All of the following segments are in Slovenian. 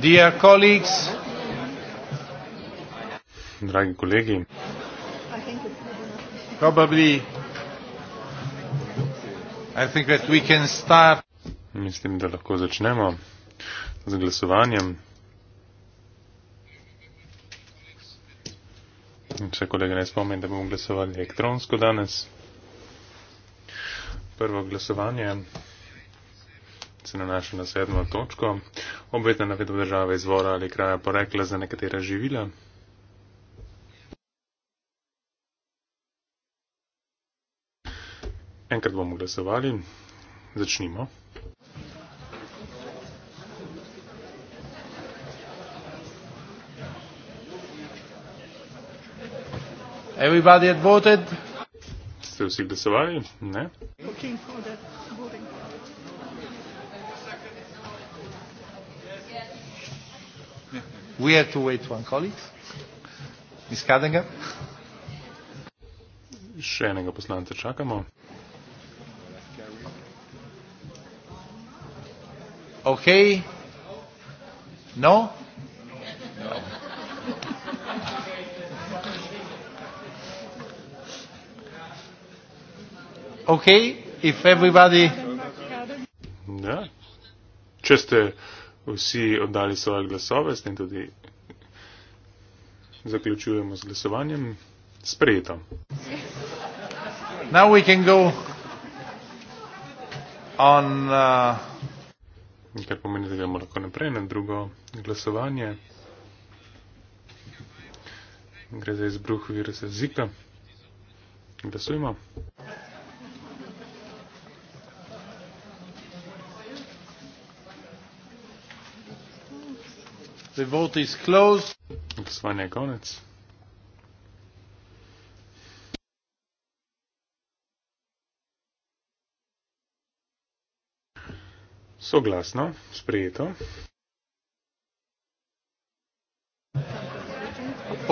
Dear colleagues, dragi kolegi, probably, I think that we can start. Mislim, da lahko začnemo z glasovanjem. Če kolega ne spomnim, da bomo glasovali elektronsko danes. Prvo glasovanje se nanaša na sedmo točko. Obvezna navedba države izvora ali kraja porekla za nekatera živila. Enkrat bomo glasovali. Začnimo. Everybody had voted. Ste vsi glasovali? Ne. We have to wait one colleague. Ms. Kadenga. Še enega poslanca čakamo. Ok. No? Ok, if everybody. Ja. Če ste vsi oddali svoje glasove, s tem tudi zaključujemo z glasovanjem. Sprejeto. Now we can go on. Uh, Nekaj uh... pomeni, da gremo lahko naprej na drugo glasovanje. Gre za izbruh virusa Zika. Glasujmo. The vote is closed. Glasovanje je konec. Soglasno, sprejeto.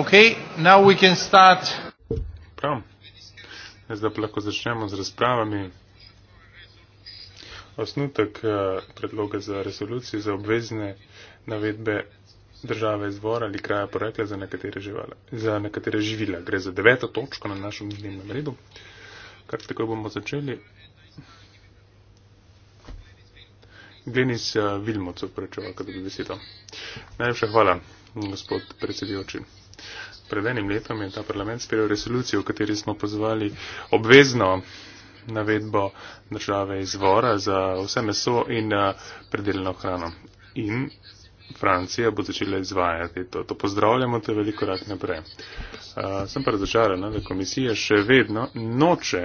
Okay, now we can start. Prav. Zdaj pa lahko začnemo z razpravami. Osnutek eh, predloga za resolucijo za obvezne navedbe države izvora ali kraja porekla za nekatere, živale, za nekatere živila. Gre za deveto točko na našem dnevnem redu, kar takoj bomo začeli. Glenis eh, Vilmoc upravičeva, kada bi besedo. Najlepša hvala, gospod predsedujoči. Pred enim letom je ta parlament sprejel resolucijo, v kateri smo pozvali obvezno navedbo države izvora za vse meso in eh, predelno hrano. In Francija bo začela izvajati. To, to pozdravljamo te veliko rad naprej. Uh, sem pa razočarana, da komisija še vedno noče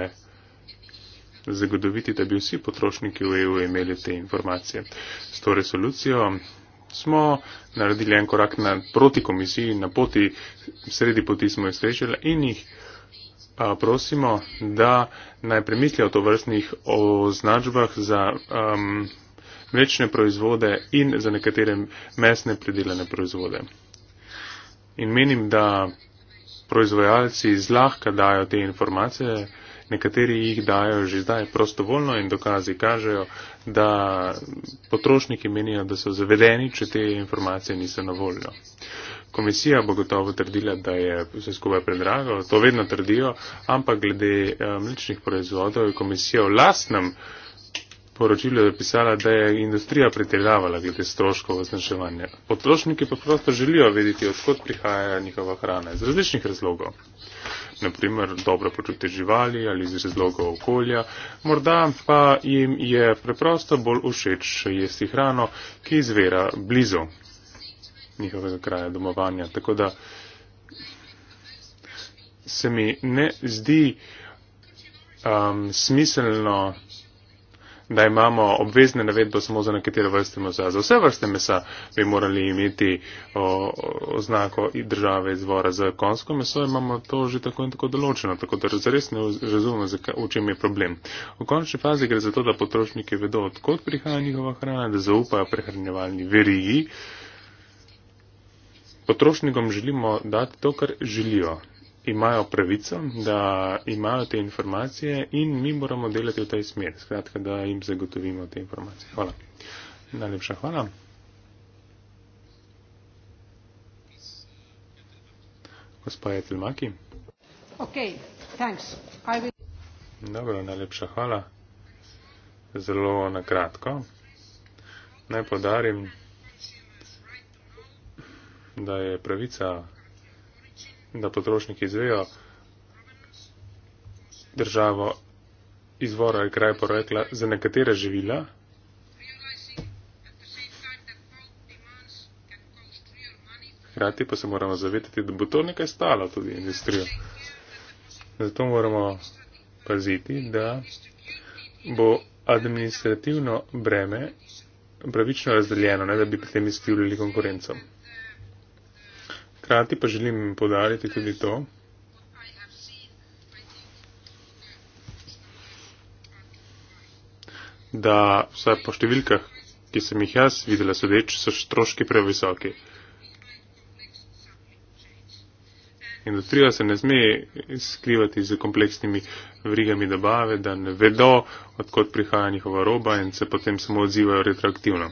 zagotoviti, da bi vsi potrošniki v EU imeli te informacije. S to resolucijo smo naredili en korak na, proti komisiji, na poti, sredi poti smo jih srečali in jih a, prosimo, da naj premislijo o tovrstnih označbah za. Um, mlečne proizvode in za nekatere mesne predelane proizvode. In menim, da proizvajalci zlahka dajo te informacije, nekateri jih dajo že zdaj prostovoljno in dokazi kažejo, da potrošniki menijo, da so zavedeni, če te informacije niso na voljo. Komisija bo gotovo trdila, da je vse skupaj predrago, to vedno trdijo, ampak glede eh, mlečnih proizvodov je komisija v lastnem poročilu je pisala, da je industrija pretiravala glede stroškov označevanja. Potrošniki pa prosto želijo vedeti, odkot prihaja njihova hrana. Iz različnih razlogov. Naprimer, dobro počutje živali ali iz razlogov okolja. Morda pa jim je preprosto bolj všeč jesti hrano, ki izvira blizu njihovega kraja domovanja. Tako da se mi ne zdi um, smiselno da imamo obvezne navedbe samo za nekatere vrste mesa. Za vse vrste mesa bi morali imeti o, oznako države izvora. Za konsko meso imamo to že tako in tako določeno, tako da zares ne razumemo, v čem je problem. V končni fazi gre za to, da potrošniki vedo, odkot prihaja njihova hrana, da zaupajo prehranjevalni verigi. Potrošnikom želimo dati to, kar želijo, imajo pravico, da imajo te informacije in mi moramo delati v tej smer. Skratka, da jim zagotovimo te informacije. Hvala. Najlepša hvala. Gospa Jetelmaki. Ok, thanks. Will... Dobro, najlepša hvala. Zelo na kratko. Naj podarim, da je pravica da potrošniki izvejo državo izvora in kraj porekla za nekatere živila. Hrati pa se moramo zavedati, da bo to nekaj stalo tudi industrijo. Zato moramo paziti, da bo administrativno breme pravično razdeljeno, ne da bi pri tem izkrivljali konkurencom. Hkrati pa želim podariti tudi to, da vsaj po številkah, ki sem jih jaz videla sodeč, so stroški previsoki. Industrija se ne sme skrivati z kompleksnimi vrigami dobave, da ne vedo, odkot prihaja njihova roba in se potem samo odzivajo retroaktivno.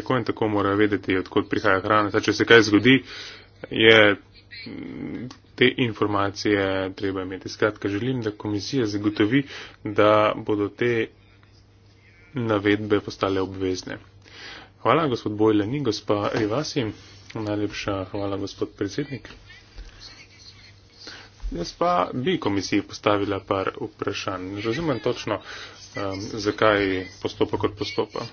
tako in tako morajo vedeti, odkot prihaja hrana. Zdaj, če se kaj zgodi, je te informacije treba imeti. Skratka, želim, da komisija zagotovi, da bodo te navedbe postale obvezne. Hvala, gospod Bojle, ni gospa Rivasi. Najlepša hvala, gospod predsednik. Jaz pa bi komisiji postavila par vprašanj. Razumem točno, um, zakaj postopa kot postopa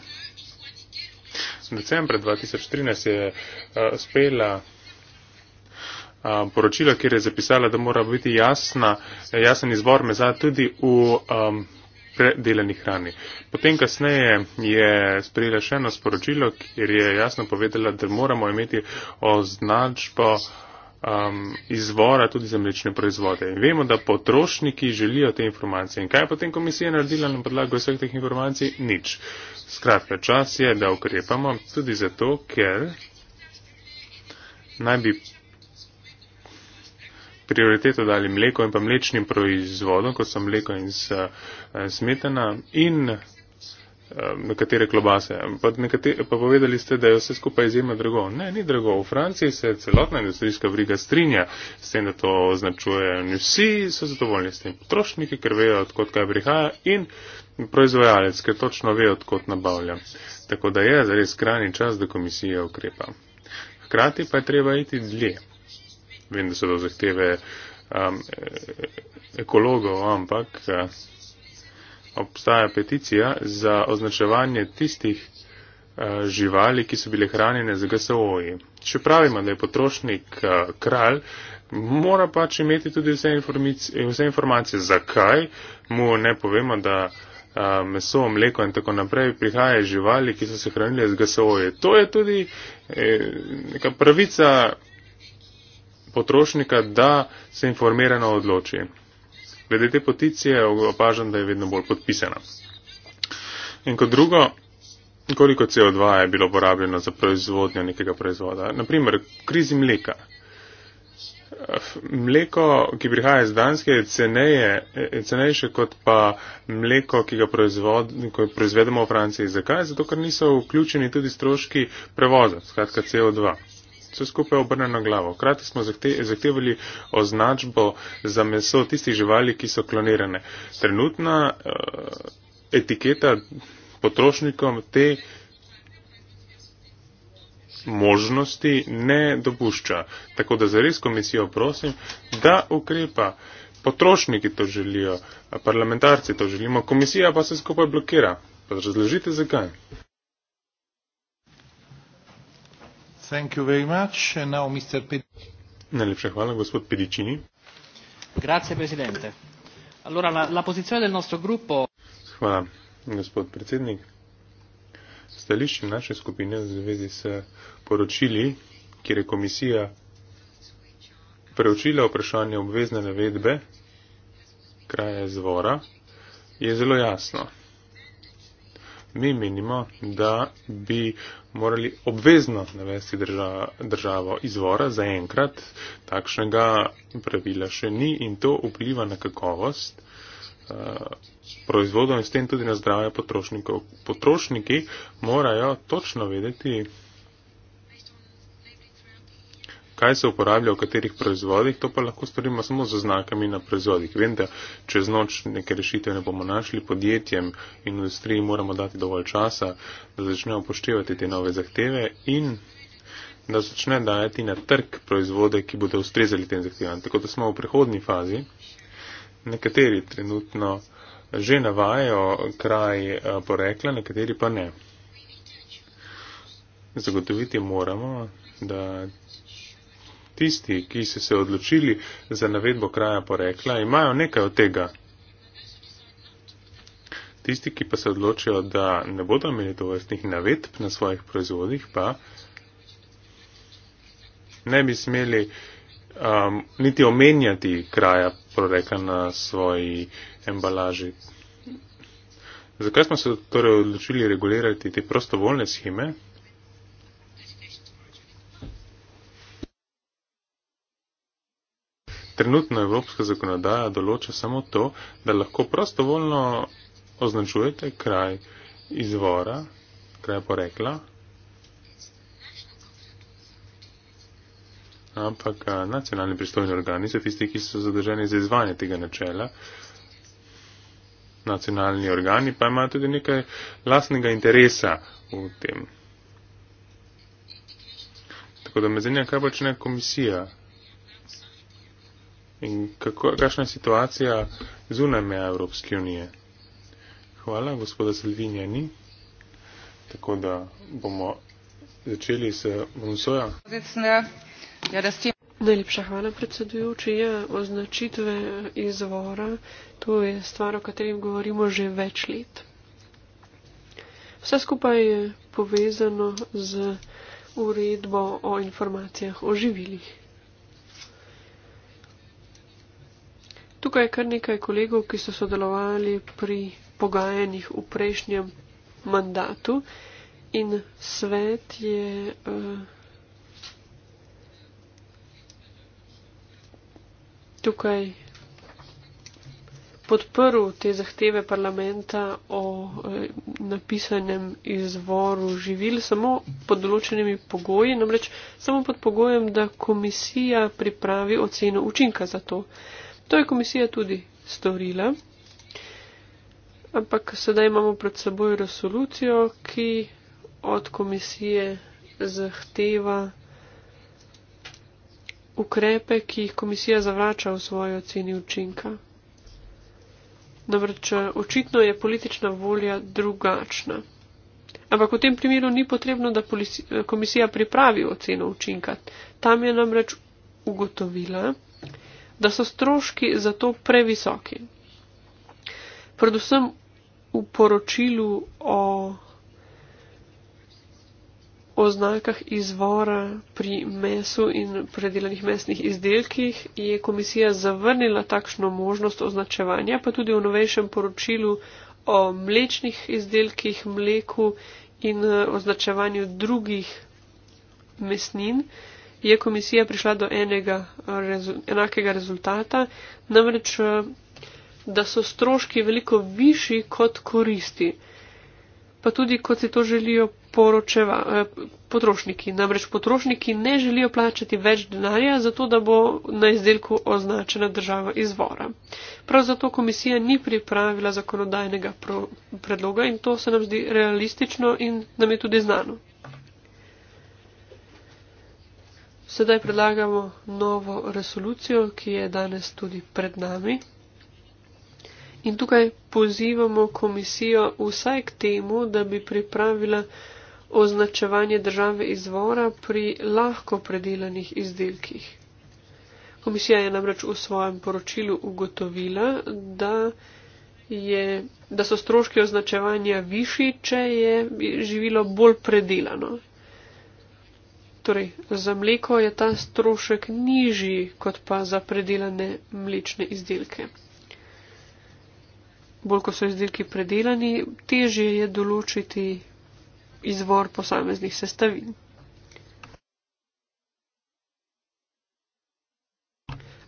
decembra 2013 je uh, sprejela uh, poročilo, kjer je zapisala, da mora biti jasna, eh, jasen izvor meza tudi v um, ehm, predeljeni hrani. Potem kasneje je sprejela še eno sporočilo, kjer je jasno povedala, da moramo imeti označbo uh, um, izvora tudi za mlečne proizvode. In vemo, da potrošniki želijo te informacije. In kaj je potem komisija naredila na podlagi vseh teh informacij? Nič. Skratka, čas je, da ukrepamo tudi zato, ker naj bi prioriteto dali mleko in pa mlečnim proizvodom, kot so mleko in eh, smetana in Eh, nekatere klobase. Pa, nekatere, pa povedali ste, da je vse skupaj izjemno drago. Ne, ni drago. V Franciji se celotna industrijska vriga strinja s tem, da to označuje. Vsi so zadovoljni s tem. Potrošniki, ker vejo, odkot kaj prihaja in proizvajalec, ker točno ve, odkot nabavlja. Tako da je zares krajni čas, da komisija ukrepa. Hkrati pa je treba iti dlje. Vem, da so to zahteve um, e-, e-, ekologov, ampak. Uh, obstaja peticija za označevanje tistih eh, živali, ki so bile hranjene z GSO-ji. Če pravimo, da je potrošnik eh, kralj, mora pač imeti tudi vse, informic, vse informacije, zakaj mu ne povemo, da eh, meso, mleko in tako naprej prihaja iz živali, ki so se hranile z GSO-ji. To je tudi neka pravica potrošnika, da se informirano odloči. Glede te peticije opažam, da je vedno bolj podpisana. In kot drugo, koliko CO2 je bilo porabljeno za proizvodnjo nekega proizvoda? Naprimer, krizi mleka. Mleko, ki prihaja iz Danske, je, ceneje, je cenejše kot pa mleko, ki ga proizvod, ko proizvedemo v Franciji. Zakaj? Zato, ker niso vključeni tudi stroški prevoza, skratka CO2 vse skupaj obrneno glavo. Krati smo zahtevali označbo za meso tistih živali, ki so klonirane. Trenutna uh, etiketa potrošnikom te možnosti ne dopušča. Tako da zares komisijo prosim, da ukrepa. Potrošniki to želijo, parlamentarci to želimo, komisija pa se skupaj blokira. Pa razložite zakaj. Najlepša hvala, gospod Pedicini. Allora, la, la gruppo... Hvala, gospod predsednik. Stališče naše skupine v zvezi s poročili, kjer je komisija preučila vprašanje obvezne navedbe kraja izvora, je zelo jasno mi menimo, da bi morali obvezno navesti država, državo izvora za enkrat, takšnega pravila še ni in to vpliva na kakovost uh, proizvodov in s tem tudi na zdravje potrošnikov. Potrošniki morajo točno vedeti, kaj se uporablja v katerih proizvodih, to pa lahko storimo samo z znakami na proizvodih. Vem, da čez noč neke rešitve ne bomo našli podjetjem in industriji moramo dati dovolj časa, da začnejo upoštevati te nove zahteve in da začne dajati na trg proizvode, ki bodo ustrezali tem zahtevam. Tako da smo v prehodni fazi. Nekateri trenutno že navajajo kraj eh, porekla, nekateri pa ne. Zagotoviti moramo, da tisti, ki so se odločili za navedbo kraja porekla, imajo nekaj od tega. Tisti, ki pa se odločijo, da ne bodo imeli tovrstnih navedb na svojih proizvodih, pa ne bi smeli um, niti omenjati kraja porekla na svoji embalaži. Zakaj smo se torej odločili regulirati te prostovoljne scheme? Trenutno evropska zakonodaja določa samo to, da lahko prostovoljno označujete kraj izvora, kraj porekla. Ampak nacionalni pristojni organi so tisti, ki so zadržani za izvanje tega načela. Nacionalni organi pa imajo tudi nekaj lastnega interesa v tem. Tako da me zanima, kaj počne komisija In kako, kakšna je situacija zunaj meja Evropske unije? Hvala, gospoda Selvinja ni. Tako da bomo začeli s Bonsoja. Najlepša hvala, predsedujoči. Ja, označitve izvora, to je stvar, o katerem govorimo že več let. Vse skupaj je povezano z uredbo o informacijah o živilih. Tukaj je kar nekaj kolegov, ki so sodelovali pri pogajanjih v prejšnjem mandatu in svet je uh, tukaj podprl te zahteve parlamenta o e, napisanem izvoru živil samo pod določenimi pogoji, namreč samo pod pogojem, da komisija pripravi oceno učinka za to. E, To je komisija tudi storila. Ampak sedaj imamo pred seboj resolucijo, ki od komisije zahteva ukrepe, ki jih komisija zavrača v svoji oceni učinka. Namreč očitno je politična volja drugačna. Ampak v tem primeru ni potrebno, da komisija pripravi oceno učinka. Tam je namreč ugotovila, da so stroški zato previsoki. Predvsem v poročilu o oznakah izvora pri mesu in predelanih mesnih izdelkih je komisija zavrnila takšno možnost označevanja, pa tudi v novejšem poročilu o mlečnih izdelkih, mleku in eh, označevanju drugih mesnin je komisija prišla do enega rezu, enakega rezultata, namreč, eh, da so stroški veliko višji kot koristi, pa tudi kot si to želijo poročeva, eh, potrošniki. Namreč potrošniki ne želijo plačati več denarja, zato da bo na izdelku označena država izvora. Prav zato komisija ni pripravila zakonodajnega predloga in to se nam zdi realistično in nam je tudi znano. Sedaj predlagamo novo resolucijo, ki je danes tudi pred nami. In tukaj pozivamo komisijo vsaj k temu, da bi pripravila označevanje države izvora pri lahko predelanih izdelkih. Komisija je namreč v svojem poročilu ugotovila, da, je, da so stroški označevanja višji, če je živilo bolj predelano torej za mleko je ta strošek nižji kot pa za predelane mlečne izdelke. Bolj ko so izdelki predelani, težje je določiti izvor posameznih sestavin.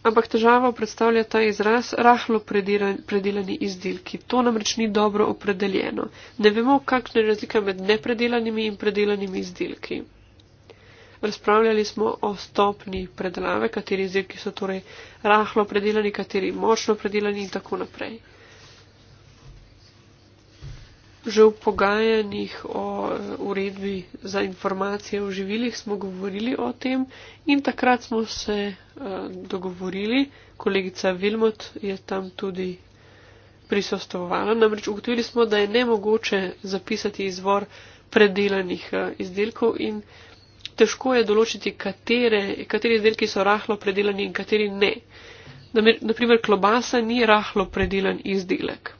Ampak težavo predstavlja ta izraz rahlo predelani izdelki. To namreč ni dobro opredeljeno. Ne vemo, kakšna je razlika med nepredelanimi in predelanimi izdelki razpravljali smo o stopni predelave, kateri izdelki so torej rahlo predelani, kateri močno predelani in tako naprej. Že v pogajanjih o eh, uredbi za informacije o živilih smo govorili o tem in takrat smo se uh, dogovorili, kolegica Vilmot je tam tudi prisostovala, namreč ugotovili smo, da je nemogoče zapisati izvor predelanih uh, izdelkov in uh, težko je določiti, katere, kateri izdelki so rahlo predelani in kateri ne. Naprimer, klobasa ni rahlo predelan izdelek.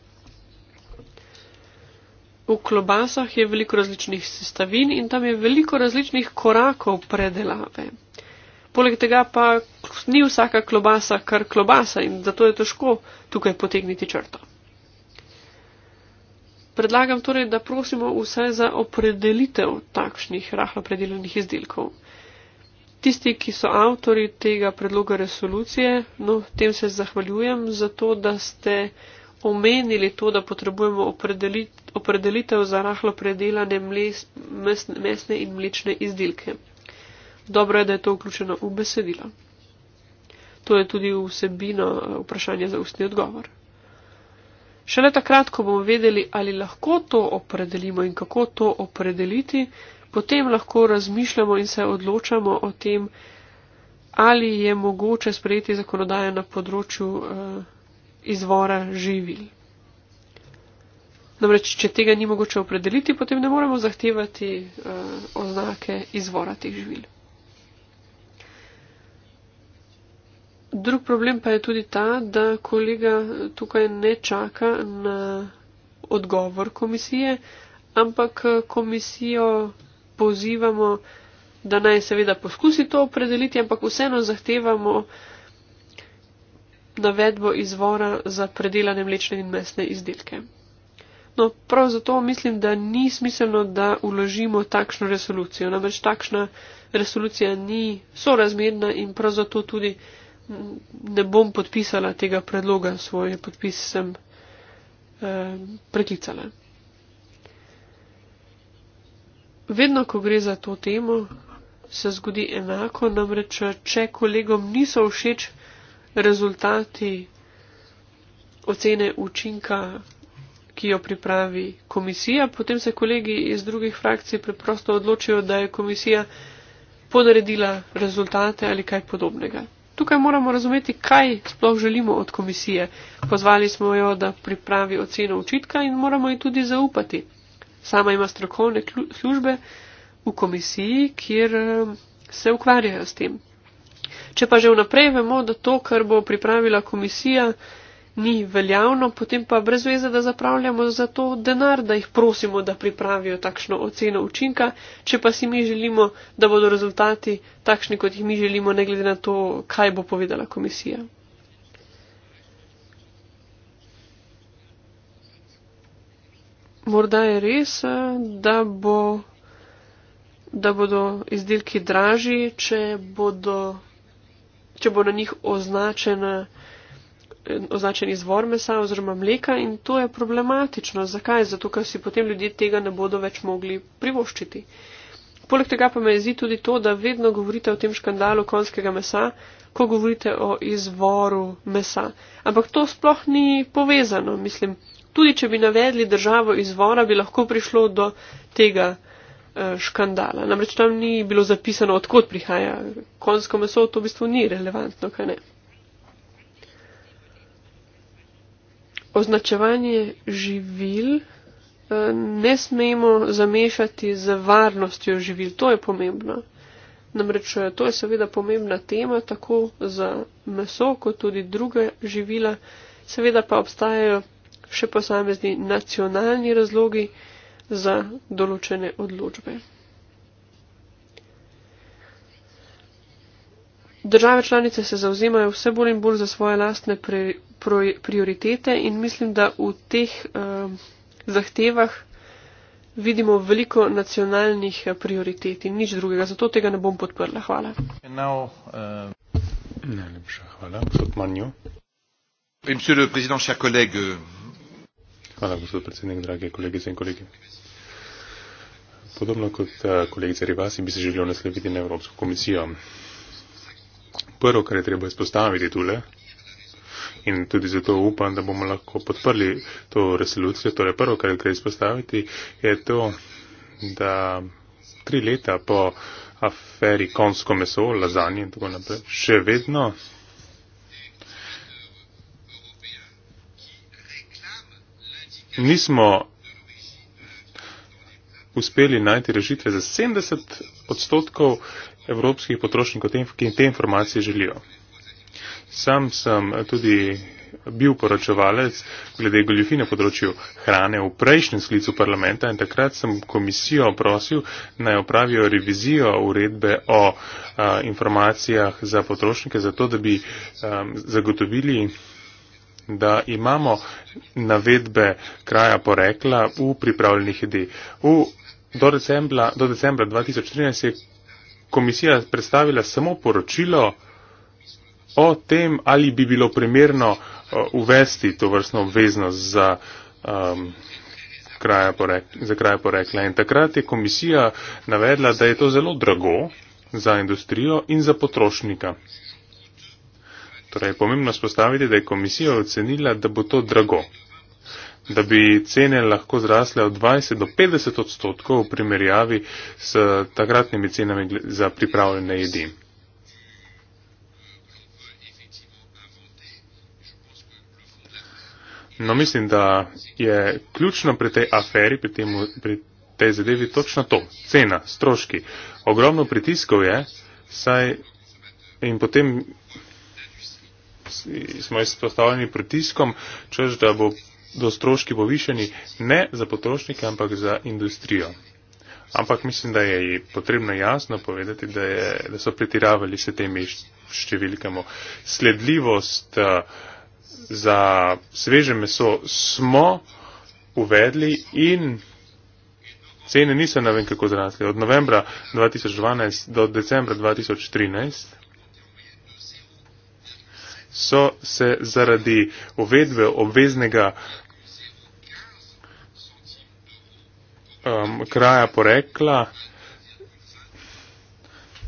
V klobasah je veliko različnih sestavin in tam je veliko različnih korakov predelave. Poleg tega pa ni vsaka klobasa kar klobasa in zato je težko tukaj potegniti črto. Predlagam torej, da prosimo vse za opredelitev takšnih rahlo predelanih izdelkov. Tisti, ki so avtori tega predloga resolucije, no, tem se zahvaljujem za to, da ste omenili to, da potrebujemo opredelitev za rahlo predelane mles, mes, mesne in mlečne izdelke. Dobro je, da je to vključeno v besedilo. To je tudi vsebino eh, vprašanja za ustni odgovor. Šele takrat, ko bomo vedeli, ali lahko to opredelimo in kako to opredeliti, potem lahko razmišljamo in se odločamo o tem, ali je mogoče sprejeti zakonodajo na področju uh, izvora živil. Namreč, če tega ni mogoče opredeliti, potem ne moremo zahtevati uh, oznake izvora teh živil. Drug problem pa je tudi ta, da kolega tukaj ne čaka na odgovor komisije, ampak eh, komisijo pozivamo, da naj seveda poskusi to opredeliti, ampak vseeno zahtevamo navedbo izvora za predelane mlečne in mesne izdelke. No, prav zato mislim, da ni smiselno, da uložimo takšno resolucijo. Namreč takšna resolucija ni sorazmerna in prav zato tudi ne bom podpisala tega predloga, svoj podpis sem eh, preklicala. Vedno, ko gre za to temo, se zgodi enako, namreč, če kolegom niso všeč rezultati ocene učinka, ki jo pripravi komisija, potem se kolegi iz drugih frakcij preprosto odločijo, da je komisija ponaredila rezultate ali kaj podobnega. Tukaj moramo razumeti, kaj sploh želimo od komisije. Pozvali smo jo, da pripravi oceno učitka in moramo ji tudi zaupati. Sama ima strokovne službe v komisiji, kjer um, se ukvarjajo s tem. Če pa že vnaprej vemo, da to, kar bo pripravila komisija, ni veljavno, potem pa brez veze, da zapravljamo za to denar, da jih prosimo, da pripravijo takšno oceno učinka, če pa si mi želimo, da bodo rezultati takšni, kot jih mi želimo, ne glede na to, kaj bo povedala komisija. Morda je res, eh, da, bo, da bodo izdelki dražji, če, bodo, če bo na njih označena označen izvor mesa oziroma mleka in to je problematično. Zakaj? Zato, ker si potem ljudje tega ne bodo več mogli privoščiti. Poleg tega pa me jezi tudi to, da vedno govorite o tem škandalu konjskega mesa, ko govorite o izvoru mesa. Ampak to sploh ni povezano. Mislim, tudi če bi navedli državo izvora, bi lahko prišlo do tega eh, škandala. Namreč tam ni bilo zapisano, odkot prihaja konjsko meso, to v bistvu ni relevantno, kaj ne. označevanje živil eh, ne smemo zamešati z varnostjo živil. To je pomembno. Namreč eh, to je seveda pomembna tema tako za meso, kot tudi druga živila. Seveda pa obstajajo še posamezni nacionalni razlogi za določene odločbe. Države članice se zauzemajo vse bolj in bolj za svoje lastne prioritete in mislim, da v teh uh, zahtevah vidimo veliko nacionalnih eh, prioritet in nič drugega. Zato tega ne bom podprla. Hvala. Now, uh, najlepša hvala. Gospod Manjo. Hvala, gospod predsednik, drage kolegice in kolegi. Podobno kot uh, kolegica Rivasi bi se želel naslediti na Evropsko komisijo. Prvo, kar je treba izpostaviti tukaj, in tudi zato upam, da bomo lahko podprli to resolucijo. Torej, prvo, kar gre izpostaviti, je to, da tri leta po aferi konsko meso, lazanje in tako naprej, še vedno. Nismo uspeli najti rešitve za 70 odstotkov evropskih potrošnikov, ki te informacije želijo. Sam sem tudi bil poročevalec glede goljufine področju hrane v prejšnjem sklicu parlamenta in takrat sem komisijo prosil, naj opravijo revizijo uredbe o a, informacijah za potrošnike, zato da bi a, zagotovili, da imamo navedbe kraja porekla v pripravljenih ide. V, do, decembra, do decembra 2013 je komisija predstavila samo poročilo, o tem, ali bi bilo primerno uh, uvesti to vrstno obveznost za, um, kraja porekla, za kraja porekla. In takrat je komisija navedla, da je to zelo drago za industrijo in za potrošnika. Torej, pomembno spostaviti, da je komisija ocenila, da bo to drago. Da bi cene lahko zrasle od 20 do 50 odstotkov v primerjavi s takratnimi cenami za pripravljene jedi. No, mislim, da je ključno pri tej aferi, pri, tem, pri tej zadevi točno to. Cena, stroški. Ogromno pritiskov je, saj in potem smo izpostavljeni pritiskom, čež da bo do stroški povišeni ne za potrošnike, ampak za industrijo. Ampak mislim, da je potrebno jasno povedati, da, je, da so pretiravali se temi številkami. Sledljivost. Uh, za sveže meso smo uvedli in cene niso ne vem kako zrasli. Od novembra 2012 do decembra 2013 so se zaradi uvedbe obveznega um, kraja porekla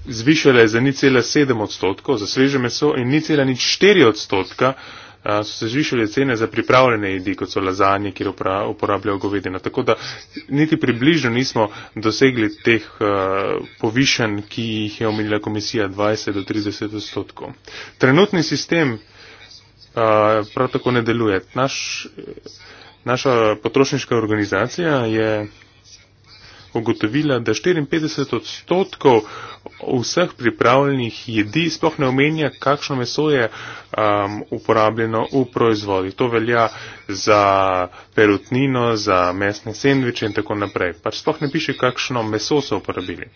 zvišale za ni cela sedem odstotkov za sveže meso in ni cela nič štiri odstotka so se zvišale cene za pripravljene jedi, kot so lazanje, kjer uporabljajo govedina. Tako da niti približno nismo dosegli teh povišen, ki jih je omenila komisija 20 do 30 odstotkov. Trenutni sistem prav tako ne deluje. Naš, naša potrošniška organizacija je ugotovila, da 54 odstotkov vseh pripravljenih jedi sploh ne omenja, kakšno meso je um, uporabljeno v proizvodi. To velja za perutnino, za mesne sendviče in tako naprej. Pač sploh ne piše, kakšno meso so uporabili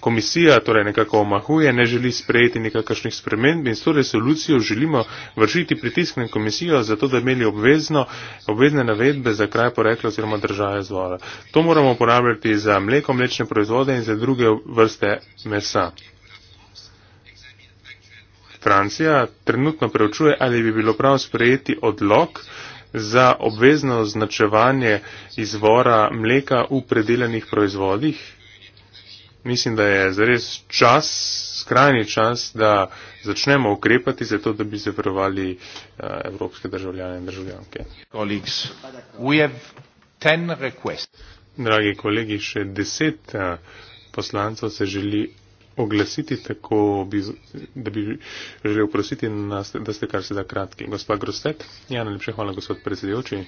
komisija torej nekako omahuje, ne želi sprejeti nekakšnih sprememb in s to resolucijo želimo vršiti pritisk na komisijo, zato da imeli obvezno, obvezne navedbe za kraj porekla oziroma države zvora. To moramo uporabljati za mleko, mlečne proizvode in za druge vrste mesa. Francija trenutno preučuje, ali bi bilo prav sprejeti odlog za obvezno označevanje izvora mleka v predelanih proizvodih mislim, da je zares čas, skrajni čas, da začnemo ukrepati za to, da bi zavarovali uh, evropske državljane in državljanke. Dragi kolegi, še deset uh, poslancev se želi oglasiti tako, bi, da bi želel prositi, nas, da ste kar se da kratki. Gospa Grostet, ja, najlepše hvala, gospod predsedujoči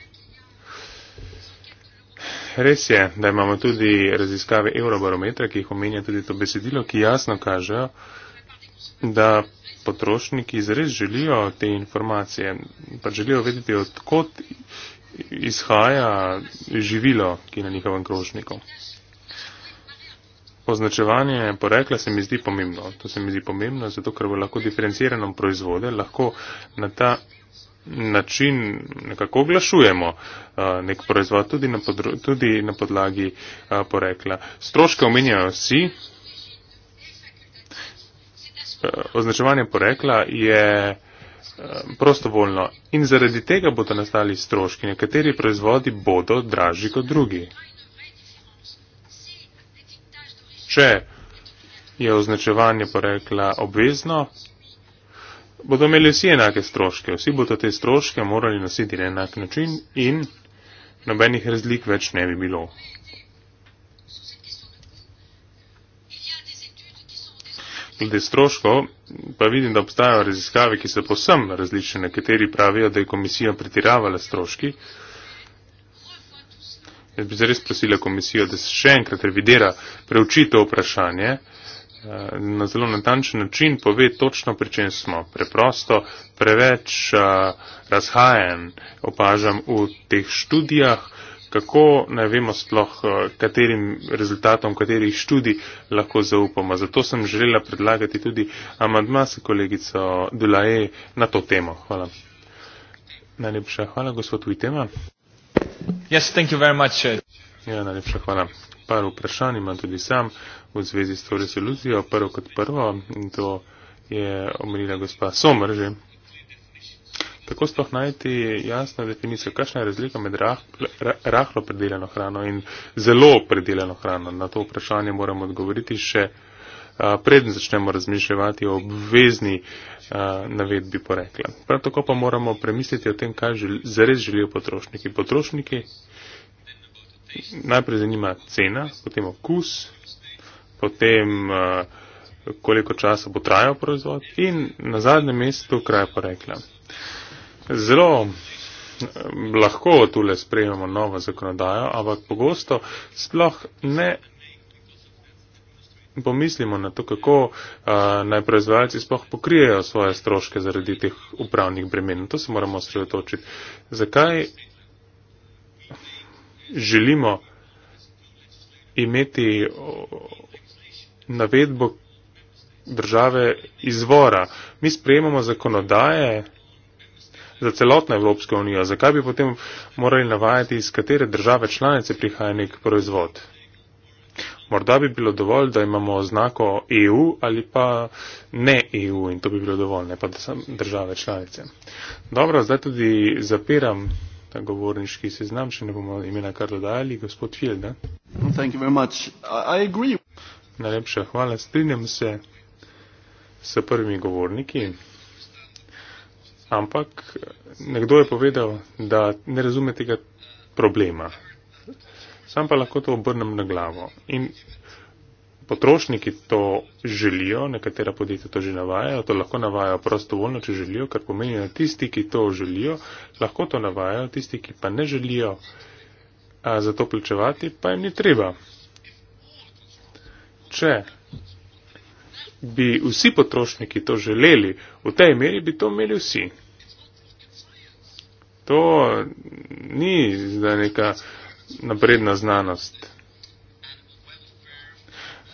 res je, da imamo tudi raziskave Eurobarometra, ki jih omenja tudi to besedilo, ki jasno kažejo, da potrošniki zres želijo te informacije, pa želijo vedeti, odkot izhaja živilo, ki je na njihovem krožniku. Označevanje porekla se mi zdi pomembno. To se mi zdi pomembno, zato ker v lahko diferenciranem proizvode lahko na ta način nekako oglašujemo uh, nek proizvod tudi na, podro, tudi na podlagi uh, porekla. Stroške omenjajo vsi. Uh, označevanje porekla je prostovoljno in zaradi tega bodo nastali stroški. Nekateri proizvodi bodo dražji kot drugi. Če je označevanje porekla obvezno, bodo imeli vsi enake stroške. Vsi bodo te stroške morali nositi na enak način in nobenih razlik več ne bi bilo. Glede stroškov pa vidim, da obstajajo raziskave, ki so posem različne. Nekateri pravijo, da je komisija pretiravala stroški. Jaz bi zares prosila komisijo, da se še enkrat revidira, preuči to vprašanje. Eh, na zelo natančen način pove točno, pri čem smo. Preprosto preveč eh, razhajen opažam v teh študijah, kako ne vemo sploh, eh, katerim rezultatom katerih študij lahko zaupamo. Zato sem želela predlagati tudi amadma se kolegico Dulaje na to temo. Hvala. Najlepša hvala, gospod Vitema. Yes, thank you very much. Ja, najlepša hvala. Par vprašanj imam tudi sam v zvezi s to resolucijo. Prvo kot prvo, in to je omenila gospa Somr že. Tako sploh najti jasno definicijo, kakšna je razlika med rah, rahlo predeljeno hrano in zelo predeljeno hrano. Na to vprašanje moramo odgovoriti še a, preden začnemo razmišljati o obvezni a, navedbi porekla. Prav tako pa moramo premisliti o tem, kaj žel, zares želijo potrošniki. Potrošniki najprej zanima cena, potem okus, potem eh, koliko časa bo trajal proizvod in na zadnjem mestu kraj porekla. Zelo eh, lahko tule sprejemamo novo zakonodajo, ampak pogosto sploh ne pomislimo na to, kako eh, naj proizvajalci sploh pokrijejo svoje stroške zaradi teh upravnih bremen. To se moramo sredotočiti. Zakaj želimo imeti navedbo države izvora. Mi sprejemamo zakonodaje za celotno Evropsko unijo. Zakaj bi potem morali navajati, iz katere države članice prihaja nek proizvod? Morda bi bilo dovolj, da imamo oznako EU ali pa ne EU in to bi bilo dovolj, ne pa da same države članice. Dobro, zdaj tudi zapiram ta govorniški seznam, če ne bomo imena kar dodajali, gospod Field. Najlepša hvala, strinjam se s prvimi govorniki. Ampak nekdo je povedal, da ne razume tega problema. Sam pa lahko to obrnem na glavo. In potrošniki to želijo, nekatera podjetja to že navajajo, to lahko navajajo prostovoljno, če želijo, kar pomeni, da tisti, ki to želijo, lahko to navajajo, tisti, ki pa ne želijo za to plačevati, pa jim ni treba. Če bi vsi potrošniki to želeli, v tej meri bi to imeli vsi. To ni za neka napredna znanost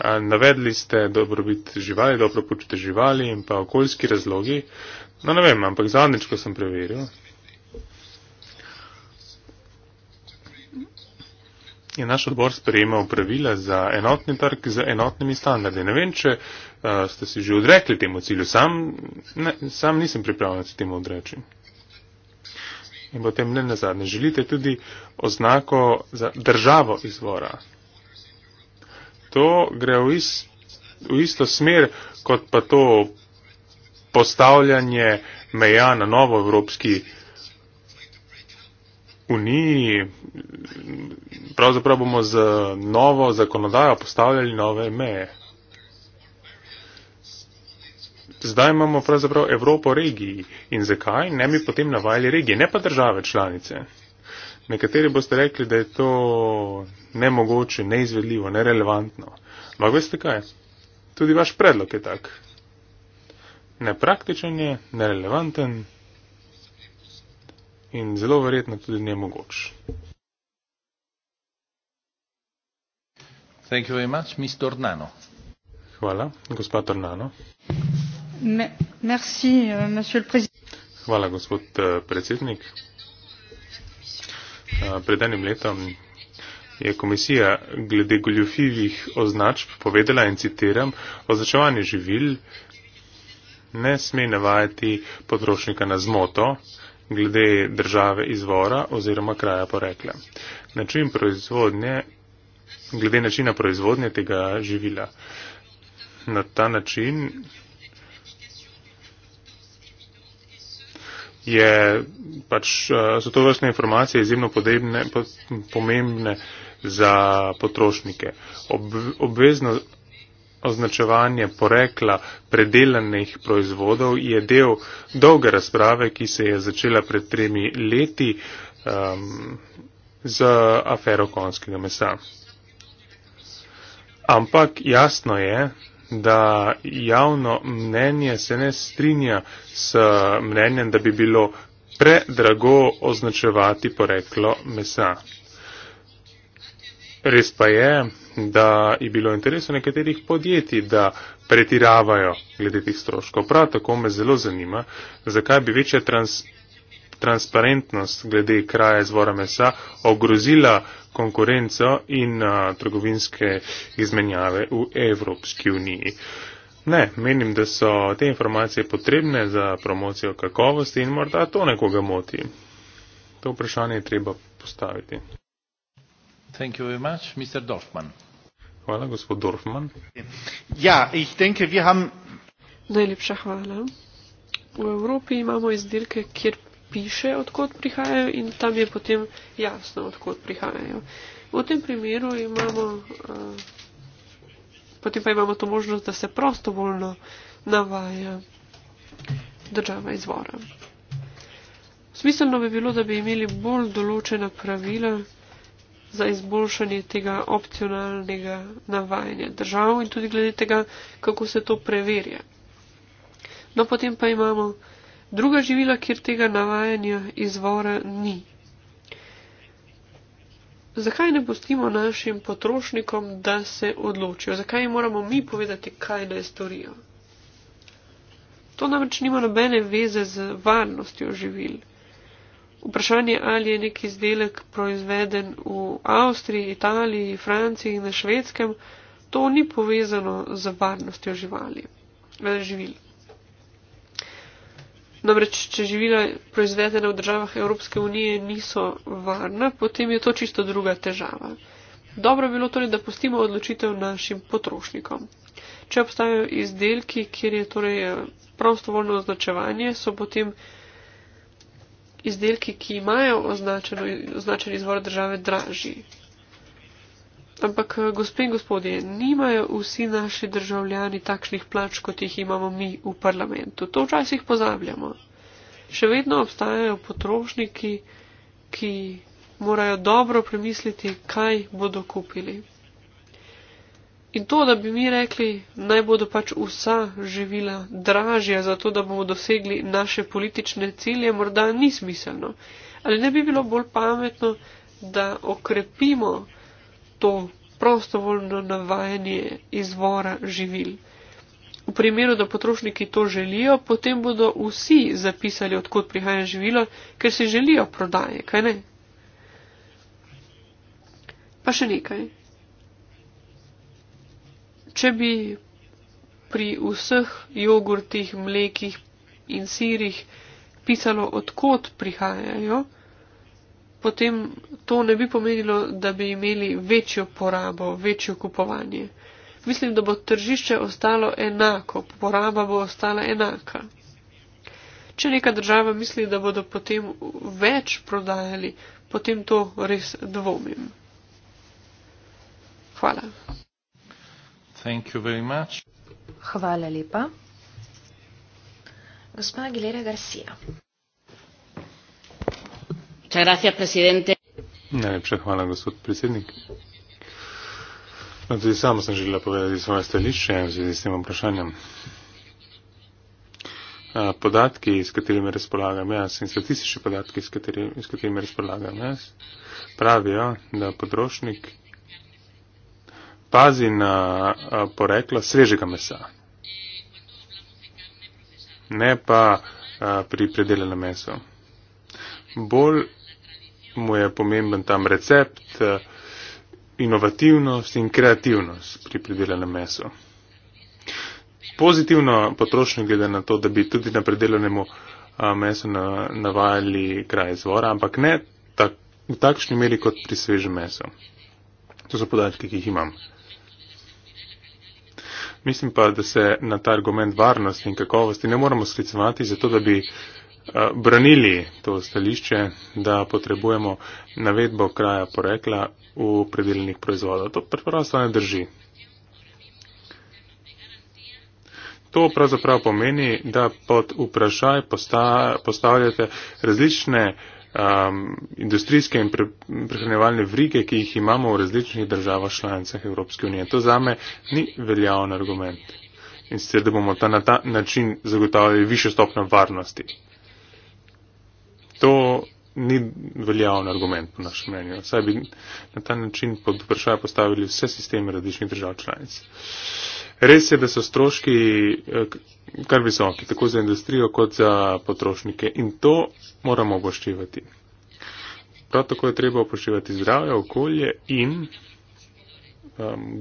navedli ste dobrobit živali, dobro počute živali in pa okoljski razlogi. No, ne vem, ampak zadnjič, ko sem preveril, je naš odbor sprejemal pravila za enotni trg z enotnimi standardi. Ne vem, če uh, ste si že odrekli temu cilju, sam, ne, sam nisem pripravljen se temu odreči. In potem ne nazadnje, želite tudi oznako za državo izvora to gre v, is, v isto smer, kot pa to postavljanje meja na novo Evropski uniji. Pravzaprav bomo z novo zakonodajo postavljali nove meje. Zdaj imamo pravzaprav Evropo regiji in zakaj ne bi potem navajali regije, ne pa države članice. Nekateri boste rekli, da je to nemogoče, neizvedljivo, nerelevantno. Ampak veste kaj? Tudi vaš predlog je tak. Nepraktičen je, nerelevanten in zelo verjetno tudi nemogoč. Much, euh, Hvala, gospod Tornano. Merci, Hvala, gospod predsednik. Eh, pred enim letom je komisija glede goljofivih označb povedala in citiram, označevanje živil ne sme navajati potrošnika na zmoto glede države izvora oziroma kraja porekla. Način proizvodnje, glede načina proizvodnje tega živila. Na ta način je, pač, eh, so to vrstne informacije izjemno podebne, pomembne za potrošnike. Ob, obvezno označevanje porekla predelanih proizvodov je del dolge razprave, ki se je začela pred tremi leti um, z afero konskega mesa. Ampak jasno je, da javno mnenje se ne strinja s mnenjem, da bi bilo predrago označevati poreklo mesa. Res pa je, da je bilo interesu nekaterih podjetij, da pretiravajo glede teh stroškov. Prav tako me zelo zanima, zakaj bi večja transparentnost transparentnost glede kraja izvora mesa ogrozila konkurenco in a, trgovinske izmenjave v Evropski uniji. Ne, menim, da so te informacije potrebne za promocijo kakovosti in morda to nekoga moti. To vprašanje je treba postaviti. Thank you very much, Mr. Dorfman. Hvala, gospod Dorfman. Ja, ich denke, wir haben... Najlepša hvala. V Evropi imamo izdelke, kjer piše, odkot prihajajo in tam je potem jasno, odkot prihajajo. V tem primeru imamo, uh, potem pa imamo to možnost, da se prostovoljno navaja država izvora. Smiselno bi bilo, da bi imeli bolj določena pravila za izboljšanje tega opcionalnega navajanja držav in tudi glede tega, kako se to preverja. No, potem pa imamo druga živila, kjer tega navajanja izvora ni. Zakaj ne pustimo našim potrošnikom, da se odločijo? Zakaj jim moramo mi povedati, kaj naj storijo? To namreč nima nobene veze z varnostjo živil. Vprašanje, ali je neki izdelek proizveden v Avstriji, Italiji, Franciji in na švedskem, to ni povezano z varnostjo živali, eh, živil. Namreč, če živila proizvedena v državah Evropske unije niso varna, potem je to čisto druga težava. Dobro bi bilo torej, da pustimo odločitev našim potrošnikom. Če obstajajo izdelki, kjer je torej eh, prostovoljno označevanje, so potem izdelki, ki imajo označen izvor države, dražji. Ampak, eh, gospe in gospodje, nimajo vsi naši državljani takšnih plač, kot jih imamo mi v parlamentu. To včasih pozabljamo. Še vedno obstajajo potrošniki, ki morajo dobro premisliti, kaj bodo kupili. In to, da bi mi rekli, naj bodo pač vsa živila dražja, zato da bomo dosegli naše politične cilje, morda ni smiselno. Ali ne bi bilo bolj pametno, da okrepimo to prostovoljno navajanje izvora živil. V primeru, da potrošniki to želijo, potem bodo vsi zapisali, odkot prihaja živilo, ker si želijo prodaje, kaj ne? Pa še nekaj. Če bi pri vseh jogurtih, mlekih in sirih pisalo, odkot prihajajo, potem to ne bi pomenilo, da bi imeli večjo porabo, večjo kupovanje. Mislim, da bo tržišče ostalo enako, poraba bo ostala enaka. Če neka država misli, da bodo potem več prodajali, potem to res dvomim. Hvala. Hvala lepa. Gospa Gilera Garcia. Najlepša hvala, gospod predsednik. No, tudi sam sem želela povedati svoje stališče v zvezi s tem vprašanjem. Podatki, s katerimi razpolagam jaz in statistični podatki, s katerimi, s katerimi razpolagam jaz, pravijo, da potrošnik pazi na poreklo svežega mesa. Ne pa pri predelanem mesu. Bolj mu je pomemben tam recept, inovativnost in kreativnost pri pridelanem mesu. Pozitivno potrošnik glede na to, da bi tudi na predelanemu mesu navajali kraj izvora, ampak ne tak, v takšni meri kot pri svežem mesu. To so podatki, ki jih imam. Mislim pa, da se na ta argument varnosti in kakovosti ne moramo sklicovati, zato da bi uh, Eh, branili to stališče, da potrebujemo navedbo kraja porekla v predeljenih proizvodov. To preprosto ne drži. To pravzaprav pomeni, da pod vprašaj postavljate različne um, industrijske in prehranjevalne vrige, ki jih imamo v različnih državah članicah Evropske unije. To zame ni veljaven argument. In sicer, da bomo ta na ta način zagotavljali višjo stopno varnosti to ni veljaven argument po našem mnenju. Saj bi na ta način pod vprašanje postavili vse sisteme različnih držav članic. Res je, da so stroški eh, kar visoki, tako za industrijo kot za potrošnike in to moramo obaščevati. Prav tako je treba upoštevati zdravje, okolje in um,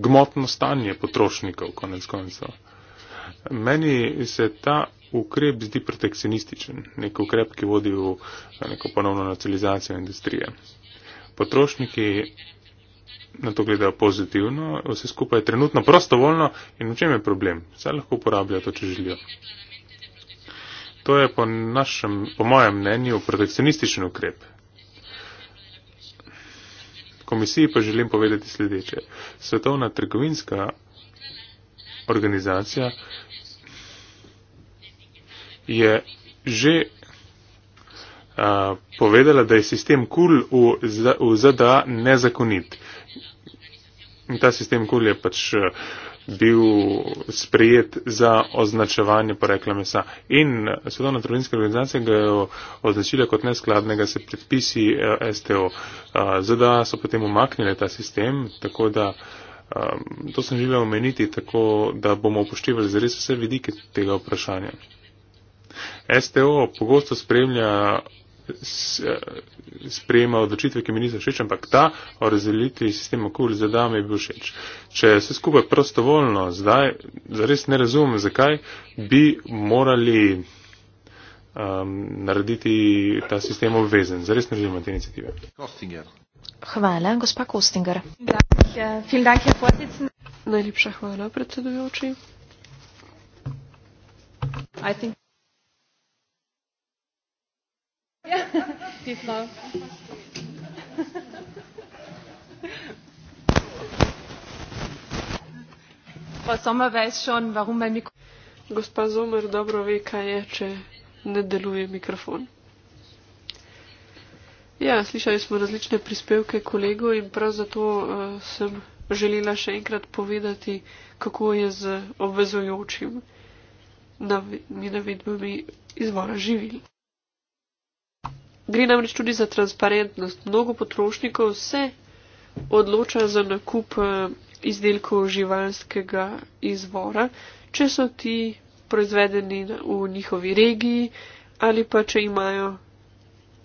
gmotno stanje potrošnikov, konec koncev. Meni se ta ukrep zdi protekcionističen, nek ukrep, ki vodi v eh, neko ponovno nacionalizacijo industrije. Potrošniki na to gledajo pozitivno, vse skupaj je trenutno prostovoljno in v čem je problem? Vse lahko uporabljajo to, če želijo. To je po, našem, po mojem mnenju protekcionističen ukrep. Komisiji pa želim povedati sledeče. Svetovna trgovinska organizacija je že a, povedala, da je sistem kul v, v ZDA nezakonit. In ta sistem kul je pač bil sprejet za označevanje porekla mesa. In Svetovna trgovinska organizacija ga je označila kot neskladnega se predpisi STO. ZDA so potem umaknile ta sistem, tako da to sem želela omeniti, tako da bomo upoštevali zares vse vidike tega vprašanja. STO pogosto spremlja, sprejema odločitve, ki mi niso všeč, ampak ta o razdeliti sistem okolj za dame je bil všeč. Če se skupaj prostovoljno, zdaj zares ne razumem, zakaj bi morali um, narediti ta sistem obvezen. Zares ne razumem te inicijative. Hvala, gospa Kostinger. Najlepša hvala, predsedujoči. I think Gospa Zomer dobro ve, kaj je, če ne deluje mikrofon. Ja, slišali smo različne prispevke kolegov in prav zato uh, sem želela še enkrat povedati, kako je z obvezujočim navedbami izvora živil. Gre namreč tudi za transparentnost. Mnogo potrošnikov se odloča za nakup eh, izdelkov živalskega izvora, če so ti proizvedeni v njihovi regiji ali pa če imajo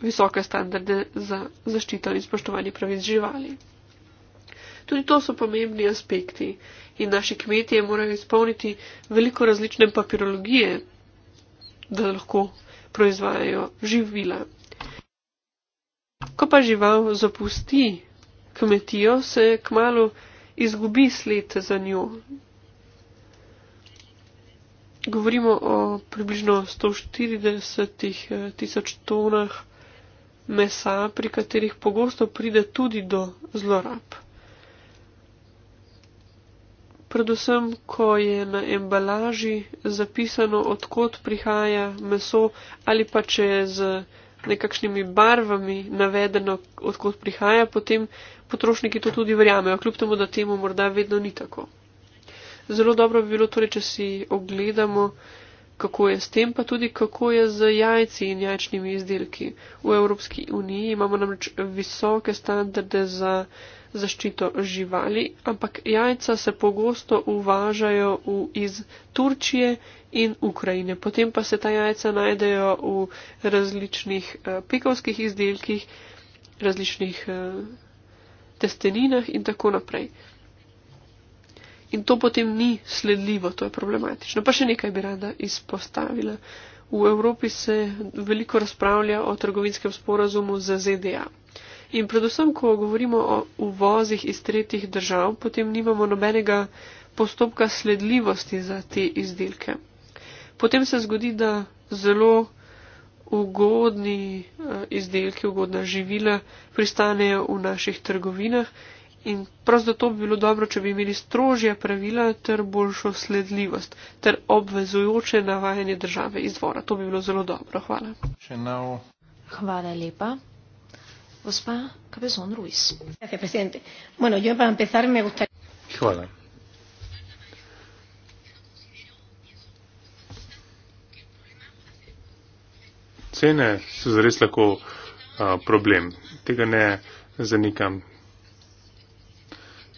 visoke standarde za zaščito in spoštovanje pravic živali. Tudi to so pomembni aspekti in naši kmetije morajo izpolniti veliko različne papirologije, da lahko proizvajajo živila. Ko pa žival zapusti kmetijo, se kmalo izgubi sled za njo. Govorimo o približno 140 eh, tisoč tonah mesa, pri katerih pogosto pride tudi do zlorab. Predvsem, ko je na embalaži zapisano, odkot prihaja meso ali pa če je z nekakšnimi barvami navedeno, odkot prihaja, potem potrošniki to tudi verjamejo, kljub temu, da temu morda vedno ni tako. Zelo dobro bi bilo torej, če si ogledamo, kako je s tem, pa tudi kako je z jajci in jajčnimi izdelki. V Evropski uniji imamo namreč visoke standarde za zaščito živali, ampak jajca se pogosto uvažajo v, iz Turčije in Ukrajine. Potem pa se ta jajca najdejo v različnih eh, pekovskih izdelkih, različnih eh, testeninah in tako naprej. In to potem ni sledljivo, to je problematično. Pa še nekaj bi rada izpostavila. V Evropi se veliko razpravlja o trgovinskem sporazumu z ZDA. In predvsem, ko govorimo o uvozih iz tretjih držav, potem nimamo nobenega postopka sledljivosti za te izdelke. Potem se zgodi, da zelo ugodni eh, izdelki, ugodna živila pristanejo v naših trgovinah in prav zato bi bilo dobro, če bi imeli strožja pravila ter boljšo sledljivost ter obvezujoče navajanje države izvora. To bi bilo zelo dobro. Hvala. Hvala lepa señora presidenta bueno yo para empezar me gustaría. cene so zares lahko a, problem tega ne zanikam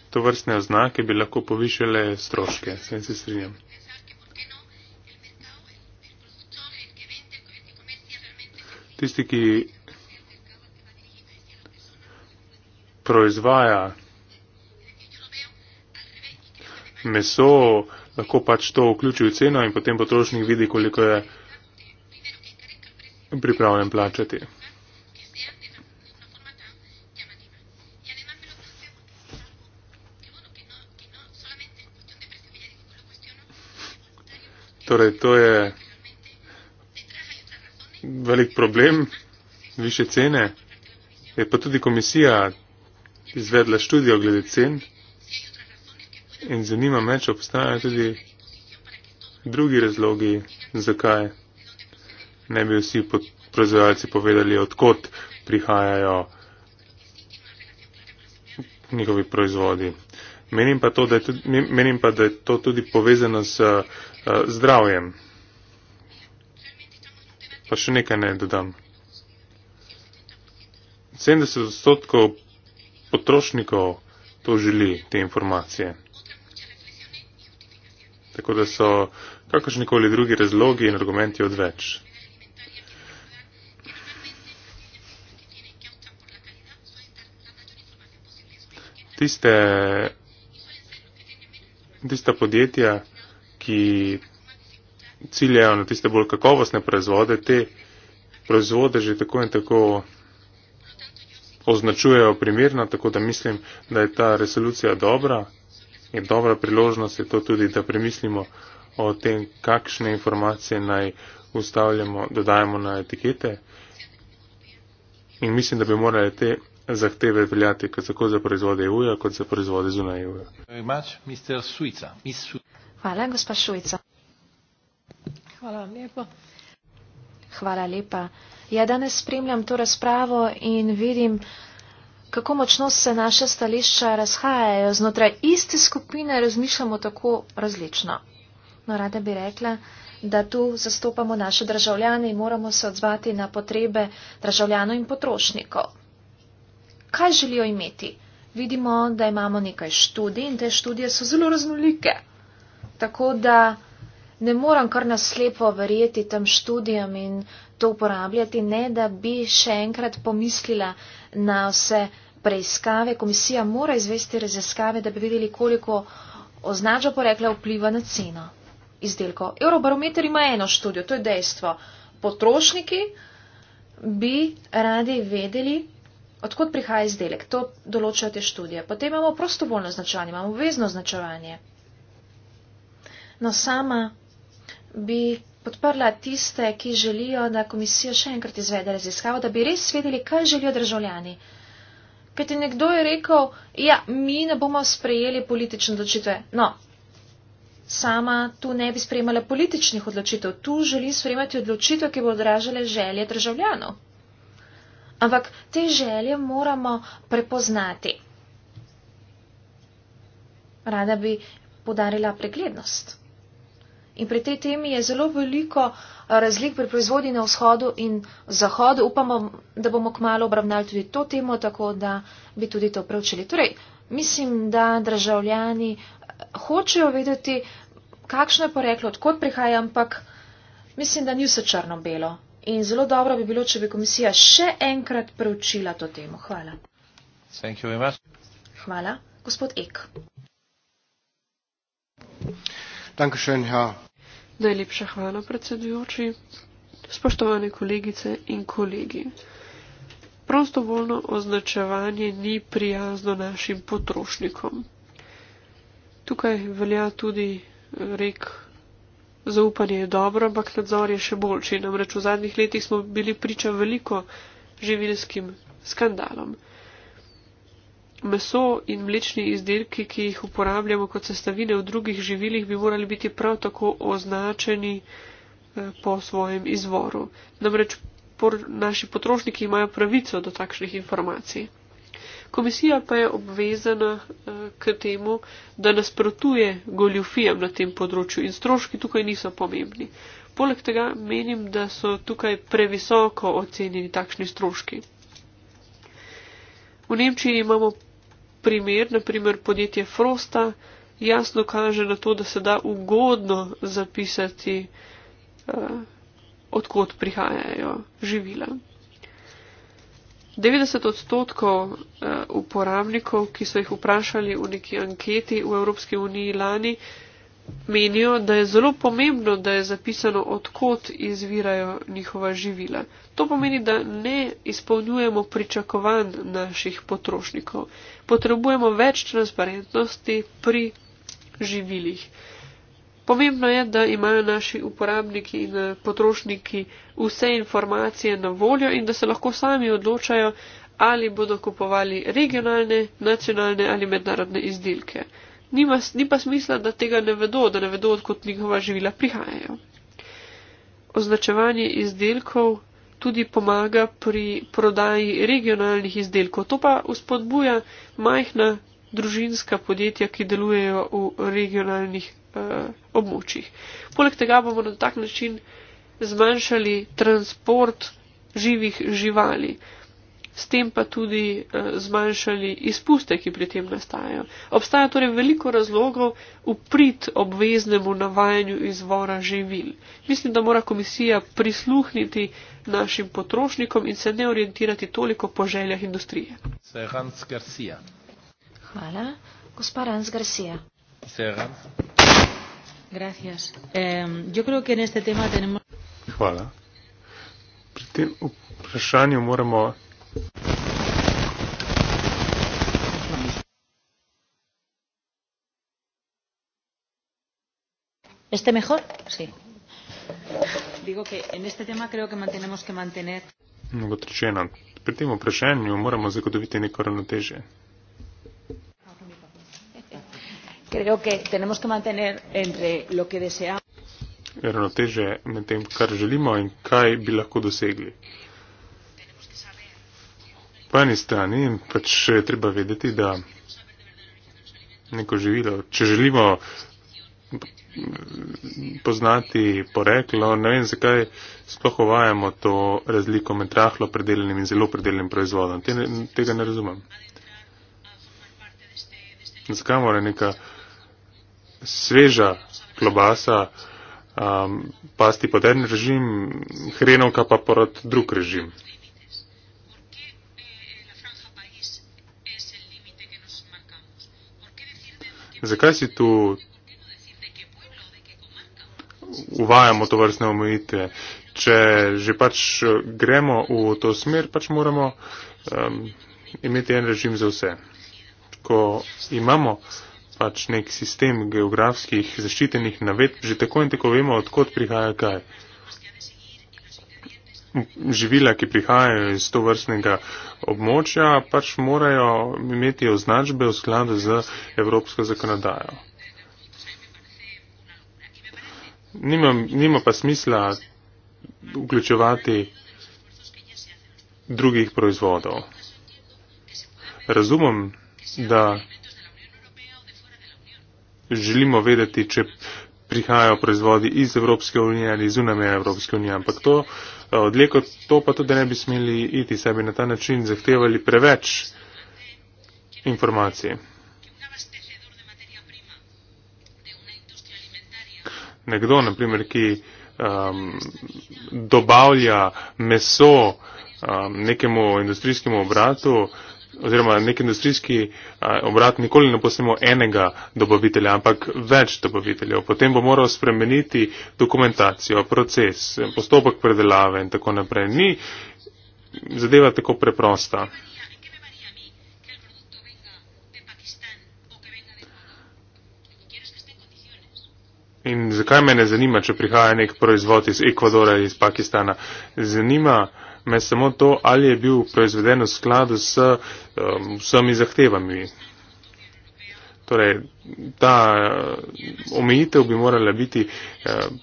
to vrstne oznake bi lahko povišale stroške s tem se strinjam tisti ki proizvaja meso, lahko pač to vključi v ceno in potem potrošnik vidi, koliko je pripravljen plačati. Torej, to je velik problem, više cene, je pa tudi komisija izvedla študijo glede cen in zanima me, če obstajajo tudi drugi razlogi, zakaj ne bi vsi proizvajalci povedali, odkot prihajajo njihovi proizvodi. Menim pa, to, da tudi, menim pa, da je to tudi povezano s uh, zdravjem. Pa še nekaj ne dodam. 70 odstotkov potrošnikov to želi, te informacije. Tako da so kakršnikoli drugi razlogi in argumenti odveč. Tiste, tista podjetja, ki ciljajo na tiste bolj kakovostne proizvode, te proizvode že tako in tako označujejo primerna, tako da mislim, da je ta resolucija dobra in dobra priložnost je to tudi, da premislimo o tem, kakšne informacije naj ustavljamo, dodajemo na etikete. In mislim, da bi morali te zahteve veljati tako za proizvode EU-ja, kot za proizvode zunaj EU-ja. Hvala, gospa Šujca. Hvala vam lepo. Hvala lepa. Ja, danes spremljam to razpravo in vidim, kako močno se naše stališča razhajajo znotraj iste skupine, razmišljamo tako različno. No, rada bi rekla, da tu zastopamo naše državljane in moramo se odzvati na potrebe državljanov in potrošnikov. Kaj želijo imeti? Vidimo, da imamo nekaj študij in te študije so zelo raznolike. Tako da ne moram kar naslepo verjeti tem študijam in to uporabljati, ne da bi še enkrat pomislila na vse preiskave. Komisija mora izvesti raziskave, da bi videli, koliko označa porekla vpliva na ceno izdelkov. Eurobarometer ima eno študijo, to je dejstvo. Potrošniki bi radi vedeli, odkot prihaja izdelek. To določajo te študije. Potem imamo prostovoljno značanje, imamo obvezno značanje. No, sama bi podprla tiste, ki želijo, da komisija še enkrat izvede raziskavo, da bi res vedeli, kaj želijo državljani. Ker ti nekdo je rekel, ja, mi ne bomo sprejeli politične odločitve. No, sama tu ne bi sprejemala političnih odločitev, tu želi sprejemati odločitev, ki bo odražala želje državljanov. Ampak te želje moramo prepoznati. Rada bi podarila preglednost. In pri tej temi je zelo veliko eh, razlik pri proizvodnji na vzhodu in zahodu. Upamo, da bomo kmalo obravnali tudi to temo, tako da bi tudi to preučili. Torej, mislim, da državljani eh, hočejo vedeti, kakšno je poreklo, odkot prihaja, ampak mislim, da ni vse črno-belo. In zelo dobro bi bilo, če bi komisija še enkrat preučila to temo. Hvala. Hvala. Gospod Ek. Dankeschön, Herr. Najlepša hvala, predsedujoči. Spoštovane kolegice in kolegi. Prostovoljno označevanje ni prijazno našim potrošnikom. Tukaj velja tudi eh, rek, zaupanje je dobro, ampak nadzor je še boljši. Namreč v zadnjih letih smo bili priča veliko živilskim skandalom meso in mlečni izdelki, ki jih uporabljamo kot sestavine v drugih živilih, bi morali biti prav tako označeni eh, po svojem izvoru. Namreč por, naši potrošniki imajo pravico do takšnih informacij. Komisija pa je obvezana eh, k temu, da nasprotuje goljufijam na tem področju in stroški tukaj niso pomembni. Poleg tega menim, da so tukaj previsoko ocenjeni takšni stroški. V Nemčiji imamo primer, naprimer podjetje Frosta, jasno kaže na to, da se da ugodno zapisati, eh, odkot prihajajo živila. 90 odstotkov eh, uporabnikov, ki so jih vprašali v neki anketi v Evropski uniji lani, eh, menijo, da je zelo pomembno, da je zapisano, odkot izvirajo njihova živila. To pomeni, da ne izpolnjujemo pričakovanj naših potrošnikov. Potrebujemo več transparentnosti pri živilih. Pomembno je, da imajo naši uporabniki in potrošniki vse informacije na voljo in da se lahko sami odločajo, ali bodo kupovali regionalne, nacionalne ali mednarodne izdelke nima, nima smisla, da tega ne vedo, da ne vedo, odkot njihova živila prihajajo. Označevanje izdelkov tudi pomaga pri prodaji regionalnih izdelkov. To pa uspodbuja majhna družinska podjetja, ki delujejo v regionalnih eh, območjih. Poleg tega bomo na tak način zmanjšali transport živih živali s tem pa tudi eh, zmanjšali izpuste, ki pri tem nastajajo. Obstaja torej veliko razlogov uprit obveznemu navajanju izvora živil. Mislim, da mora komisija prisluhniti našim potrošnikom in se ne orientirati toliko po željah industrije. Se je Hans Garcia. Hvala. Gospa Hans Garcia. Se je Hans. Gracias. Eh, yo creo que en este tema tenemos. Hvala. Pri tem vprašanju moramo ¿Este mejor? Sí. Digo que en este tema creo que mantenemos que mantener. Kot rečeno, pri tem vprašanju moramo zagotoviti neko ravnoteže. Ravnoteže med tem, kar želimo in kaj bi lahko dosegli. Po eni strani pač je treba vedeti, da neko živilo, če želimo poznati poreklo, ne vem zakaj sploh uvajamo to razliko med rahlo predelenim in zelo predelenim proizvodom. Te, tega ne razumem. Zakaj mora neka sveža klobasa um, pasti pod en režim, hrenovka pa pod drug režim? Zakaj si tu uvajamo to vrstne omejitve? Če že pač eh, gremo v to smer, pač moramo um, imeti en režim za vse. Ko imamo pač nek sistem geografskih zaščitenih navet, že tako in tako vemo, odkot prihaja kaj. Uh, živila, ki prihajajo iz to vrstnega območja, pač morajo imeti označbe v skladu z evropsko zakonodajo. Nima, nima pa smisla vključevati drugih proizvodov. Razumem, da želimo vedeti, če prihajajo proizvodi iz Evropske unije ali zunaj Evropske unije, ampak to uh, Dlje kot to pa tudi ne bi smeli iti sebi na ta način, zahtevali preveč informacij. Nekdo, na primer, ki um, dobavlja meso um, nekemu industrijskemu obratu, uh, oziroma nek industrijski obrat nikoli ne posnemo enega dobavitelja, ampak več dobaviteljev. Potem bo moral spremeniti dokumentacijo, proces, postopek predelave in tako naprej. Ni zadeva tako preprosta. In zakaj me ne zanima, če prihaja nek proizvod iz Ekvadora, iz Pakistana? Zanima me samo to, ali je bil proizveden v skladu s um, vsemi zahtevami. Torej, ta uh, omejitev bi morala biti uh,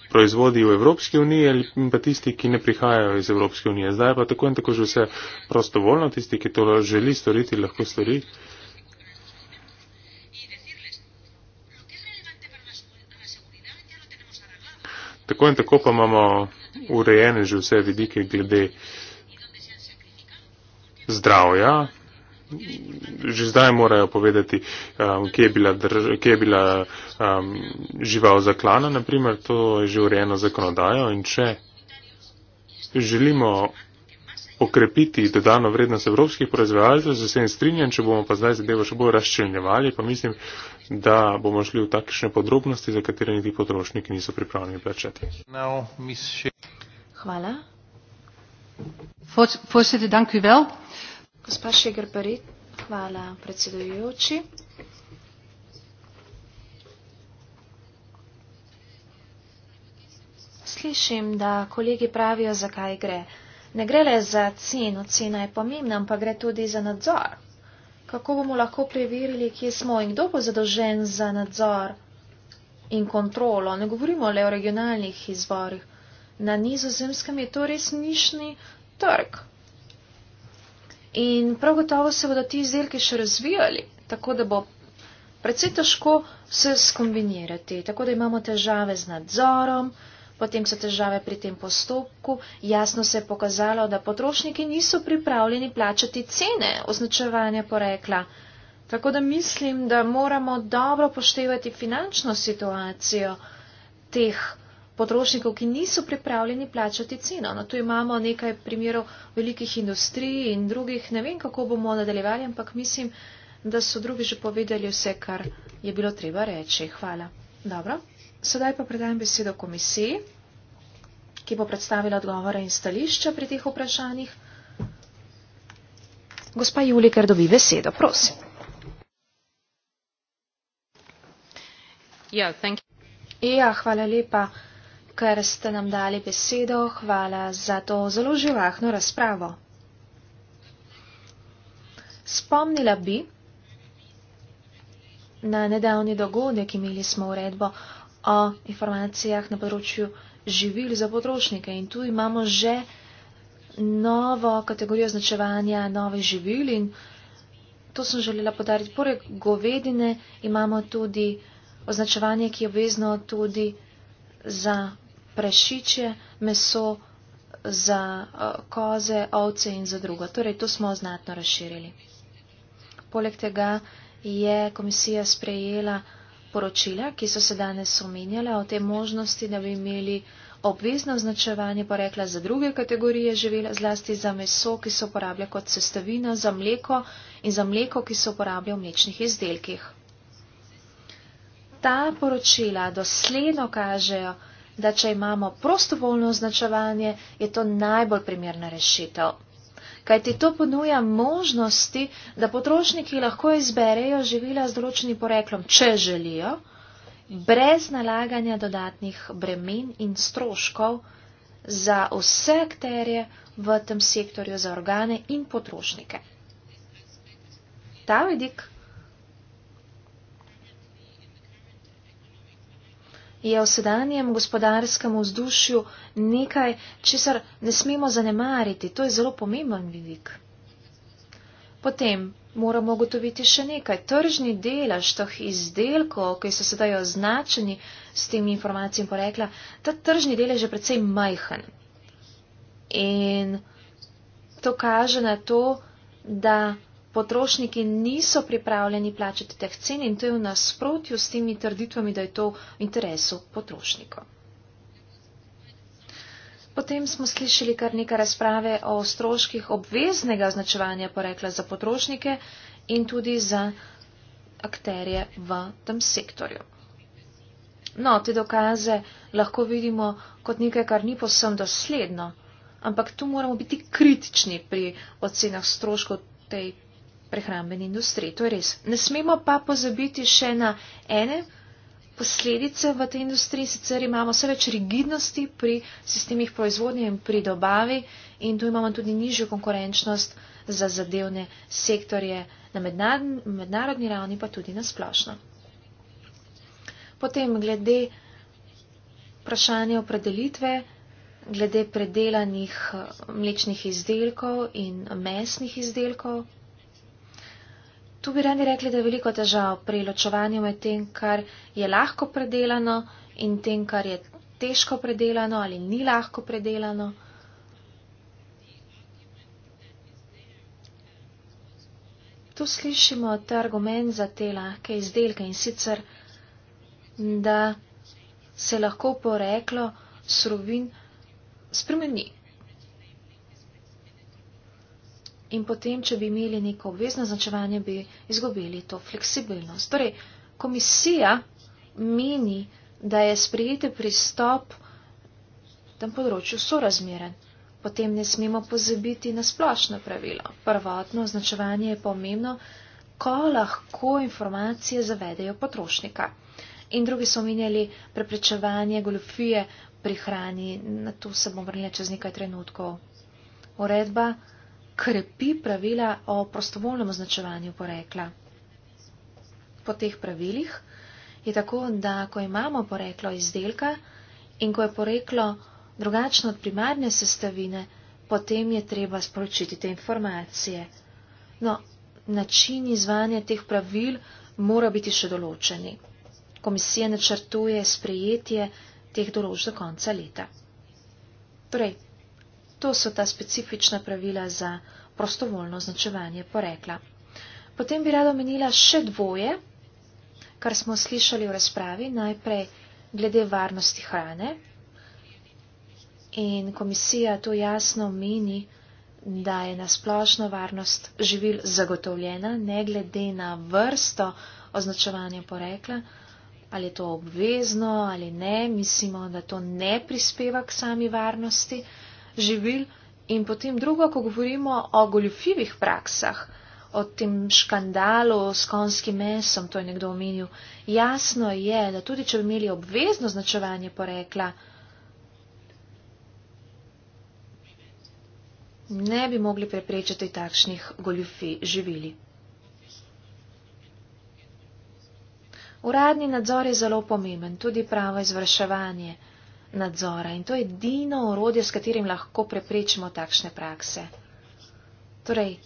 proizvodi v Evropski uniji ali pa tisti, ki ne prihajajo iz Evropske unije. Zdaj pa tako in tako že vse prostovoljno, tisti, ki to želi storiti, lahko stori. Tako in tako pa imamo urejene že vse vidike glede uh, zdravja. Že zdaj morajo povedati, um, kje je bila, drž kje je bila um, žival zaklana, naprimer, to je že urejeno zakonodajo in če želimo okrepiti dodano vrednost evropskih proizvajalcev, se vsem strinjam, če bomo pa zdaj zadevo še bolj razčrnjevali, pa mislim, da bomo šli v takšne podrobnosti, za katere niti potrošniki niso pripravljeni plačati. Hvala. Voorzitter, dank u wel. Gospa Šegrparit, hvala predsedujoči. Slišim, da kolegi pravijo, zakaj gre. Ne gre le za ceno, cena je pomembna, ampak gre tudi za nadzor. Kako bomo lahko preverili, kje smo in kdo bo zadolžen za nadzor in kontrolo? Ne govorimo le o regionalnih izvorih. Na nizozemskem je to resnični trg. In prav gotovo se bodo ti izdelki še razvijali, tako da bo predvsej težko vse skombinirati. Tako da imamo težave z nadzorom, potem so težave pri tem postopku. Jasno se je pokazalo, da potrošniki niso pripravljeni plačati cene označevanja porekla. Tako da mislim, da moramo dobro poštevati finančno situacijo teh potrošnikov, ki niso pripravljeni plačati ceno. No, tu imamo nekaj primerov velikih industrij in drugih. Ne vem, kako bomo nadaljevali, ampak mislim, da so drugi že povedali vse, kar je bilo treba reči. Hvala. Dobro. Sedaj pa predajam besedo komisiji, ki bo predstavila odgovore in stališča pri teh vprašanjih. Gospa Juli, ker dobi besedo, prosim. Ja, yeah, ja hvala lepa ker ste nam dali besedo. Hvala za to zelo živahno razpravo. Spomnila bi na nedavni dogodek, imeli smo uredbo o informacijah na področju živil za potrošnike in tu imamo že novo kategorijo označevanja novih živil in to sem želela podariti. Poleg govedine imamo tudi označevanje, ki je obvezno tudi za prašiče, meso za eh, koze, ovce in za drugo. Torej, to smo znatno razširili. Poleg tega je komisija sprejela poročila, ki so se danes omenjala o tej možnosti, da bi imeli obvezno označevanje porekla za druge kategorije živila, zlasti za meso, ki se uporablja kot sestavina, za mleko in za mleko, ki se uporablja v mlečnih izdelkih. Ta poročila dosledno kažejo, da če imamo prostovoljno označevanje, je to najbolj primerna rešitev. Kaj ti to ponuja možnosti, da potrošniki lahko izberejo živila z določenim poreklom, če želijo, brez nalaganja dodatnih bremen in stroškov za vse akterje v tem sektorju, za organe in potrošnike. Ta vidik je v sedanjem gospodarskem vzdušju nekaj, česar ne smemo zanemariti. To je zelo pomemben vidik. Potem moramo ugotoviti še nekaj. Tržni delež teh izdelkov, ki so sedaj označeni s temi informacijami porekla, ta tržni delež je precej majhen. In to kaže na to, da potrošniki niso pripravljeni plačati teh cen in to je v nasprotju s temi trditvami, da je to v interesu potrošnikov. Potem smo slišali kar nekaj razprave o stroških obveznega označevanja porekla za potrošnike in tudi za akterje v tem sektorju. No, te dokaze lahko vidimo kot nekaj, kar ni posebno dosledno, ampak tu moramo biti kritični pri ocenah stroškov tej prehrambeni industriji. To je res. Ne smemo pa pozabiti še na ene posledice v tej industriji. Sicer imamo vse več rigidnosti pri sistemih proizvodnje in pri dobavi in tu imamo tudi nižjo konkurenčnost za zadevne sektorje na mednarodni ravni, pa tudi na splošno. Potem glede vprašanja opredelitve, glede predelanih eh, mlečnih izdelkov in mesnih izdelkov. Tu bi radi rekli, da je veliko težav pri ločevanju med tem, kar je lahko predelano in tem, kar je težko predelano ali ni lahko predelano. Tu slišimo ta argument za te lahke izdelke in sicer, da se lahko poreklo surovin spremeni. in potem, če bi imeli neko obvezno značevanje, bi izgubili to fleksibilnost. Torej, komisija meni, da je sprejeti pristop na tem področju sorazmeren. Potem ne smemo pozabiti na splošno pravilo. Prvotno označevanje je pomembno, ko lahko informacije zavedejo potrošnika. In drugi so omenjali preprečevanje goljofije pri hrani, na to se bom vrnila čez nekaj trenutkov. Uredba krepi pravila o prostovoljnem označevanju porekla. Po teh pravilih je tako, da ko imamo poreklo izdelka in ko je poreklo drugačno od primarne sestavine, potem je treba sporočiti te informacije. No, način izvanja teh pravil mora biti še določeni. Komisija načrtuje sprejetje teh določb do konca leta. Torej, To so ta specifična pravila za prostovoljno označevanje porekla. Potem bi rada omenila še dvoje, kar smo slišali v razpravi, najprej glede varnosti hrane. In komisija to jasno meni, da je na splošno varnost živil zagotovljena, ne glede na vrsto označevanja porekla, ali je to obvezno ali ne. Mislimo, da to ne prispeva k sami varnosti. Uh, živil in potem drugo, ko govorimo o goljufivih praksah, o tem škandalu s konskim mesom, to je nekdo omenil, jasno je, da tudi če bi imeli obvezno značevanje porekla, ne bi mogli preprečiti takšnih goljufi živili. Uradni nadzor je zelo pomemben, tudi pravo izvrševanje nadzora in to je edino orodje, s katerim lahko preprečimo takšne prakse. Torej,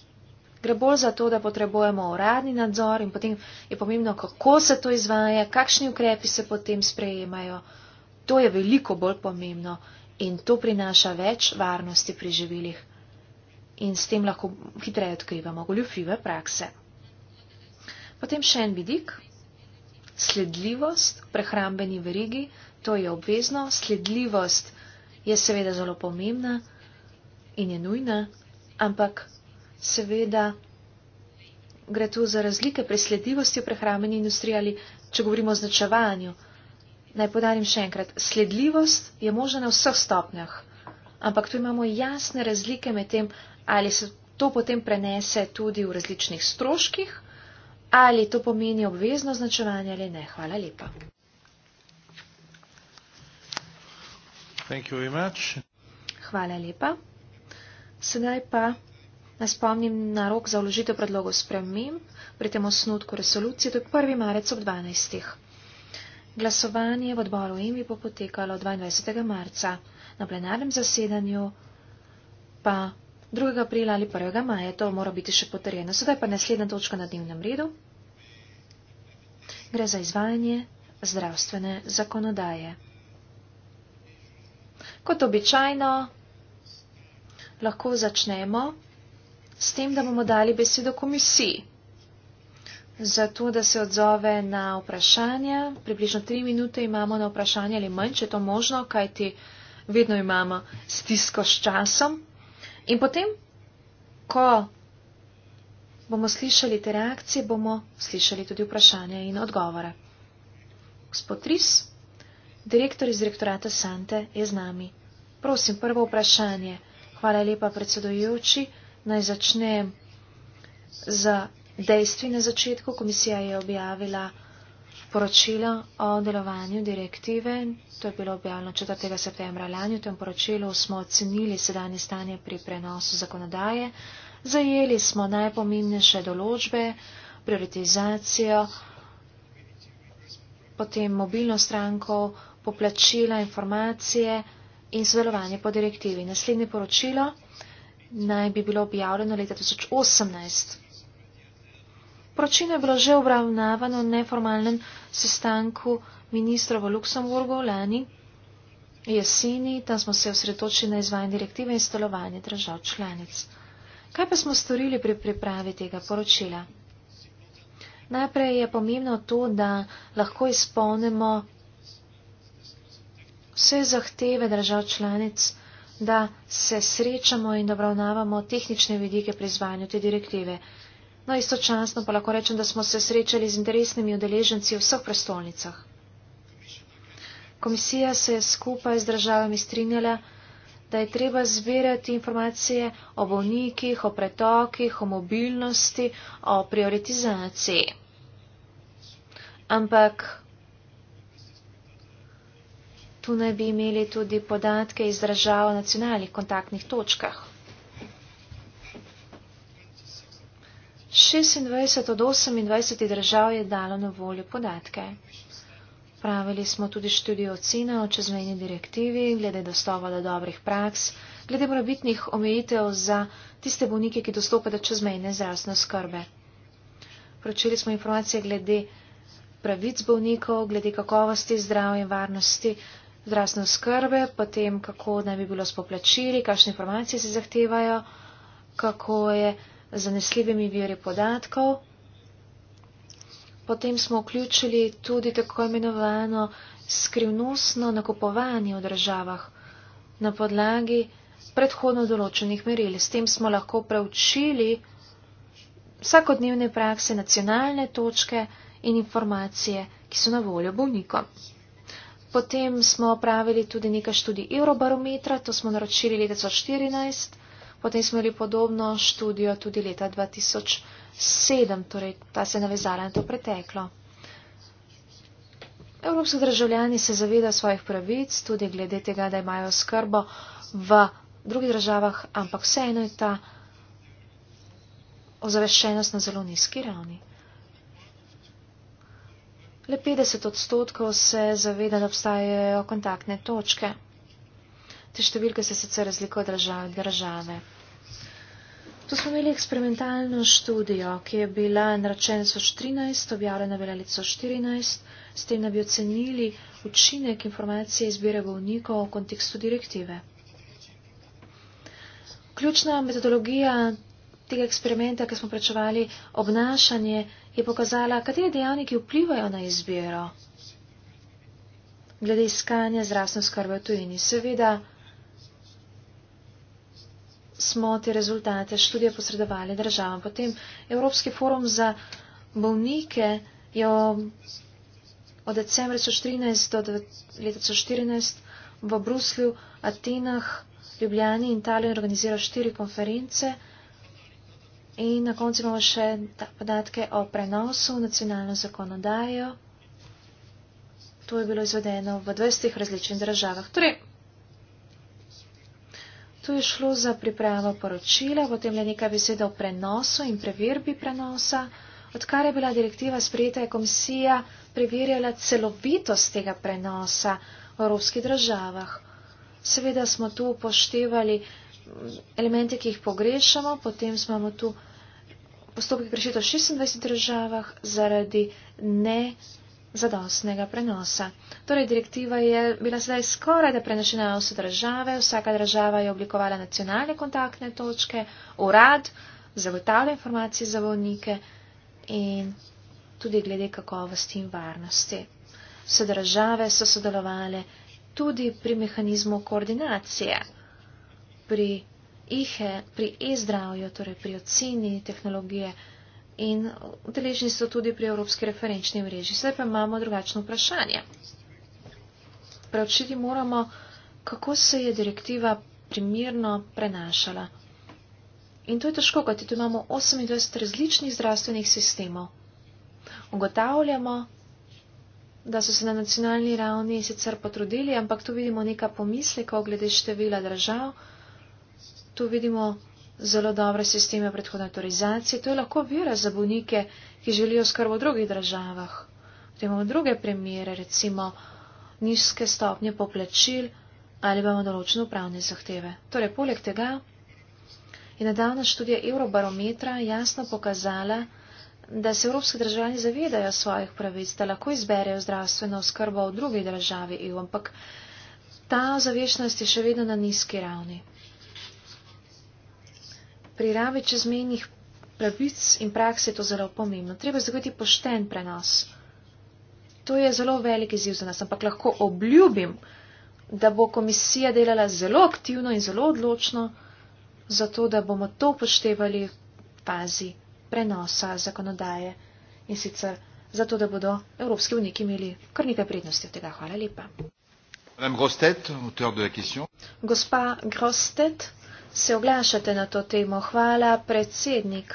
gre bolj za to, da potrebujemo uradni nadzor in potem je pomembno, kako se to izvaja, kakšni ukrepi se potem sprejemajo. To je veliko bolj pomembno in to prinaša več varnosti pri živilih in s tem lahko hitreje odkrivamo goljufive prakse. Potem še en vidik, sledljivost prehrambeni verigi, to je obvezno, sledljivost je seveda zelo pomembna in je nujna, ampak seveda gre tu za razlike pri sledljivosti v prehrambeni industriji ali če govorimo o značevanju. Naj podarim še enkrat, sledljivost je možna na vseh stopnjah, ampak tu imamo jasne razlike med tem, ali se to potem prenese tudi v različnih stroških, ali to pomeni obvezno značevanje ali ne. Hvala lepa. Thank you very much. Hvala lepa. Sedaj pa nas spomnim na rok za vložitev predlogov spremem pri tem osnutku resolucije, to je 1. marec ob 12. Glasovanje v odboru EMI bo potekalo 22. marca, na plenarnem zasedanju pa 2. aprila ali 1. maja, to mora biti še potrjeno. Sedaj pa naslednja točka na dnevnem redu. Gre za izvajanje zdravstvene zakonodaje. Kot običajno, lahko začnemo s tem, da bomo dali besedo komisiji, zato da se odzove na vprašanja. Približno tri minute imamo na vprašanje ali manj, če je to možno, kajti vedno imamo stisko s časom. In potem, ko bomo slišali te reakcije, bomo slišali tudi vprašanja in odgovore. Gospod Tris. Direktor iz rektorata Sante je z nami. Prosim, prvo vprašanje. Hvala lepa, predsedojoči. Naj začnem z dejstvi na začetku. Komisija je objavila poročilo o delovanju direktive. To je bilo objavljeno 4. septembra lani. V tem poročilu smo ocenili sedanje stanje pri prenosu zakonodaje. Zajeli smo najpomembnejše določbe, prioritizacijo, potem mobilno stranko, poplačila informacije in sodelovanje po direktivi. Naslednje poročilo naj bi bilo objavljeno leta 2018. Poročilo je bilo že obravnavano na neformalnem sestanku ministra v Luksemburgu lani jeseni. Tam smo se osredotočili na izvajanje direktive in sodelovanje držav članic. Kaj pa smo storili pri pripravi tega poročila? Najprej je pomembno to, da lahko izpolnimo vse zahteve držav članic, da se srečamo in obravnavamo tehnične vidike pri izvanju te direktive. No, istočasno pa lahko rečem, da smo se srečali z interesnimi udeleženci v vseh prestolnicah. Komisija se je skupaj z državami strinjala, da je treba zbirati informacije o bolnikih, o pretokih, o mobilnosti, o prioritizaciji. Ampak Tu naj bi imeli tudi podatke iz držav nacionalnih kontaktnih točkah. 26 od 28 držav je dalo na voljo podatke. Pravili smo tudi študijo ocene o čezmejni direktivi, glede dostopa do dobrih praks, glede morabitnih omejitev za tiste bolnike, ki dostopajo do čezmejne zdravstvene skrbe. Pročili smo informacije glede pravic bolnikov, glede kakovosti zdravja in varnosti zdravstvene skrbe, potem kako naj bi bilo s poplačili, kakšne informacije se zahtevajo, kako je z zanesljivimi viri podatkov. Potem smo vključili tudi tako imenovano skrivnostno nakupovanje v državah na podlagi predhodno določenih meril. S tem smo lahko preučili vsakodnevne prakse, nacionalne točke in informacije, ki so na voljo bolnikom. Potem smo opravili tudi nekaj študij Eurobarometra, to smo naročili leta 2014, potem smo imeli podobno študijo tudi leta 2007, torej ta se je navezala na to preteklo. Evropski državljani se zavedajo svojih pravic, tudi glede tega, da imajo skrbo v drugih državah, ampak vseeno je ta ozaveščenost na zelo nizki ravni. Le 50 odstotkov se zaveda, da obstajajo kontaktne točke. Te številke se sicer razlikujejo od države. države. Tu smo imeli eksperimentalno študijo, ki je bila naročena 2013, objavljena bila leta 2014, s tem, da bi ocenili učinek informacije izbire bolnikov v kontekstu direktive. Ključna metodologija tega eksperimenta, ki smo prečevali obnašanje, je pokazala, kateri dejavniki vplivajo na izbiro glede iskanja zdravstvene skrbe v tujini. Seveda smo te rezultate študije posredovali državam. Potem Evropski forum za bolnike je od decembra 2014 do leta 2014 v Bruslju, Atenah, Ljubljani in Italiji organiziral štiri konference. In na koncu imamo še podatke o prenosu v nacionalno zakonodajo. To je bilo izvedeno v 20 različnih državah. Torej, tu je šlo za pripravo poročila, potem le nekaj besed o prenosu in preverbi prenosa. Odkar je bila direktiva sprejeta, je komisija preverjala celovitost tega prenosa v evropskih državah. Seveda smo tu upoštevali mm, elemente, ki jih pogrešamo, potem smo tu postopki prešito v 26 državah zaradi nezadostnega prenosa. Torej, direktiva je bila sedaj skoraj da prenešena v vse države, vsaka država je oblikovala nacionalne kontaktne točke, urad zagotavlja informacije za volnike in tudi glede kakovosti in varnosti. Vse države so sodelovali tudi pri mehanizmu koordinacije, pri jih je pri e-zdravju, torej pri oceni tehnologije in deležni so tudi pri Evropski referenčni mreži. Zdaj pa imamo drugačno vprašanje. Preučiti moramo, kako se je direktiva primirno prenašala. In to je težko, kot je tu imamo 28 različnih zdravstvenih sistemov. Ugotavljamo, da so se na nacionalni ravni sicer potrudili, ampak tu vidimo neka pomisleka glede števila držav, tu vidimo zelo dobre sisteme predhodne autorizacije. To je lahko vira za bolnike, ki želijo skrbo v drugih državah. Potem imamo druge primere, recimo nizke stopnje poplačil ali imamo določene upravne zahteve. Torej, poleg tega je nedavna študija Eurobarometra jasno pokazala, da se evropski državljani zavedajo svojih pravic, da lahko izberejo zdravstveno skrbo v drugi državi EU, ampak ta zavešnost je še vedno na nizki ravni pri rabi čezmejnih pravic in praks je to zelo pomembno. Treba zagotoviti pošten prenos. To je zelo velik izziv za nas, ampak lahko obljubim, da bo komisija delala zelo aktivno in zelo odločno, zato da bomo to upoštevali v fazi prenosa zakonodaje in sicer zato, da bodo evropski vniki imeli kar nekaj prednosti od tega. Hvala lepa. Gospa Grostet, se oglašate na to temo. Hvala, predsednik.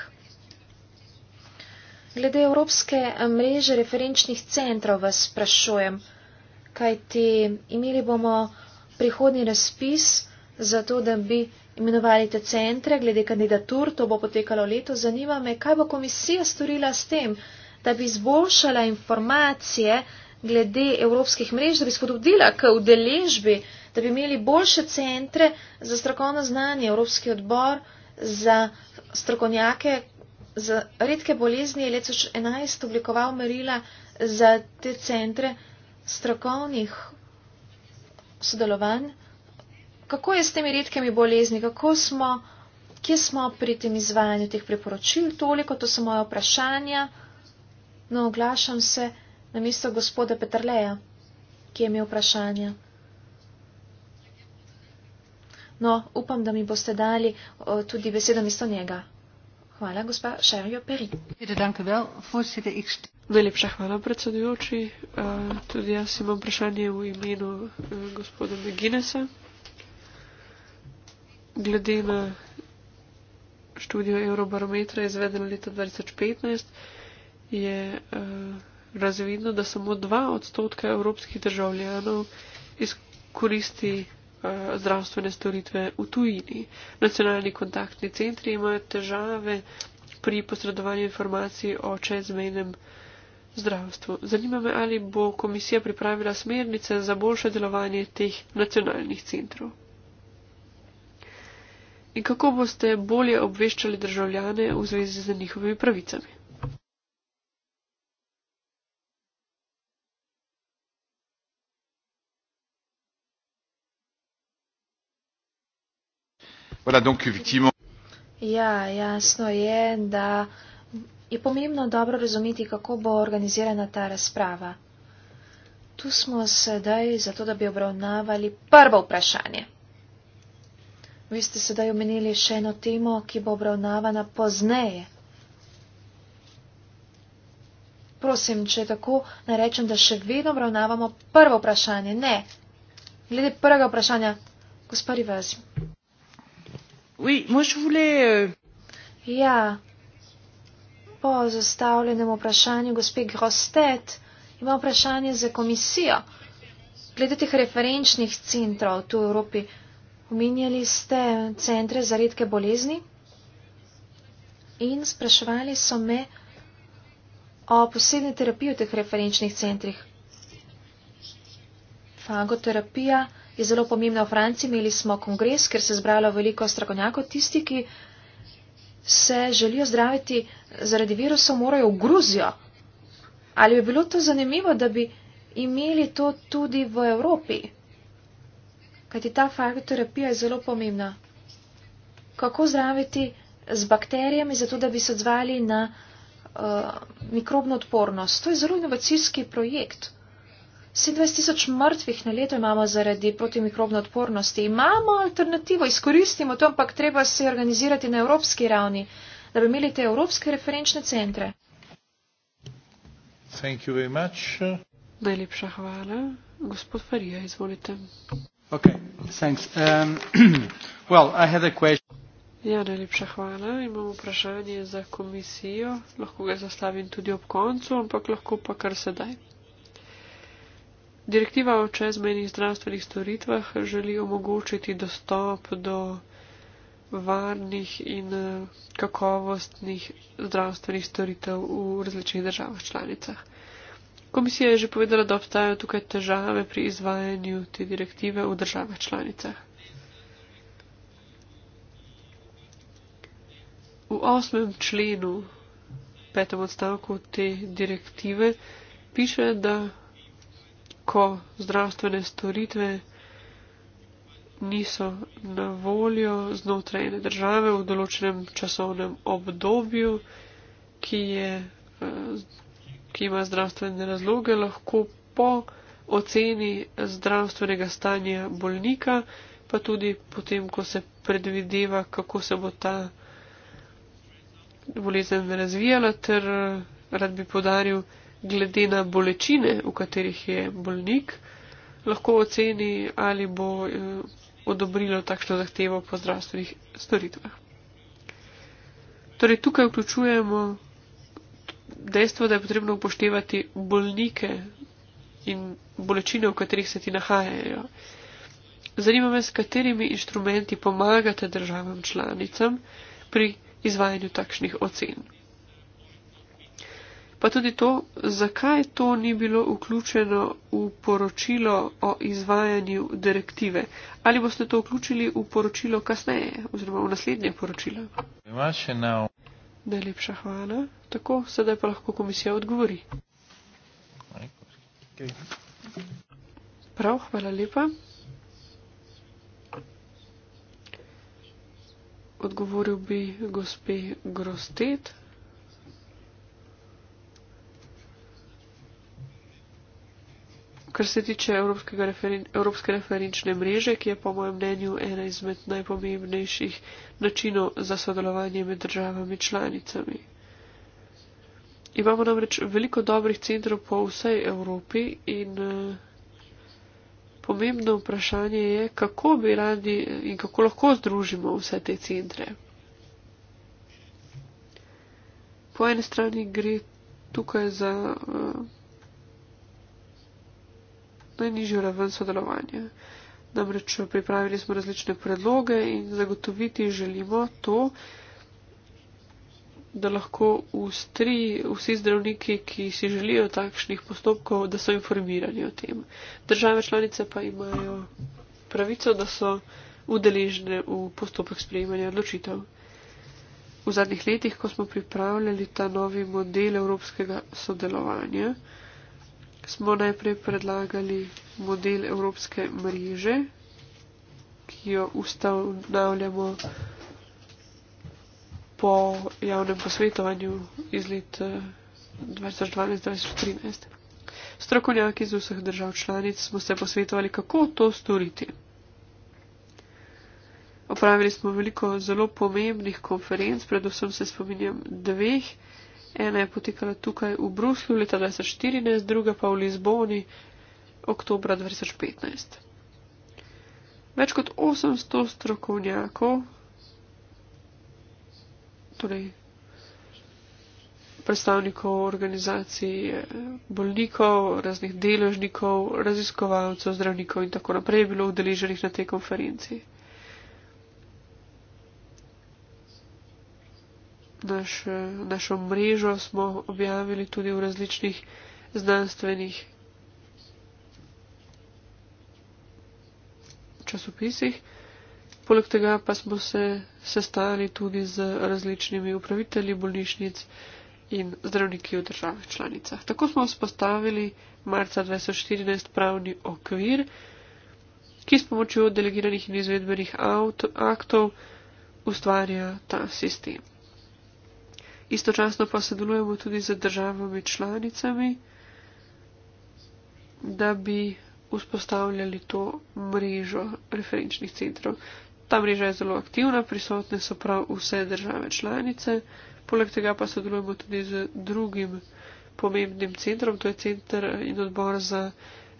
Glede Evropske mreže referenčnih centrov vas sprašujem, kajti imeli bomo prihodni razpis za to, da bi imenovali te centre glede kandidatur, to bo potekalo leto. Zanima me, kaj bo komisija storila s tem, da bi izboljšala informacije glede evropskih mrež, da bi spodobdila k udeležbi da bi imeli boljše centre za strokovno znanje, Evropski odbor za strokovnjake za redke bolezni je leta 2011 oblikoval merila za te centre strokovnih sodelovanj. Kako je s temi redkimi bolezni, kako smo, kje smo pri tem izvajanju teh priporočil, toliko, to so moje vprašanja. No, oglašam se na mesto gospoda Petrleja, ki je imel vprašanja. No, upam, da mi boste dali o, tudi besedo mesto njega. Hvala, gospa Šerjo Peri. Najlepša hvala, predsedujoči. E, tudi jaz imam vprašanje v imenu e, gospoda Meginesa. Glede na študijo Eurobarometra izvedeno leta 2015 je e, razvidno, da samo dva odstotka evropskih državljanov izkoristi Eh, zdravstvene storitve v tujini. Nacionalni kontaktni centri imajo težave pri posredovanju informacij o čezmejnem zdravstvu. Zanima me, ali bo komisija pripravila smernice za boljše delovanje teh nacionalnih centrov. In kako boste bolje obveščali državljane v zvezi z njihovimi pravicami? Voilà donc effectivement. Ja, jasno je, da je pomembno dobro razumeti, kako bo organizirana ta razprava. Tu smo sedaj zato, da bi obravnavali prvo vprašanje. Vi ste sedaj omenili še eno temo, ki bo obravnavana pozneje. Prosim, če je tako, naj rečem, da še vedno obravnavamo prvo vprašanje. Ne, glede prvega vprašanja, gospod Rivas. Oui, moi je voulais. Euh... Ja. Po zastavljenem vprašanju gospe Grostet imam vprašanje za komisijo. Glede teh referenčnih centrov tu v Evropi, omenjali ste centre za redke bolezni in spraševali so me o posebni terapiji v teh referenčnih centrih. Fagoterapija je zelo pomembna v Franciji. Imeli smo kongres, ker se je zbralo veliko strakonjakov. Tisti, ki se želijo zdraviti zaradi virusa, morajo v Gruzijo. Ali bi bilo to zanimivo, da bi imeli to tudi v Evropi? Kajti ta farmakoterapija je zelo pomembna. Kako zdraviti z bakterijami, zato da bi se odzvali na uh, mikrobno odpornost? To je zelo inovacijski projekt. 27 tisoč mrtvih na leto imamo zaradi protimikrobne odpornosti. Imamo alternativo, izkoristimo to, ampak treba se organizirati na evropski ravni, da bi imeli te evropske referenčne centre. Najlepša hvala. Gospod Farija, izvolite. Um, ja, najlepša hvala. Imam vprašanje za komisijo. Lahko ga zastavim tudi ob koncu, ampak lahko pa kar sedaj. Direktiva o čezmejnih zdravstvenih storitvah želi omogočiti dostop do varnih in eh, kakovostnih zdravstvenih storitev v različnih državah članicah. Komisija je že povedala, da obstajajo tukaj težave pri izvajanju te direktive v državah članicah. V osmem členu, petem odstavku te direktive, piše, da ko zdravstvene storitve niso na voljo znotraj ene države v določenem časovnem obdobju, ki, je, eh, ki ima zdravstvene razloge, lahko po oceni zdravstvenega stanja bolnika, pa tudi potem, ko se predvideva, kako se bo ta bolezen razvijala, ter eh, rad bi podaril, glede na bolečine, v katerih je bolnik, lahko oceni, ali bo eh, odobrilo takšno zahtevo po zdravstvenih storitvah. Torej, tukaj vključujemo dejstvo, da je potrebno upoštevati bolnike in bolečine, v katerih se ti nahajajo. Zanima me, s katerimi inštrumenti pomagate državam članicam pri izvajanju takšnih ocen pa tudi to, zakaj to ni bilo vključeno v poročilo o izvajanju direktive. Ali boste to vključili v poročilo kasneje oziroma v naslednje poročilo? Najlepša hvala. Tako, sedaj pa lahko komisija odgovori. Prav, hvala lepa. Odgovoril bi gospe Grostet. kar se tiče referen Evropske referenčne mreže, ki je po mojem mnenju ena izmed najpomembnejših načinov za sodelovanje med državami članicami. Imamo namreč veliko dobrih centrov po vsej Evropi in eh, pomembno vprašanje je, kako bi radi in kako lahko združimo vse te centre. Po eni strani gre tukaj za. Uh, najnižjo raven sodelovanja. Namreč pripravili smo različne predloge in zagotoviti želimo to, da lahko tri, vsi zdravniki, ki si želijo takšnih postopkov, da so informirani o tem. Države članice pa imajo pravico, da so udeležene v postopek sprejemanja odločitev. V zadnjih letih, ko smo pripravljali ta novi model evropskega sodelovanja, smo najprej predlagali model Evropske mreže, ki jo ustanavljamo po javnem posvetovanju iz let 2012-2013. Strokovnjaki iz vseh držav članic smo se posvetovali, kako to storiti. Opravili smo veliko zelo pomembnih konferenc, predvsem se spominjam dveh. Ena je potekala tukaj v Bruslju leta 2014, druga pa v Lizboni oktober 2015. Več kot 800 strokovnjakov, torej predstavnikov organizacij, eh, bolnikov, raznih deležnikov, raziskovalcev, zdravnikov in tako naprej, je bilo udeleženih na tej konferenci. naš, našo mrežo smo objavili tudi v različnih znanstvenih časopisih. Poleg tega pa smo se sestali tudi z različnimi upravitelji bolnišnic in zdravniki v državah članicah. Tako smo vzpostavili marca 2014 pravni okvir, ki s pomočjo delegiranih in izvedbenih aktov ustvarja ta sistem istočasno pa sodelujemo tudi z državami članicami, da bi vzpostavljali to mrežo referenčnih centrov. Ta mreža je zelo aktivna, prisotne so prav vse države članice, poleg tega pa sodelujemo tudi z drugim pomembnim centrom, to je centr in odbor za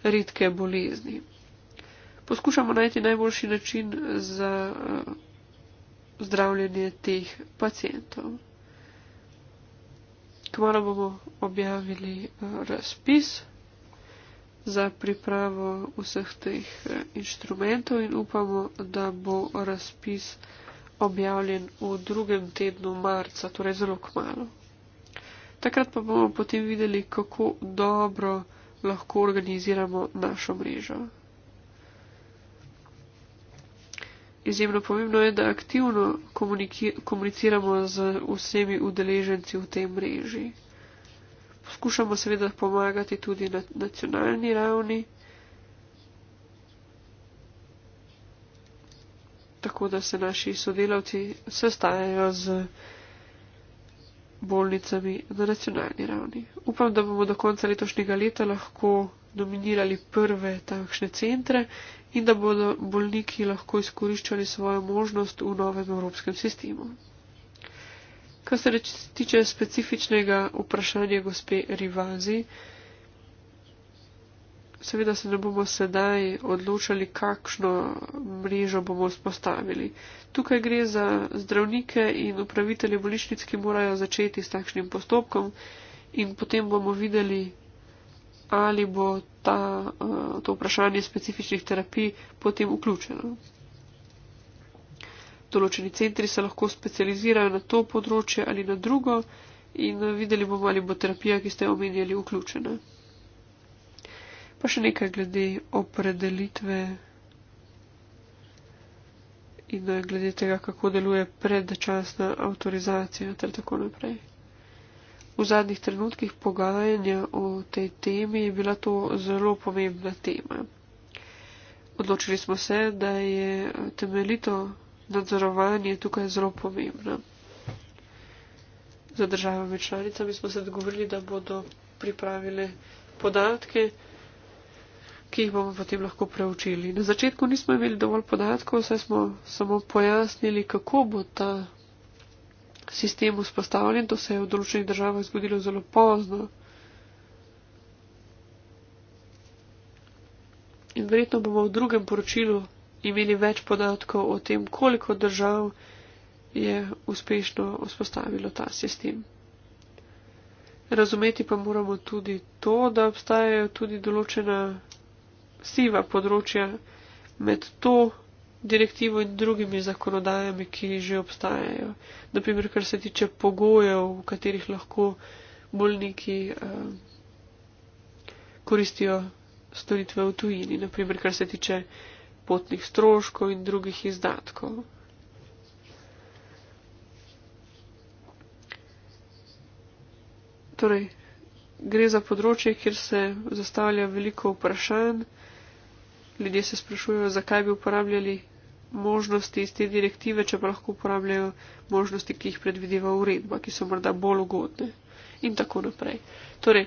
redke bolezni. Poskušamo najti najboljši način za eh, zdravljenje teh pacijentov kmalo bomo objavili eh, razpis za pripravo vseh teh eh, inštrumentov in upamo, da bo razpis objavljen v drugem tednu marca, torej zelo kmalo. Takrat pa bomo potem videli, kako dobro lahko organiziramo našo mrežo. izjemno pomembno je, da aktivno komuniciramo z vsemi udeleženci v tej mreži. Poskušamo seveda pomagati tudi na nacionalni ravni, tako da se naši sodelavci sestajajo z bolnicami na nacionalni ravni. Upam, da bomo do konca letošnjega leta lahko dominirali prve takšne centre in da bodo bolniki lahko izkoriščali svojo možnost v novem evropskem sistemu. Kar se tiče specifičnega vprašanja gospe Rivazi, seveda se ne bomo sedaj odločali, kakšno mrežo bomo spostavili. Tukaj gre za zdravnike in upravitelje bolišnic, ki morajo začeti s takšnim postopkom in potem bomo videli, ali bo ta, eh, to vprašanje specifičnih terapij potem vključeno. Določeni centri se lahko specializirajo na to področje ali na drugo in eh, videli bomo, ali bo terapija, ki ste omenjali, vključena. Pa še nekaj glede opredelitve in eh, glede tega, kako deluje predčasna avtorizacija ter tako naprej v zadnjih trenutkih pogajanja o tej temi je bila to zelo pomembna tema. Odločili smo se, da je temeljito nadzorovanje tukaj zelo pomembno. Za državami članicami smo se dogovorili, da bodo pripravili podatke, ki jih bomo potem lahko preučili. Na začetku nismo imeli dovolj podatkov, saj smo samo pojasnili, kako bo ta sistem vzpostavljen, to se je v določenih državah zgodilo zelo pozno. In verjetno bomo v drugem poročilu imeli več podatkov o tem, koliko držav je uspešno vzpostavilo ta sistem. Razumeti pa moramo tudi to, da obstajajo tudi določena siva področja med to direktivo in drugimi zakonodajami, ki že obstajajo. Naprimer, kar se tiče pogojev, v katerih lahko bolniki eh, koristijo storitve v tujini, naprimer, kar se tiče potnih stroškov in drugih izdatkov. Torej, gre za področje, kjer se zastavlja veliko vprašanj. Ljudje se sprašujejo, zakaj bi uporabljali možnosti iz te direktive, če pa lahko uporabljajo možnosti, ki jih predvideva uredba, ki so morda bolj ugodne in tako naprej. Torej,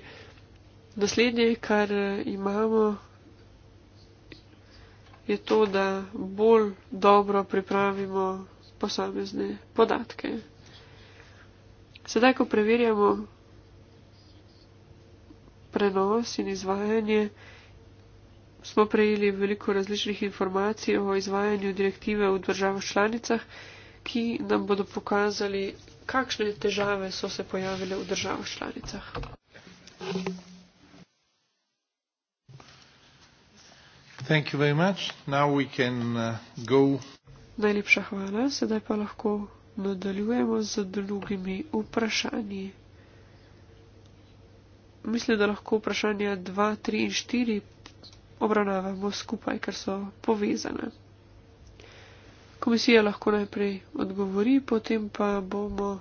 naslednje, kar eh, imamo, je to, da bolj dobro pripravimo posamezne podatke. Sedaj, ko preverjamo prenos in izvajanje, smo prejeli veliko različnih informacij o izvajanju direktive v državah članicah, ki nam bodo pokazali, kakšne težave so se pojavile v državah članicah. Can, uh, Najlepša hvala, sedaj pa lahko nadaljujemo z drugimi vprašanji. Mislim, da lahko vprašanja 2, 3 in 4 obravnavamo skupaj, ker so povezane. Komisija lahko najprej odgovori, potem pa bomo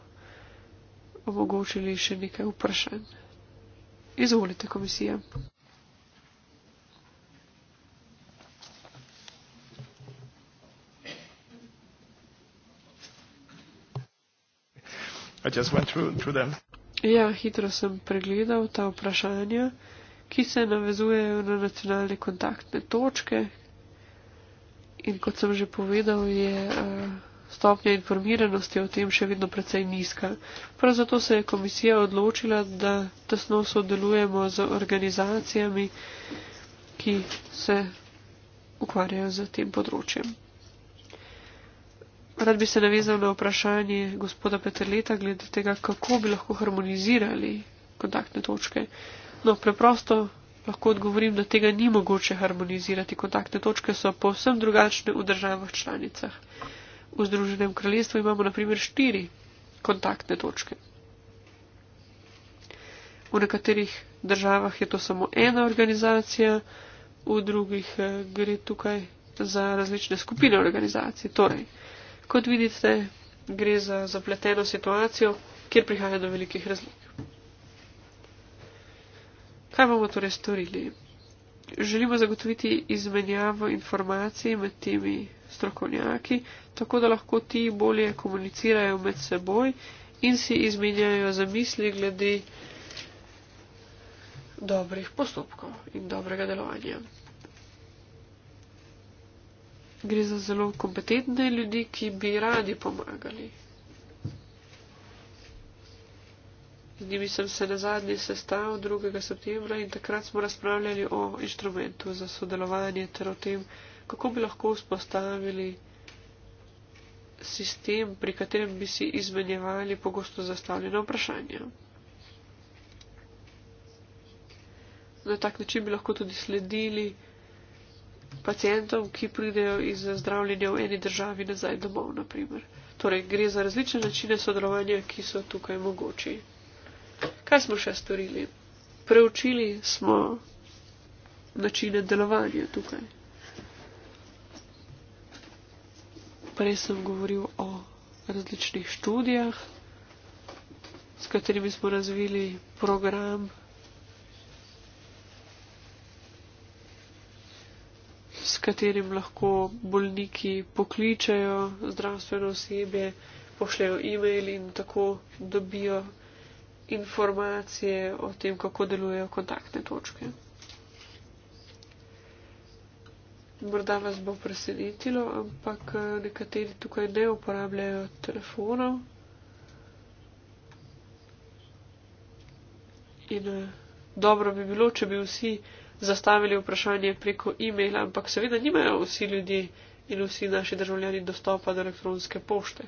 omogočili še nekaj vprašanj. Izvolite, komisija. Through, through ja, hitro sem pregledal ta vprašanja ki se navezujejo na nacionalne kontaktne točke. In kot sem že povedal, je eh, stopnja informiranosti o tem še vedno precej nizka. Prav zato se je komisija odločila, da tesno sodelujemo z organizacijami, ki se ukvarjajo z tem področjem. Rad bi se navezal na vprašanje gospoda Peterleta glede tega, kako bi lahko harmonizirali kontaktne točke. Uh, trenutno preprosto lahko odgovorim, da tega ni mogoče harmonizirati. Kontaktne točke so povsem drugačne v državah članicah. V Združenem kraljestvu imamo naprimer štiri kontaktne točke. V nekaterih državah je to samo ena organizacija, v drugih eh, gre tukaj za različne skupine organizacij. Torej, kot vidite, gre za zapleteno situacijo, kjer prihaja do velikih razlik. Kaj bomo torej storili? Želimo zagotoviti izmenjavo informacij med temi strokovnjaki, tako da lahko ti bolje komunicirajo med seboj in si izmenjajo zamisli glede dobrih postopkov in dobrega delovanja. Gre za zelo kompetentne ljudi, ki bi radi pomagali. Z njimi sem se na zadnji sestav 2. septembra in takrat smo razpravljali o inštrumentu za sodelovanje ter o tem, kako bi lahko vzpostavili sistem, pri katerem bi si izmenjevali pogosto zastavljena vprašanja. Na tak način bi lahko tudi sledili pacijentom, ki pridejo iz zdravljenja v eni državi nazaj domov, naprimer. Torej, gre za različne načine sodelovanja, ki so tukaj mogoče. Kaj smo še storili? Preučili smo načine delovanja tukaj. Prej sem govoril o različnih študijah, s katerimi smo razvili program. S katerim lahko bolniki pokličajo zdravstveno osebje, pošljajo e-mail in tako dobijo informacije o tem, kako delujejo kontaktne točke. Morda vas bo presenetilo, ampak eh, nekateri tukaj ne uporabljajo telefonov. In eh, dobro bi bilo, če bi vsi zastavili vprašanje preko e-maila, ampak seveda nimajo vsi ljudje in vsi naši državljani dostopa do elektronske pošte.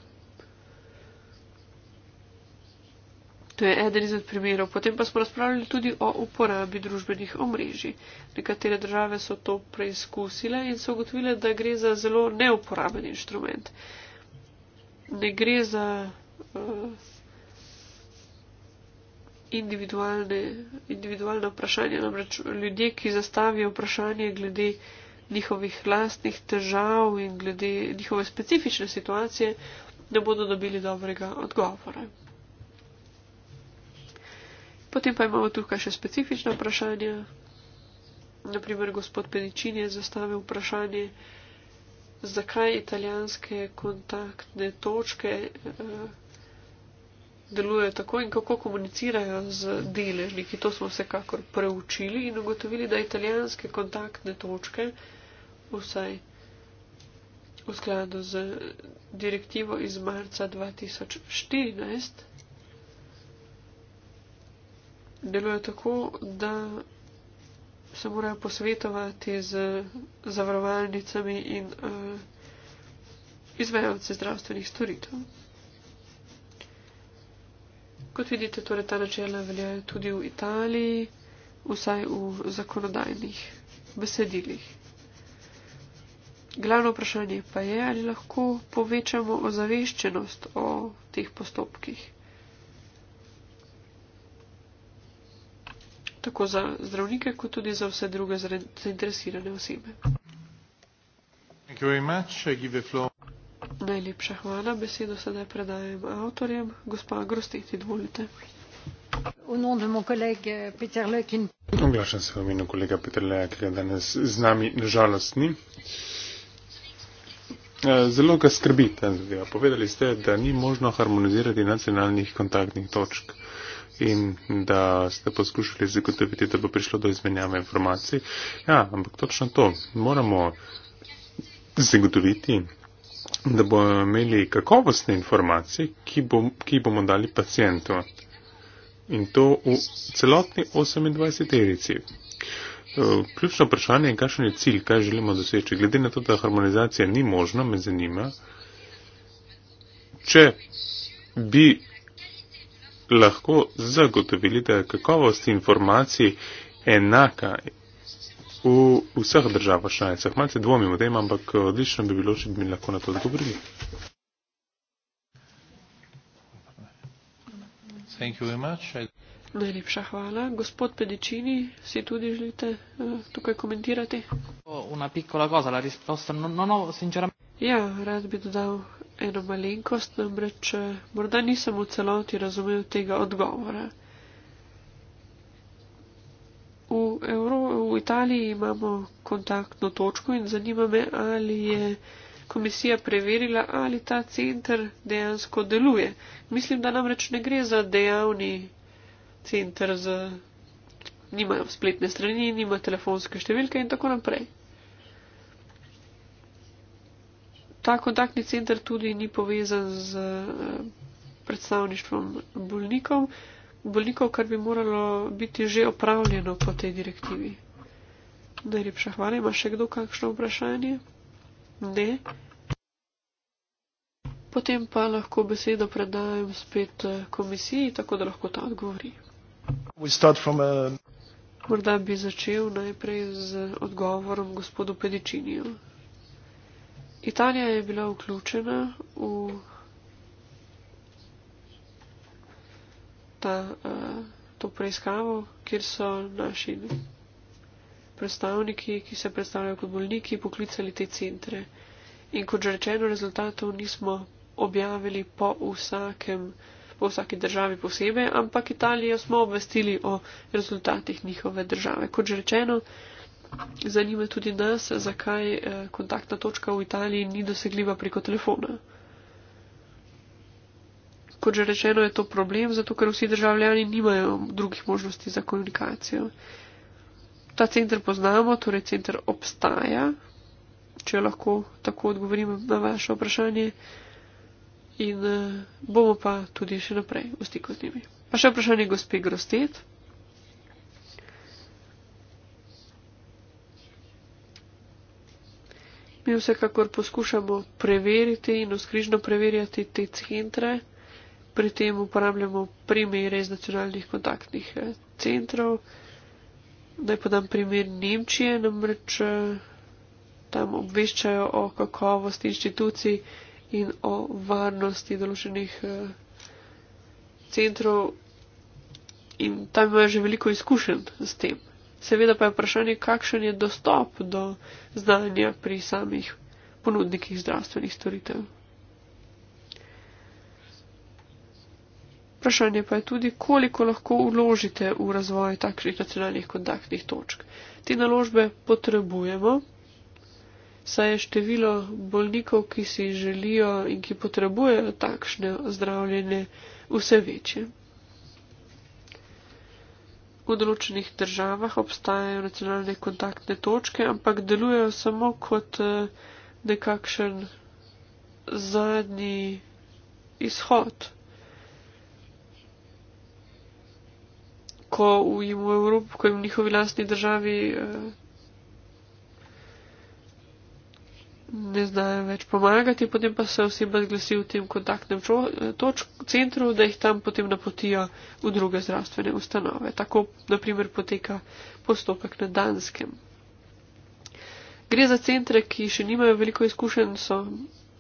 To je eden izmed primerov. Potem pa smo razpravljali tudi o uporabi družbenih omrežij. Nekatere države so to preizkusile in so ugotovile, da gre za zelo neuporaben inštrument. Ne gre za uh, individualne vprašanja, namreč ljudje, ki zastavijo vprašanje glede njihovih lastnih težav in glede njihove specifične situacije, ne bodo dobili dobrega odgovora. Potem pa imamo tukaj še specifična vprašanja. Naprimer, gospod Peničin je zastavil vprašanje, zakaj italijanske kontaktne točke eh, delujejo tako in kako komunicirajo z deležniki. To smo vsekakor preučili in ugotovili, da italijanske kontaktne točke, vsaj v skladu z direktivo iz marca 2014, deluje tako, da se morajo posvetovati z zavarovalnicami in uh, izvajalci zdravstvenih storitev. Kot vidite, torej ta načela veljajo tudi v Italiji, vsaj v zakonodajnih besedilih. Glavno vprašanje pa je, ali lahko povečamo ozaveščenost o teh postopkih. tako za zdravnike, kot tudi za vse druge zainteresirane osebe. Najlepša hvala. Besedo sedaj predajem avtorjem. Gospa Grostet, izvolite. Oglašam se v imenu kolega Peter Leja, ki ga danes z nami nažalost ni. E, zelo ga skrbi ta zadeva. Povedali ste, da ni možno harmonizirati nacionalnih kontaktnih točk in da ste poskušali zagotoviti, da bo prišlo do izmenjave informacij. Ja, ampak točno to. Moramo zagotoviti, da bomo imeli kakovostne informacije, ki, bom, ki bomo dali pacijentu. In to v celotni 28-terici. Eh, ključno vprašanje je, kakšen je cilj, kaj želimo doseči. Glede na to, da harmonizacija ni možna, me zanima, če bi lahko zagotovili, da je kakovost informacij enaka v vseh državah članicah. Malce dvomim o tem, ampak odlično bi bilo, če bi mi lahko na to odgovorili. Najlepša hvala. Gospod Pedicini, si tudi želite uh, tukaj komentirati? Una piccola cosa, la risposta non ho no, sinceramente. Ja, rad bi dodal eno malenkost, namreč eh, morda nisem v celoti razumel tega odgovora. V, Evro, v Italiji imamo kontaktno točko in zanima me, ali je komisija preverila, ali ta center dejansko deluje. Mislim, da namreč ne gre za dejavni center, z, nima spletne strani, nima telefonske številke in tako naprej. ta kontaktni center tudi ni povezan z eh, predstavništvom bolnikov, bolnikov, kar bi moralo biti že opravljeno po tej direktivi. Najlepša hvala. Ima še kdo kakšno vprašanje? Ne. Potem pa lahko besedo predajem spet eh, komisiji, tako da lahko ta odgovori. A... Eh, Morda bi začel najprej z odgovorom gospodu Pedičinijo. Italija je bila vključena v ta, eh, to preiskavo, kjer so naši predstavniki, ki se predstavljajo kot bolniki, poklicali te centre. In kot že rečeno, rezultatov nismo objavili po, vsakem, po vsaki državi posebej, ampak Italijo smo obvestili o rezultatih njihove države. Kot že rečeno, Zanima tudi nas, zakaj eh, kontaktna točka v Italiji ni dosegljiva preko telefona. Kot že rečeno, je to problem, zato ker vsi državljani nimajo drugih možnosti za komunikacijo. Ta center poznamo, torej center obstaja, če lahko tako odgovorim na vaše vprašanje. In eh, bomo pa tudi še naprej v stiku z njimi. Pa še vprašanje gospe Grostet. Mi vsekakor poskušamo preveriti in oskrižno preverjati te centre, pri tem uporabljamo primere iz nacionalnih kontaktnih eh, centrov. Naj podam primer Nemčije, namreč eh, tam obveščajo o kakovosti inštitucij in o varnosti določenih eh, centrov in tam imajo že veliko izkušenj s tem. Seveda pa je vprašanje, kakšen je dostop do znanja pri samih ponudnikih zdravstvenih storitev. Vprašanje pa je tudi, koliko lahko uložite v razvoj takšnih nacionalnih kontaktnih točk. Te naložbe potrebujemo, saj je število bolnikov, ki si želijo in ki potrebujejo takšne zdravljene, vse večje v določenih državah obstajajo nacionalne kontaktne točke, ampak delujejo samo kot eh, nekakšen zadnji izhod. Ko jim v Evropi, ko jim v njihovi lastni državi. Eh, ne znajo več pomagati, potem pa se vsi razglasi v tem kontaktnem točk, centru, da jih tam potem napotijo v druge zdravstvene ustanove. Tako, naprimer, poteka postopek na Danskem. Gre za centre, ki še nimajo veliko izkušenj, so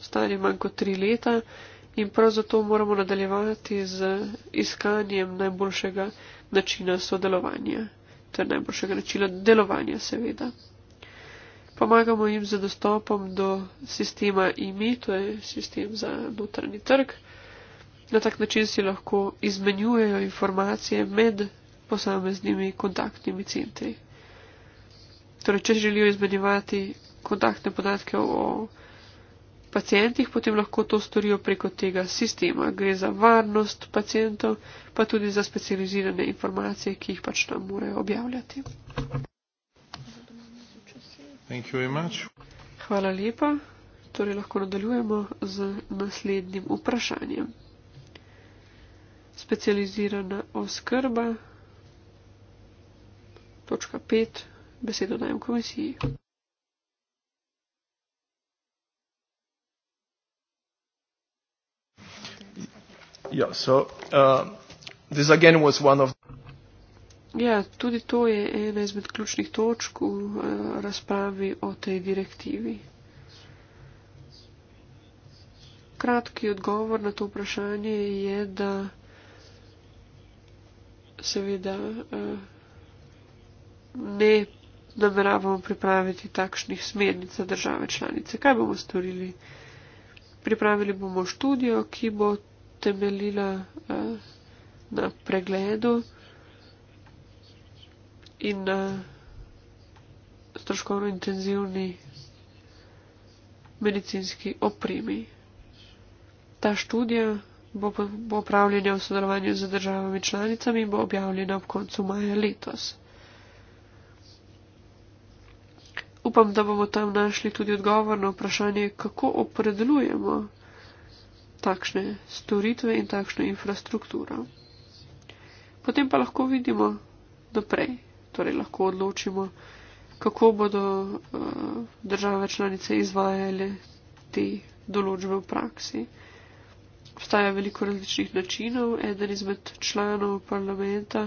stari manj kot tri leta in prav zato moramo nadaljevati z iskanjem najboljšega načina sodelovanja ter najboljšega načina delovanja, seveda pomagamo jim z dostopom do sistema IMI, to je sistem za notranji trg. Na tak način si lahko izmenjujejo informacije med posameznimi kontaktnimi centri. Torej, če želijo izmenjevati kontaktne podatke o pacijentih, potem lahko to storijo preko tega sistema. Gre za varnost pacijentov, pa tudi za specializirane informacije, ki jih pač tam morajo objavljati. Hvala lepa. Torej lahko nadaljujemo z naslednjim vprašanjem. Specializirana oskrba. Točka 5. Besedo dajem komisiji. Ja, so, uh, this again was one of Ja, tudi to je ena izmed ključnih točk v eh, razpravi o tej direktivi. Kratki odgovor na to vprašanje je, da seveda eh, ne nameravamo pripraviti takšnih smernic za države članice. Kaj bomo storili? Pripravili bomo študijo, ki bo temeljila eh, na pregledu in uh, stroškovno intenzivni medicinski opremi. Ta študija bo, bo upravljena v sodelovanju z državami članicami in bo objavljena ob koncu maja letos. Upam, da bomo tam našli tudi odgovor na vprašanje, kako opredelujemo takšne storitve in takšno infrastrukturo. Potem pa lahko vidimo naprej torej lahko odločimo, kako bodo eh, države članice izvajale te določbe v praksi. Obstaja veliko različnih načinov. Eden izmed članov parlamenta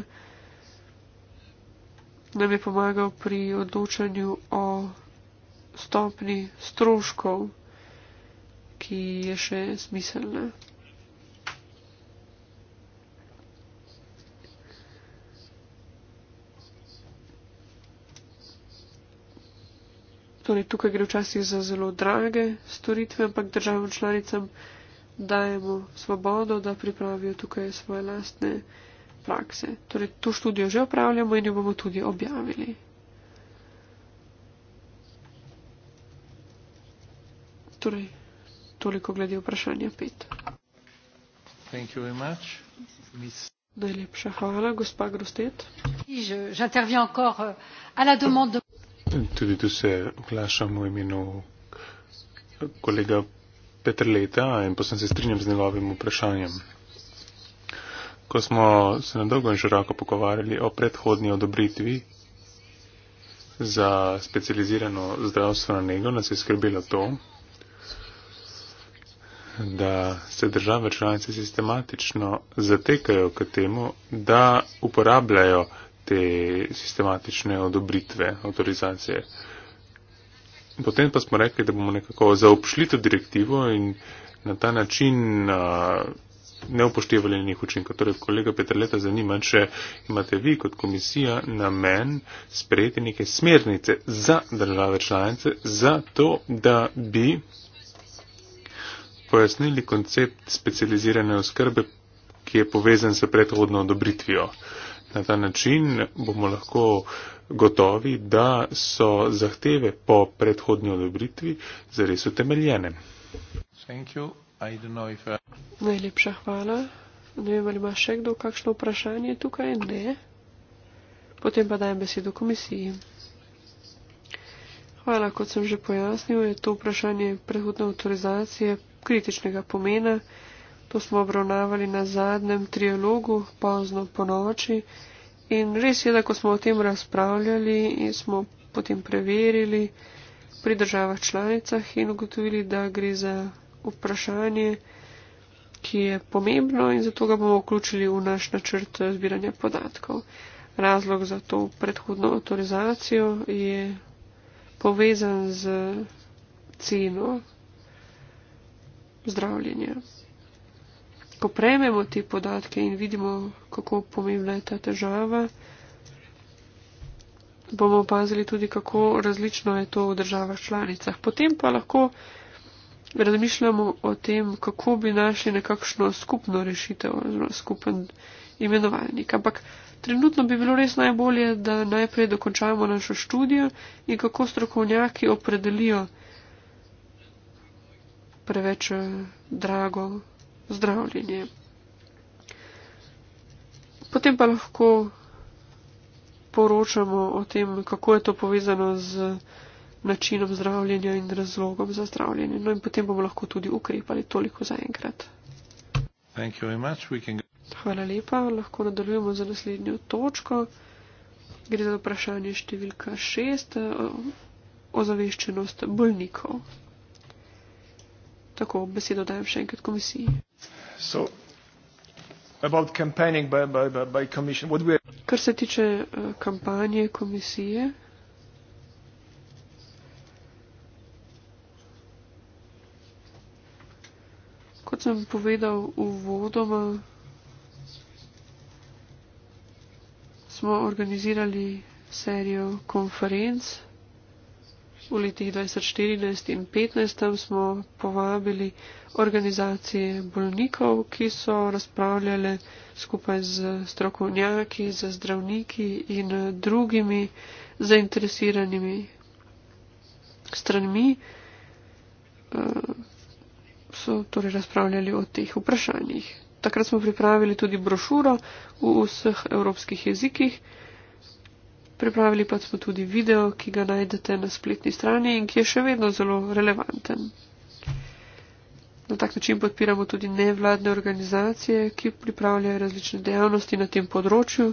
nam je pomagal pri odločanju o stopni stroškov, ki je še smiselna. Torej, tukaj gre včasih za zelo drage storitve, ampak državam članicam dajemo svobodo, da pripravijo tukaj svoje lastne prakse. Torej, to študijo že upravljamo in jo bomo tudi objavili. Torej, toliko glede vprašanja pet. Thank you very much. Miss... Najlepša hvala, gospa Grostet. Je, Tudi tu se oglašam v imenu kolega Petrleta in pa sem se strinjam z njegovim vprašanjem. Ko smo se na dolgo in široko pogovarjali o predhodni odobritvi za specializirano zdravstveno nego, nas je skrbilo to, da se države članice sistematično zatekajo k temu, da uporabljajo te sistematične odobritve, autorizacije. Potem pa smo rekli, da bomo nekako zaopšli to direktivo in na ta način a, ne upoštevali njenih učinkov. Torej, kolega Petrleta zanima, če imate vi kot komisija namen sprejeti neke smernice za države članice, za to, da bi pojasnili koncept specializirane oskrbe, ki je povezan s predhodno odobritvijo. Uh, Na ta način bomo lahko gotovi, da so zahteve po predhodni odobritvi zares utemeljene. Uh, Najlepša hvala. Ne vem, ali ima še kdo kakšno vprašanje tukaj, ne. Potem pa dajem besedo komisiji. Hvala, kot sem že pojasnil, je to vprašanje prehodne avtorizacije kritičnega pomena. To smo obravnavali na zadnjem trialogu, pozno po noči. In res je, da ko smo o tem razpravljali in smo potem preverili pri državah članicah in ugotovili, da gre za vprašanje, ki je pomembno in zato ga bomo vključili v naš načrt zbiranja podatkov. Razlog za to predhodno avtorizacijo je povezan z ceno zdravljenja ko prejmemo te podatke in vidimo, kako pomembna je ta težava, bomo opazili tudi, kako različno je to v državah članicah. Potem pa lahko razmišljamo o tem, kako bi našli nekakšno skupno rešitev oziroma skupen imenovalnik. Ampak trenutno bi bilo res najbolje, da najprej dokončamo našo študijo in kako strokovnjaki opredelijo preveč eh, drago zdravljenje. Potem pa lahko poročamo o tem, kako je to povezano z načinom zdravljenja in razlogom za zdravljenje. No in potem bomo lahko tudi ukrepali toliko zaenkrat. Hvala lepa, lahko nadaljujemo za naslednjo točko. Gre za vprašanje številka šest, ozaveščenost bolnikov. Tako besedo dajem še enkrat komisiji. So, about campaigning by, by, by Commission, what we Kar se tiče uh, kampanje komisije. Kot sem povedal uvodoma, smo organizirali serijo konferenc v letih 2014 in 2015 smo povabili organizacije bolnikov, ki so razpravljale skupaj z strokovnjaki, z zdravniki in drugimi zainteresiranimi stranmi. Eh, so torej razpravljali o teh vprašanjih. Takrat smo pripravili tudi brošuro v vseh evropskih jezikih pripravili pa smo tudi video, ki ga najdete na spletni strani in ki je še vedno zelo relevanten. Na tak način podpiramo tudi nevladne organizacije, ki pripravljajo različne dejavnosti na tem področju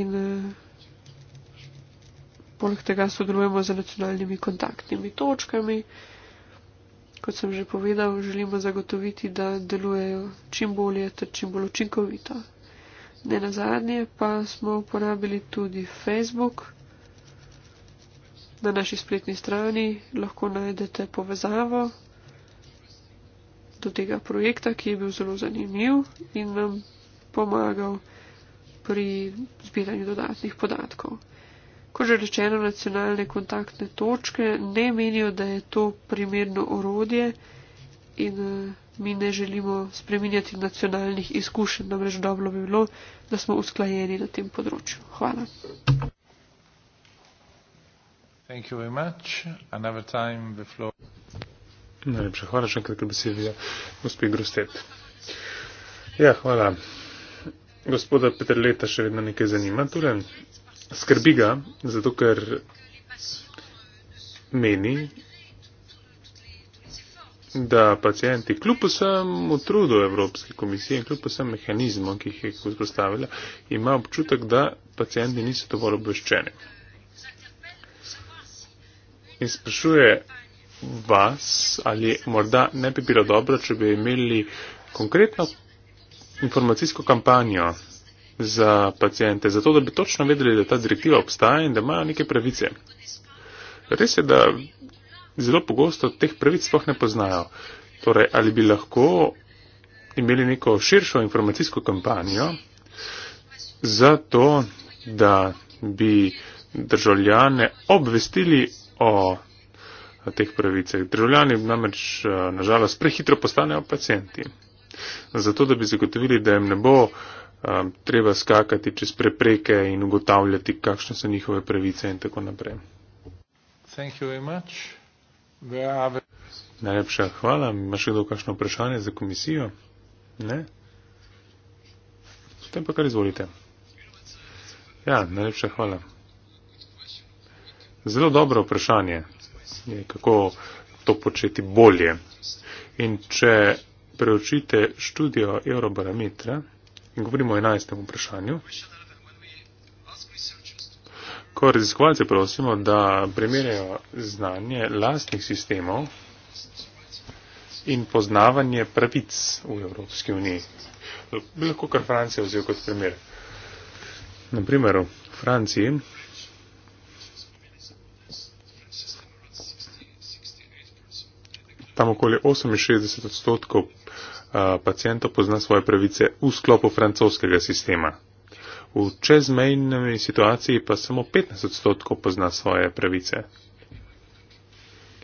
in eh, poleg tega sodelujemo z nacionalnimi kontaktnimi točkami. Kot sem že povedal, želimo zagotoviti, da delujejo čim bolje ter čim bolj učinkovito. Ne na zadnje pa smo uporabili tudi Facebook. Na naši spletni strani lahko najdete povezavo do tega projekta, ki je bil zelo zanimiv in nam pomagal pri zbiranju dodatnih podatkov. Ko že rečeno, nacionalne kontaktne točke ne menijo, da je to primerno orodje in. Uh, mi ne želimo spreminjati nacionalnih izkušenj, namreč dobro bi bilo, da smo usklajeni na tem področju. Hvala. Najlepša hvala še enkrat, ker bi se ja, vi, gospod Grostet. Ja, hvala. Gospoda Petrleta še vedno nekaj zanima. Torej, skrbi ga, zato ker meni, da pacijenti, kljub vsemu trudu Evropske komisije in kljub vsem mehanizmom, ki jih je vzpostavila, ima občutek, da pacijenti niso dovolj obveščeni. In sprašuje vas, ali morda ne bi bilo dobro, če bi imeli konkretno informacijsko kampanjo za pacijente, zato da bi točno vedeli, da ta direktiva obstaja in da imajo neke pravice. Res je, da zelo pogosto teh pravic sploh ne poznajo. Torej, ali bi lahko imeli neko širšo informacijsko kampanjo za to, da bi državljane obvestili o teh pravicah. Državljani namreč eh, nažalost prehitro postanejo pacijenti. Zato, da bi zagotovili, da jim ne bo um, treba skakati čez prepreke in ugotavljati, kakšne so njihove pravice in tako naprej. Hvala. Najlepša hvala. Ima še kdo kakšno vprašanje za komisijo? Ne? Potem pa kar izvolite. Ja, najlepša hvala. Zelo dobro vprašanje je, kako to početi bolje. In če preučite študijo Eurobarometra in govorimo o 11. vprašanju, Tako raziskovalce prosimo, da primerjajo znanje lastnih sistemov in poznavanje pravic v Evropski uniji. Bi lahko kar Francija vzel kot primer. Naprimer, v Franciji tam okoli 68 odstotkov pacijentov pozna svoje pravice v sklopu francoskega sistema v čezmejni situaciji pa samo 15 odstotkov pozna svoje pravice.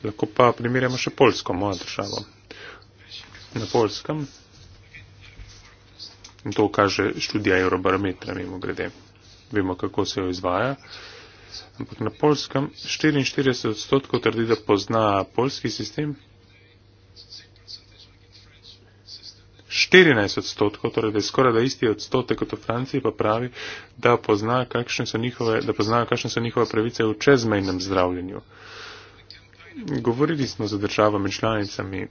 Lahko pa primerjamo še Polsko, mojo državo. Na Polskem, in to kaže študija Eurobarometra, mimo grede, vemo, kako se jo izvaja, ampak na Polskem 44 odstotkov trdi, da pozna polski sistem, 14 odstotkov, torej da je skoraj da isti odstotek kot v Franciji, pa pravi, da pozna, kakšne so njihove, da pozna, kakšne so njihove pravice v čezmejnem zdravljenju. Govorili smo z državami članicami,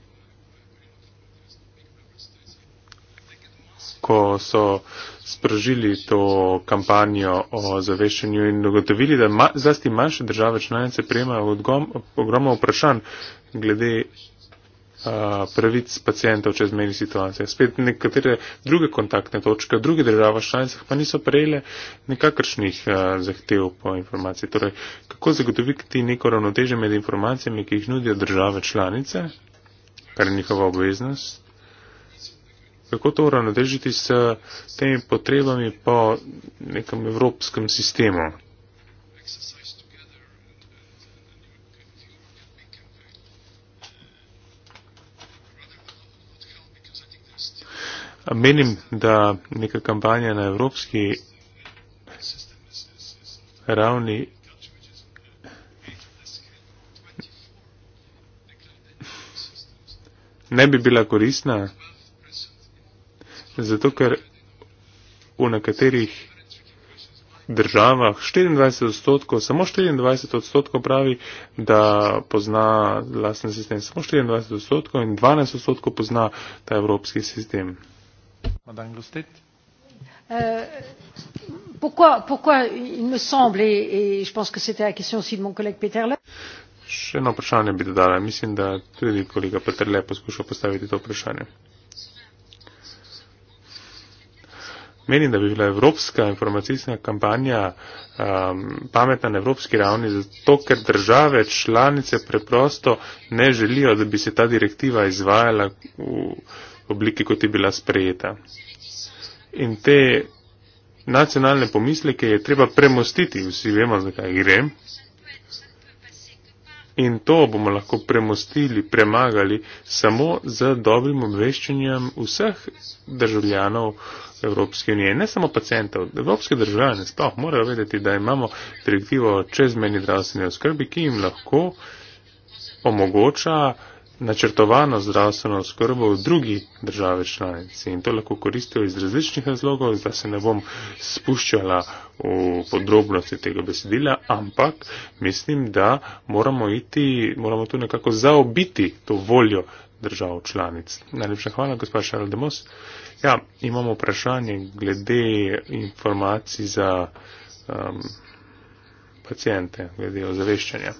ko so sprožili to kampanjo o zaveščanju in dogotovili, da ma, zlasti manjše države članice prijemajo ogromno vprašanj glede pravic pacijentov čezmejnih situacij. Spet nekatere druge kontaktne točke v drugih državah članicah pa niso prejele nekakršnih a, zahtev po informaciji. Torej, kako zagotoviti neko ravnoteže med informacijami, ki jih nudijo države članice, kar je njihova obveznost, kako to ravnotežiti s temi potrebami po nekem evropskem sistemu. Menim, da neka kampanja na evropski ravni ne bi bila koristna, zato ker v nekaterih državah 24 odstotkov, samo 24 odstotkov pravi, da pozna lasten sistem, samo 24 odstotkov in 12 odstotkov pozna ta evropski sistem madame grossetête euh, pourquoi, pourquoi il me semble et, et je pense que c'était la question aussi de mon collègue Peter Le Še eno vprašanje bi dodala. Mislim, da tudi kolega Petrle poskuša postaviti to vprašanje. Menim, da bi bila evropska informacijska kampanja um, pametna na evropski ravni, zato ker države članice preprosto ne želijo, da bi se ta direktiva izvajala v, obliki, kot je bila sprejeta. In te nacionalne pomisleke je treba premostiti, vsi vemo, zakaj gre. In to bomo lahko premostili, premagali samo z dobrim obveščanjem vseh državljanov Evropske unije, ne samo pacijentov. Evropske državljane sploh morajo vedeti, da imamo direktivo o čezmeni zdravstveni oskrbi, ki jim lahko omogoča, načrtovano zdravstveno oskrbo v drugi države članici in to lahko koristijo iz različnih razlogov, zdaj se ne bom spuščala v podrobnosti tega besedila, ampak mislim, da moramo, iti, moramo tu nekako zaobiti to voljo držav članic. Najlepša hvala, gospod Šarl Demos. Ja, imamo vprašanje glede informacij za um, pacijente, glede ozaveščanja.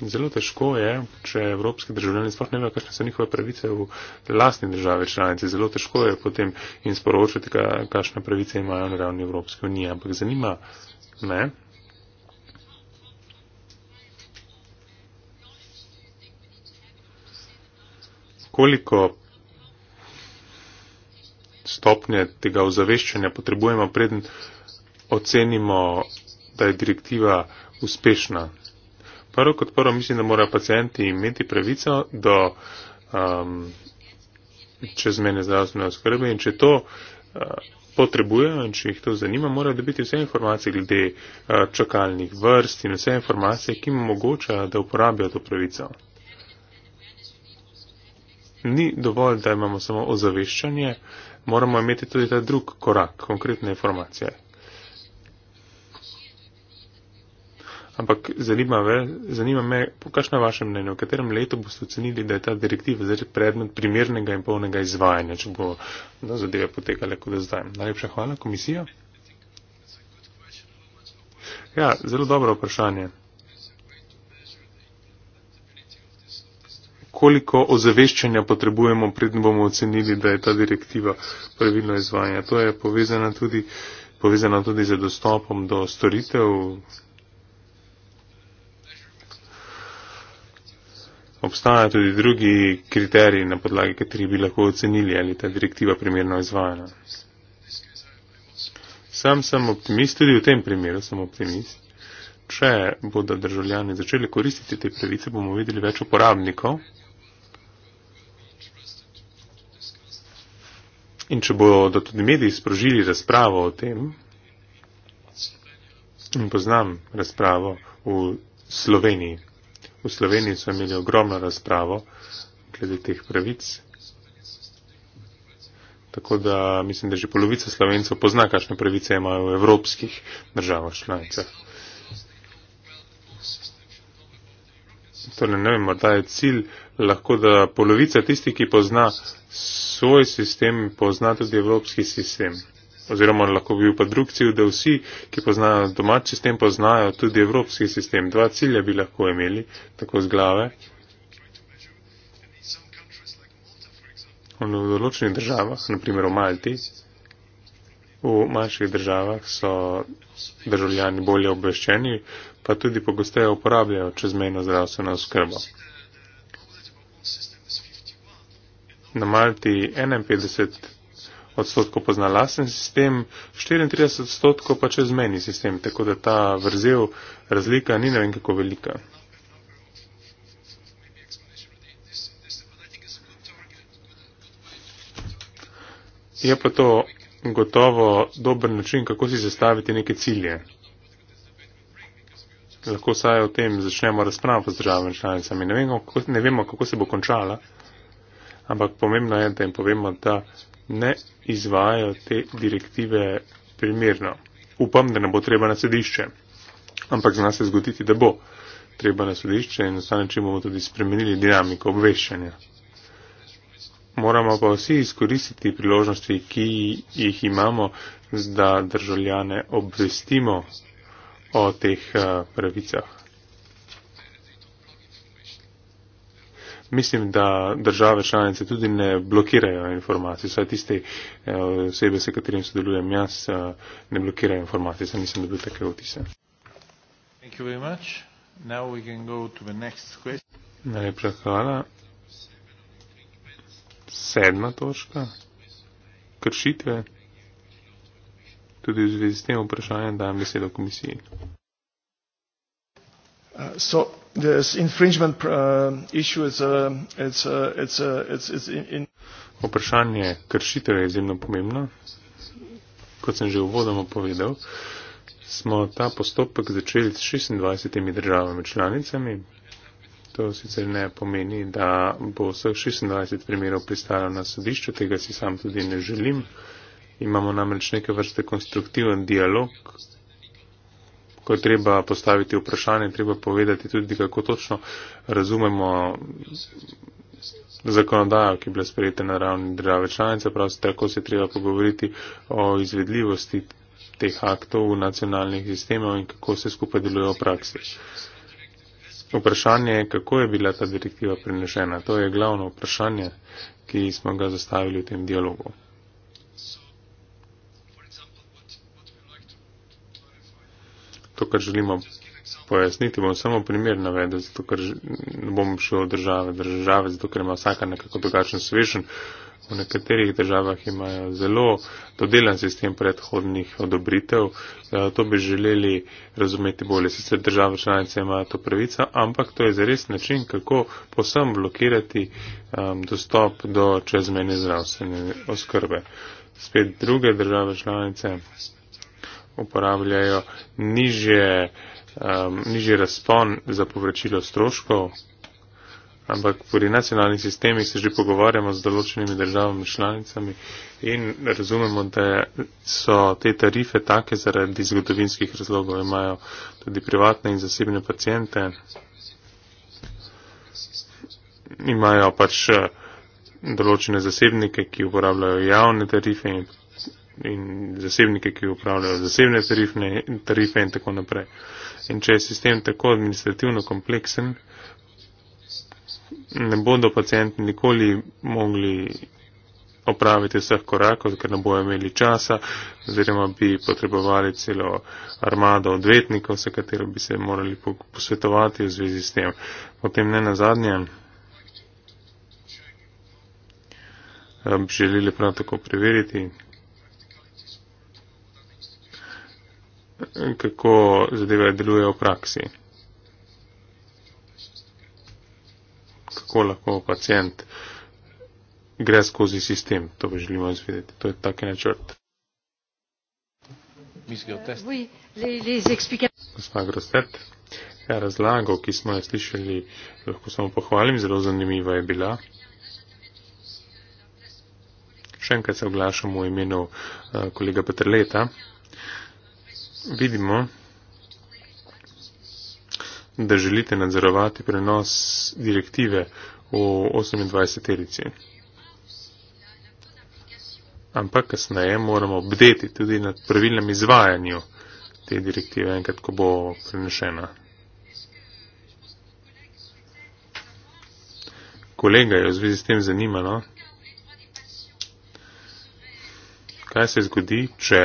In zelo težko je, če evropski državljani sploh ne vejo, kakšne so njihove pravice v lastni državi članici. Zelo težko je potem jim sporočiti, kakšne pravice imajo na ravni Evropske unije. Ampak zanima me. Koliko stopnje tega ozaveščanja potrebujemo, preden ocenimo, da je direktiva uspešna, prvo kot prvo mislim, da morajo pacijenti imeti pravico do um, čezmene zdravstvene oskrbe in če to uh, potrebujejo in če jih to zanima, morajo dobiti vse informacije glede uh, čakalnih vrst in vse informacije, ki jim omogočajo, da uporabijo to pravico. Ni dovolj, da imamo samo ozaveščanje, moramo imeti tudi ta drug korak, konkretne informacije. ampak zanima, ve, zanima me, kakšno je vaše mnenje, v katerem letu boste ocenili, da je ta direktiva zdaj predmet primernega in polnega izvajanja, če bo na no, zadeve potekale kot zdaj. Najlepša hvala, komisija. Ja, zelo dobro vprašanje. Koliko ozaveščanja potrebujemo, predn bomo ocenili, da je ta direktiva pravilno izvajanja. To je povezana tudi, povezana tudi z dostopom do storitev, obstajajo tudi drugi kriteriji, na podlagi katerih bi lahko ocenili, ali ta direktiva primerno izvajana. Sam sem optimist, tudi v tem primeru sem optimist. Če bodo državljani začeli koristiti te pravice, bomo videli več uporabnikov. In če bodo tudi mediji sprožili razpravo o tem, in poznam razpravo v Sloveniji. V Sloveniji so imeli ogromno razpravo glede teh pravic. Tako da mislim, da že polovica slovencev pozna, kakšne pravice imajo v evropskih državah članicah. Torej, ne vem, morda je cilj lahko, da polovica tistih, ki pozna svoj sistem, pozna tudi evropski sistem oziroma lahko bi bil pa drug cilj, da vsi, ki poznajo domač sistem, poznajo tudi evropski sistem. Dva cilja bi lahko imeli, tako z glave. On v določenih državah, naprimer v Malti, v manjših državah so državljani bolje obveščeni, pa tudi pogosteje uporabljajo čezmejno zdravstveno skrbo. Na Malti 51 odstotkov pozna lasen sistem, 34 odstotkov pa čezmeni sistem, tako da ta vrzel razlika ni ne vem kako velika. Je pa to gotovo dober način, kako si zastaviti neke cilje. Lahko saj o tem začnemo razpravo z državami članicami. Ne vemo, kako, ne vemo, kako se bo končala, ampak pomembno je, da jim povemo, da ne izvajajo te direktive primerno. Upam, da ne bo treba na sedišče, ampak zna se zgoditi, da bo treba na sedišče in ostane, če bomo tudi spremenili dinamiko obveščanja. Moramo pa vsi izkoristiti priložnosti, ki jih imamo, da državljane obvestimo o teh eh, pravicah. mislim, da države članice tudi ne blokirajo informacij, saj tiste eh, osebe, s katerim sodelujem jaz, eh, ne blokirajo informacij, saj nisem dobil take vtise. Najlepša hvala. Sedma točka. Kršitve. Tudi v zvezi s tem vprašanjem dajem besedo komisiji. Uh, so, this infringement uh, issue is a, uh, it's a, uh, it's a, uh, it's it's in vprašanje kršitelja je izjemno pomembno. Kot sem že uvodoma povedal, smo ta postopek začeli s 26 državami članicami. To sicer ne pomeni, da bo vseh 26 primerov pristalo na sodišču, tega si sam tudi ne želim. Imamo namreč neke vrste konstruktiven dialog, ko je treba postaviti vprašanje, treba povedati tudi, kako točno razumemo zakonodajo, ki je bila sprejeta na ravni države članice, prav tako se treba pogovoriti o izvedljivosti teh aktov v nacionalnih sistemov in kako se skupaj delujejo v praksi. Vprašanje je, kako je bila ta direktiva prenešena. To je glavno vprašanje, ki smo ga zastavili v tem dialogu. to, kar želimo pojasniti, bom samo primer navedel, zato ker ne bom šel od države do države, zato ker ima vsaka nekako drugačen svežen. V nekaterih državah imajo zelo dodelan sistem predhodnih odobritev. Ja, to bi želeli razumeti bolje. Sicer države članice imajo to pravico, ampak to je zares način, kako posem blokirati um, dostop do čezmene zdravstvene oskrbe. Spet druge države članice uporabljajo niže, um, niže razpon za povračilo stroškov, ampak pri nacionalnih sistemih se že pogovarjamo z določenimi državami članicami in razumemo, da so te tarife take zaradi zgodovinskih razlogov, imajo tudi privatne in zasebne pacijente, imajo pač eh, določene zasebnike, ki uporabljajo javne tarife in in zasebnike, ki upravljajo zasebne tarifne, tarife in tako naprej. In če je sistem tako administrativno kompleksen, ne bodo pacijenti nikoli mogli opraviti vseh korakov, ker ne bojo imeli časa, oziroma bi potrebovali celo armado odvetnikov, s katero bi se morali posvetovati v zvezi s tem. Potem ne nazadnje, eh, bi želeli prav tako preveriti, kako zadeve delujejo v praksi. Kako lahko pacijent gre skozi sistem, to bi želimo izvedeti. To je taki načrt. Gospa Grostet, ja, razlago, ki smo jo slišali, lahko samo pohvalim, zelo zanimiva je bila. Še enkrat se oglašam v imenu uh, kolega Petrleta. Uh, vidimo, da želite nadzorovati prenos direktive v 28. terici. Ampak kasneje moramo bdeti tudi nad pravilnem izvajanju te direktive, enkrat, ko bo prenešena. Kolega je v zvezi s tem zanimano, kaj se zgodi, če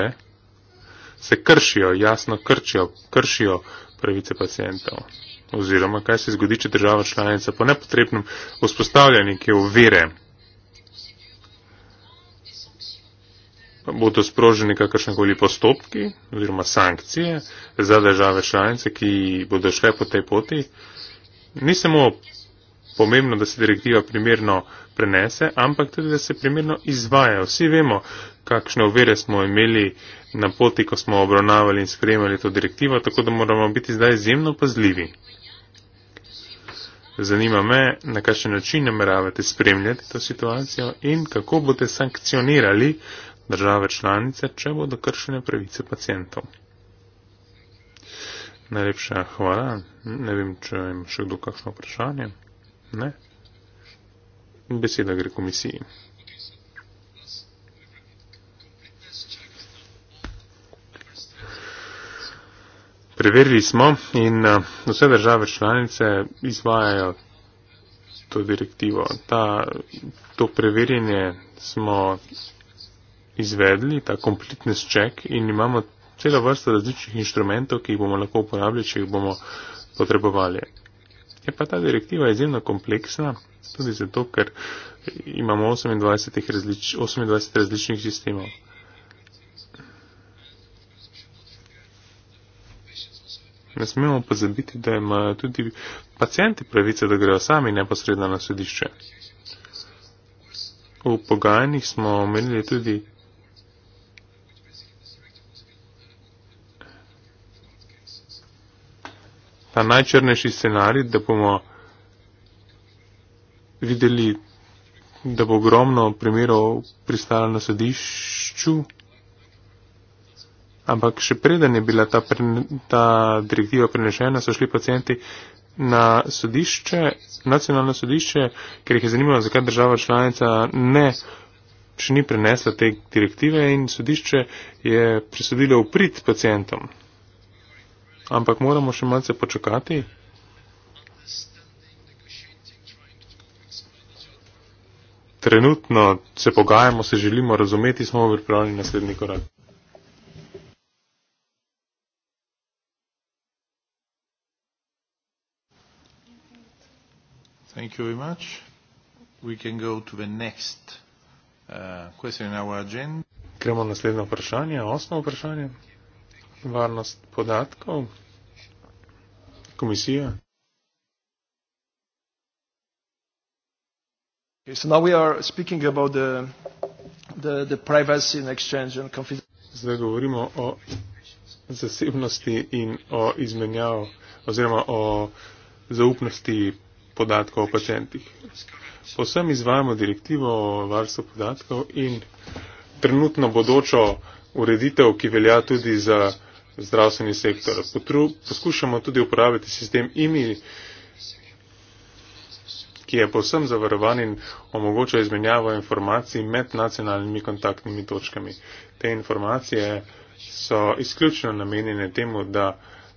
se kršijo, jasno krčijo, kršijo pravice pacijentov. Oziroma, kaj se zgodi, če država članica po nepotrebnem vzpostavlja neke ovire, bodo sproženi kakršnekoli postopki oziroma sankcije za države članice, ki bodo šle po tej poti. Ni samo pomembno, da se direktiva primerno uh, prenese, ampak tudi, da se primerno izvaja. Vsi vemo, kakšne uvere smo imeli na poti, ko smo obravnavali in sprejemali to direktivo, tako da moramo biti zdaj izjemno pazljivi. Zanima me, na kakšen način nameravate spremljati to situacijo in kako boste sankcionirali države članice, če bodo kršene pravice pacijentov. Najlepša hvala. Ne vem, če ima še kdo kakšno vprašanje. Ne in beseda gre komisiji. Preverili smo in eh, vse države članice izvajajo to direktivo. Ta, to preverjenje smo izvedli, ta completeness check in imamo celo vrsto različnih inštrumentov, ki jih bomo lahko uporabljali, če jih bomo potrebovali. Je pa ta direktiva izjemno kompleksna, tudi zato, ker imamo 28, različ, 28 različnih sistemov. Ne smemo pozabiti, da imajo tudi pacijenti pravice, da grejo sami neposredno na sodišče. V pogajanjih smo omenili tudi ta najčrnejši scenarij, da bomo videli, da bo ogromno primerov pristalo na sodišču. Ampak še preden je bila ta, ta direktiva prenešena, so šli pacijenti na sodišče, nacionalno sodišče, ker jih je zanimalo, zakaj država članica ne še ni prenesla te direktive in sodišče je presodilo uprit pacijentom ampak moramo še malce počakati. Trenutno se pogajamo, se želimo razumeti, smo pripravljeni naslednji korak. Thank you very much. We can go to the next uh, question in our agenda. Gremo na naslednje vprašanje, osmo vprašanje. Varnost podatkov komisija? Okay, so now we are speaking about the, the, the privacy in exchange and Zdaj govorimo o zasebnosti in o izmenjavi oziroma o zaupnosti podatkov o pacijentih. Posem izvajamo direktivo o varstvu podatkov in trenutno bodočo ureditev, ki velja tudi za zdravstveni sektor. Potru, poskušamo tudi uporabiti sistem IMI, ki je povsem zavarovan in omogoča izmenjavo informacij med nacionalnimi kontaktnimi točkami. Te informacije so izključno namenjene temu, da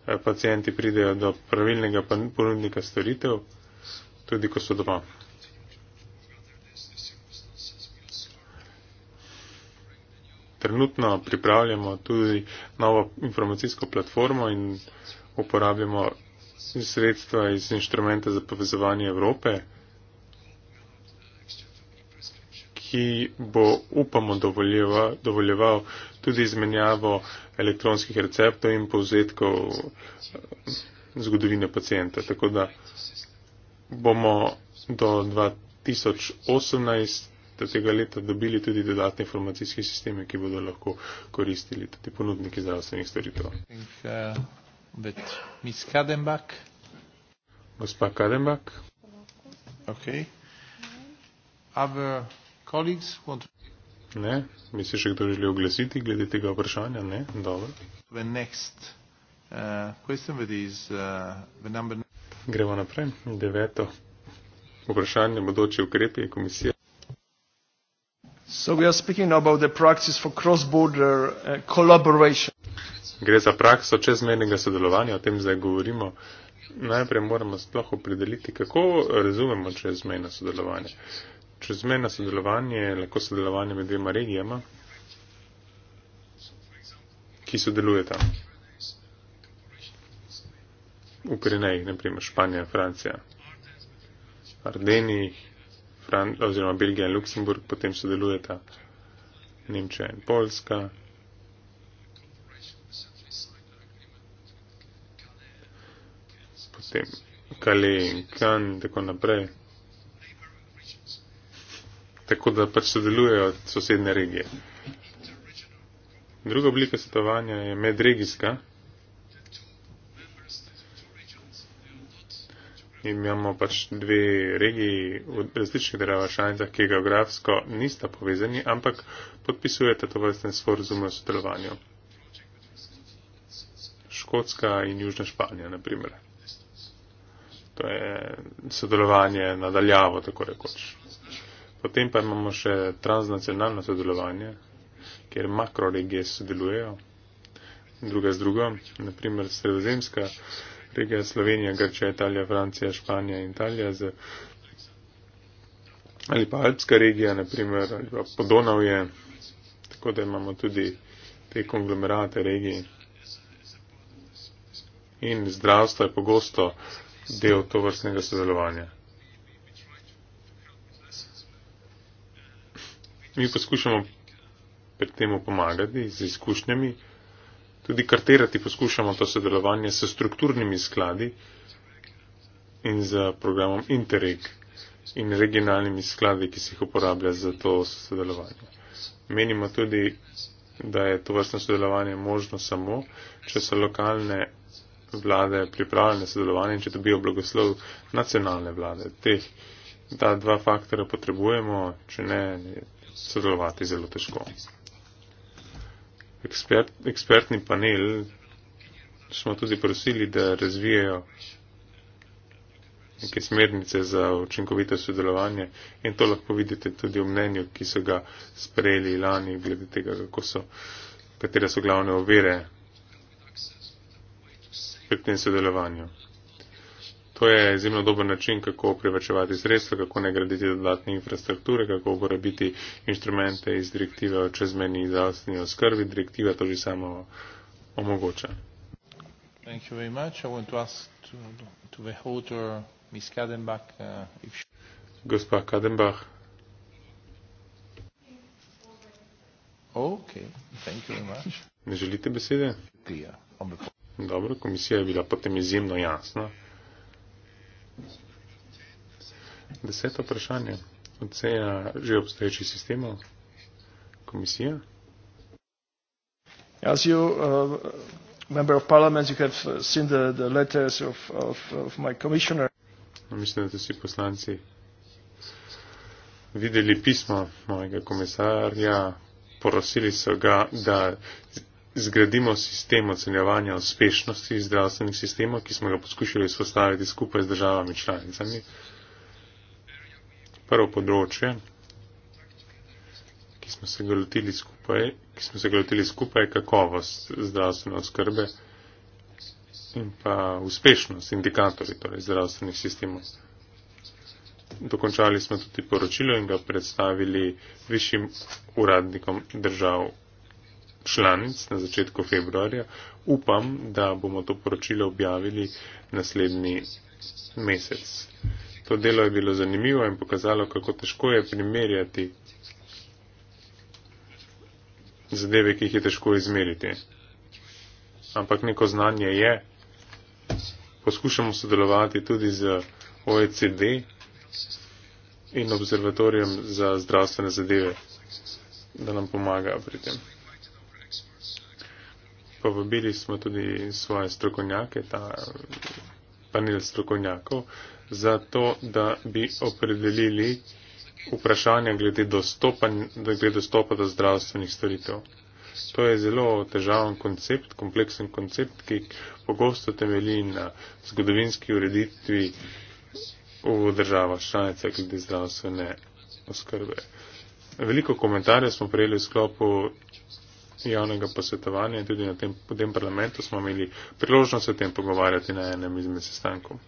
eh, pacijenti pridejo do pravilnega ponudnika storitev, tudi ko so doma. trenutno pripravljamo tudi novo informacijsko platformo in uporabljamo sredstva iz inštrumenta za povezovanje Evrope, ki bo, upamo, dovoljeval tudi izmenjavo elektronskih receptov in povzetkov eh, zgodovine pacijenta. Tako da bomo do 2018 tega leta dobili tudi dodatne informacijske sisteme, ki bodo lahko koristili tudi ponudniki zdravstvenih storitev. Gospa Kadenbach. Ne, bi se še kdo želel oglasiti glede tega vprašanja? Ne, dobro. Uh, uh, Gremo naprej. Deveto vprašanje, bodoče ukrepe komisije. So we are speaking about the practice for cross-border uh, collaboration. Gre za prakso čezmernega sodelovanja, o tem zdaj govorimo. Najprej moramo sploh opredeliti, kako razumemo čezmejno sodelovanje. Čezmejno sodelovanje je lahko sodelovanje med dvema regijama, ki sodelujeta. V Pirinejih, naprimer Španija, Francija, Ardenijih Fran oziroma Belgija in Luksemburg, potem sodelujeta Nemčija in Poljska. Potem Kale in Kan in tako naprej. Tako da pač sodelujejo sosedne regije. Druga oblika svetovanja je medregijska. imamo pač dve regiji v različnih državah članicah, ki geografsko nista povezani, ampak podpisujete to vrstne sporozume o sodelovanju. Škotska in Južna Španija, na primer. To je sodelovanje nadaljavo, tako rekoč. Potem pa imamo še transnacionalno sodelovanje, kjer makroregije sodelujejo, druga z drugo, naprimer sredozemska tega Slovenija, Grčija, Italija, Francija, Španija in Italija, z, ali pa Alpska regija, naprimer, ali pa Podonavje, tako da imamo tudi te konglomerate regij. In zdravstvo je pogosto del to vrstnega sodelovanja. Mi poskušamo pri tem pomagati z izkušnjami. Tudi karterati poskušamo to sodelovanje s strukturnimi skladi in z programom Interreg in regionalnimi skladi, ki se jih uporablja za to sodelovanje. Menimo tudi, da je to vrstno sodelovanje možno samo, če so lokalne vlade pripravljene sodelovanje in če dobijo blagoslov nacionalne vlade. Teh ta dva faktora potrebujemo, če ne, sodelovati zelo težko ekspert, ekspertni panel smo tudi prosili, da razvijajo neke smernice za učinkovito sodelovanje in to lahko vidite tudi v mnenju, ki so ga sprejeli lani, glede tega, kako so, katere so glavne ovire pri tem sodelovanju. To je izjemno dober način, kako privačevati sredstva, kako ne graditi dodatne infrastrukture, kako uporabiti inštrumente iz direktive o čezmeni zdravstveni oskrbi. Direktiva to že samo omogoča. Uh, Gospa Kadenbach. Okay. Thank you very much. Ne želite besede? Dobro, komisija je bila potem izjemno jasna. Deseto vprašanje. Oceja že obstoječi sistemov? Komisija? As you, uh, member of parliament, you have uh, seen the, the letters of, of, of my commissioner. Mislim, da vsi poslanci videli pismo mojega komisarja, porosili so ga, da zgradimo sistem ocenjevanja uspešnosti zdravstvenih sistemov, ki smo ga poskušali vzpostaviti skupaj z državami članicami. Prvo področje, ki smo se ga lotili skupaj, ki smo se ga lotili skupaj, je kakovost zdravstvene oskrbe in pa uspešnost indikatorjev torej zdravstvenih sistemov. Dokončali smo tudi poročilo in ga predstavili višjim uradnikom držav članic na začetku februarja. Upam, da bomo to poročilo objavili naslednji mesec. To delo je bilo zanimivo in pokazalo, kako težko je primerjati zadeve, ki jih je težko izmeriti. Ampak neko znanje je. Poskušamo sodelovati tudi z OECD in Observatorijem za zdravstvene zadeve, da nam pomaga pri tem povabili smo tudi svoje strokovnjake, ta panel strokovnjakov, zato da bi opredelili vprašanja glede dostopa, glede dostopa do zdravstvenih storitev. To je zelo težaven koncept, kompleksen koncept, ki pogosto temelji na zgodovinski ureditvi v državah članice glede zdravstvene oskrbe. Veliko komentarjev smo prejeli v sklopu javnega posvetovanja in tudi na tem, tem parlamentu smo imeli priložnost o tem pogovarjati na enem izmed sestankov.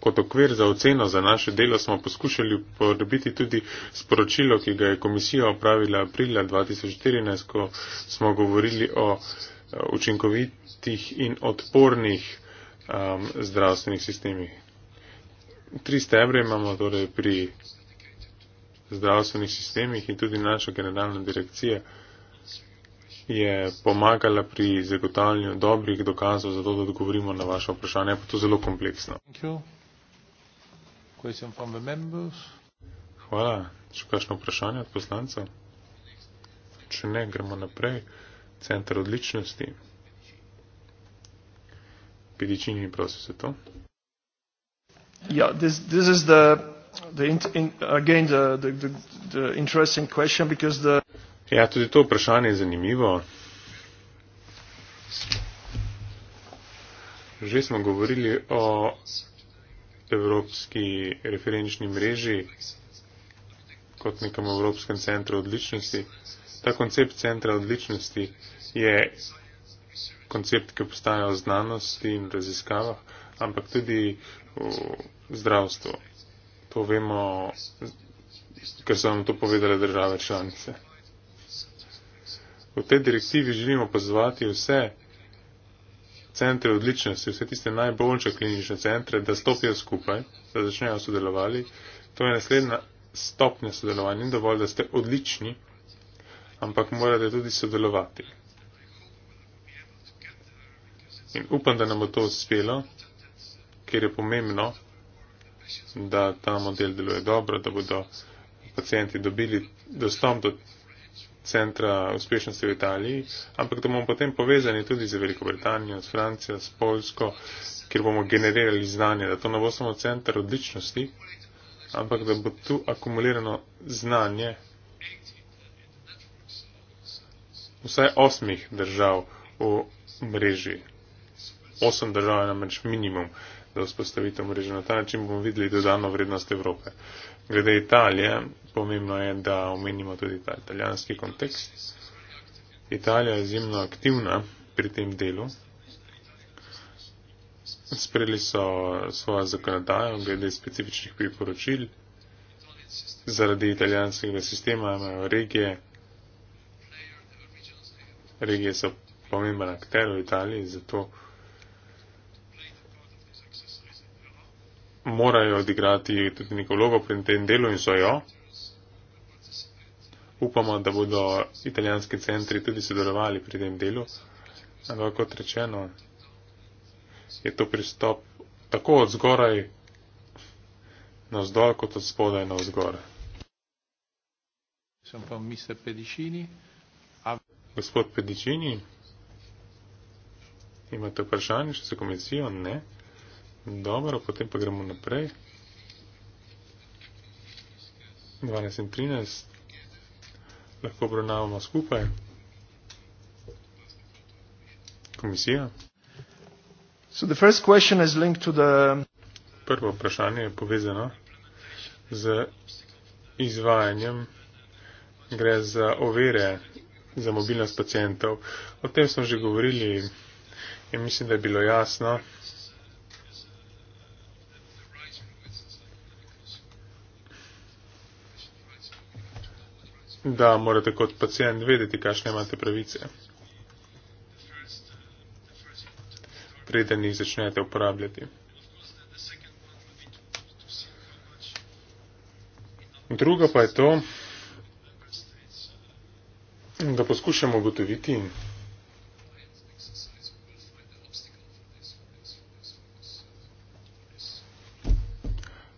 Kot okvir za oceno za naše delo smo poskušali porobiti tudi sporočilo, ki ga je komisija opravila aprila 2014, ko smo govorili o eh, učinkovitih in odpornih um, zdravstvenih sistemih. Tri stebre imamo torej pri zdravstvenih sistemih in tudi naša generalna direkcija je pomagala pri zagotavljanju dobrih dokazov za to, da odgovorimo na vaše vprašanje. Je pa to zelo kompleksno. Hvala. Še kakšno vprašanje od poslancev? Če ne, gremo naprej. Centr odličnosti. Pidičini, prosim se to. Ja, yeah, this, this is the the in, in, again the, the, the, the interesting question because the ja, tudi to vprašanje je zanimivo. Že smo govorili o Evropski referenčni mreži kot nekem Evropskem centru odličnosti. Ta koncept centra odličnosti je koncept, ki postaja v znanosti in raziskavah, ampak tudi v zdravstvu to vemo, ker so nam to povedale države članice. V tej direktivi želimo pozvati vse centre odličnosti, vse tiste najboljše klinične centre, da stopijo skupaj, da začnejo sodelovati. To je naslednja stopnja sodelovanja. Ni dovolj, da ste odlični, ampak morate tudi sodelovati. In upam, da nam bo to uspelo, ker je pomembno, da ta model deluje dobro, da bodo pacijenti dobili dostop do centra uspešnosti v Italiji, ampak da bomo potem povezani tudi z Veliko Britanijo, s Francijo, s Polsko, kjer bomo generirali znanje, da to ne bo samo center odličnosti, ampak da bo tu akumulirano znanje vsaj osmih držav v mreži. Osem držav je namreč minimum. Uh, za vzpostavitev mreže. Na ta način bomo videli dodano vrednost Evrope. Glede Italije, pomembno je, da omenimo tudi ta italijanski kontekst. Italija je izjemno aktivna pri tem delu. Sprejeli so svojo zakonodajo glede specifičnih priporočil. Zaradi italijanskega sistema imajo regije. Regije so pomemben akter v Italiji, zato morajo odigrati tudi neko vlogo pri tem delu in so jo. Upamo, da bodo italijanski centri tudi sodelovali pri tem delu. Ampak kot rečeno, je to pristop tako od zgoraj na vzdolj, kot od spodaj na vzgor. Sem pa mister Pedičini. A... Gospod Pedičini, imate vprašanje še za komisijo? Ne. Dobro, potem pa gremo naprej. 12 in 13. Lahko obravnavamo skupaj. Komisija. So the first question is linked to the... Prvo vprašanje je povezano z izvajanjem. Gre za overe za mobilnost pacijentov. O tem smo že govorili in mislim, da je bilo jasno. da morate kot pacijent vedeti, kakšne imate pravice. Preden jih začnete uporabljati. Drugo pa je to, da poskušamo ugotoviti,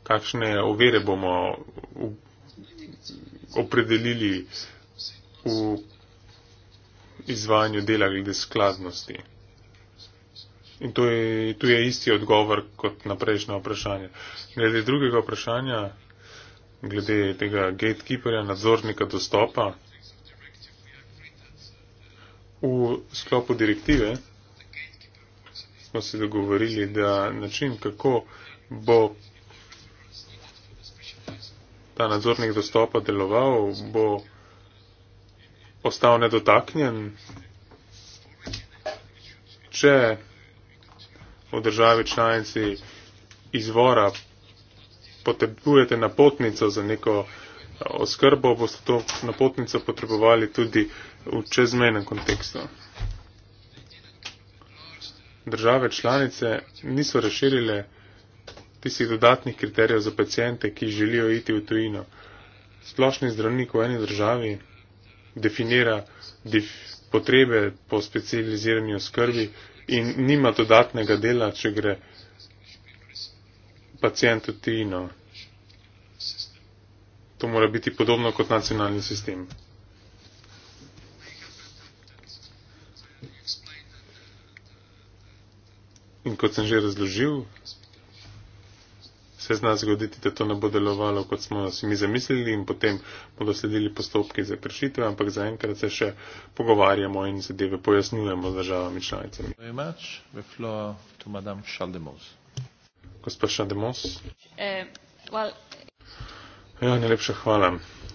kakšne ovire bomo opredelili v izvajanju dela glede skladnosti. In to je, tu je isti odgovor kot na prejšnje vprašanje. Glede drugega vprašanja, glede tega gatekeeperja, nadzornika dostopa, v sklopu direktive smo se dogovorili, da način, kako bo ta nadzornik dostopa deloval, bo ostal nedotaknjen. Če v državi članici izvora potrebujete napotnico za neko eh, oskrbo, boste to napotnico potrebovali tudi v čezmenem kontekstu. Države članice niso razširile tistih dodatnih kriterijev za pacijente, ki želijo iti v tujino. Splošni zdravnik v eni državi definira dif, potrebe po specializirani oskrbi in nima dodatnega dela, če gre pacijent v tujino. To mora biti podobno kot nacionalni sistem. In kot sem že razložil, se zna zgoditi, da to ne bo delovalo, kot smo si mi zamislili in potem bodo sledili postopki za kršitve, ampak zaenkrat se še pogovarjamo in zadeve pojasnjujemo z državami članicami. Gospa Šademos. Eh, ja, najlepša hvala.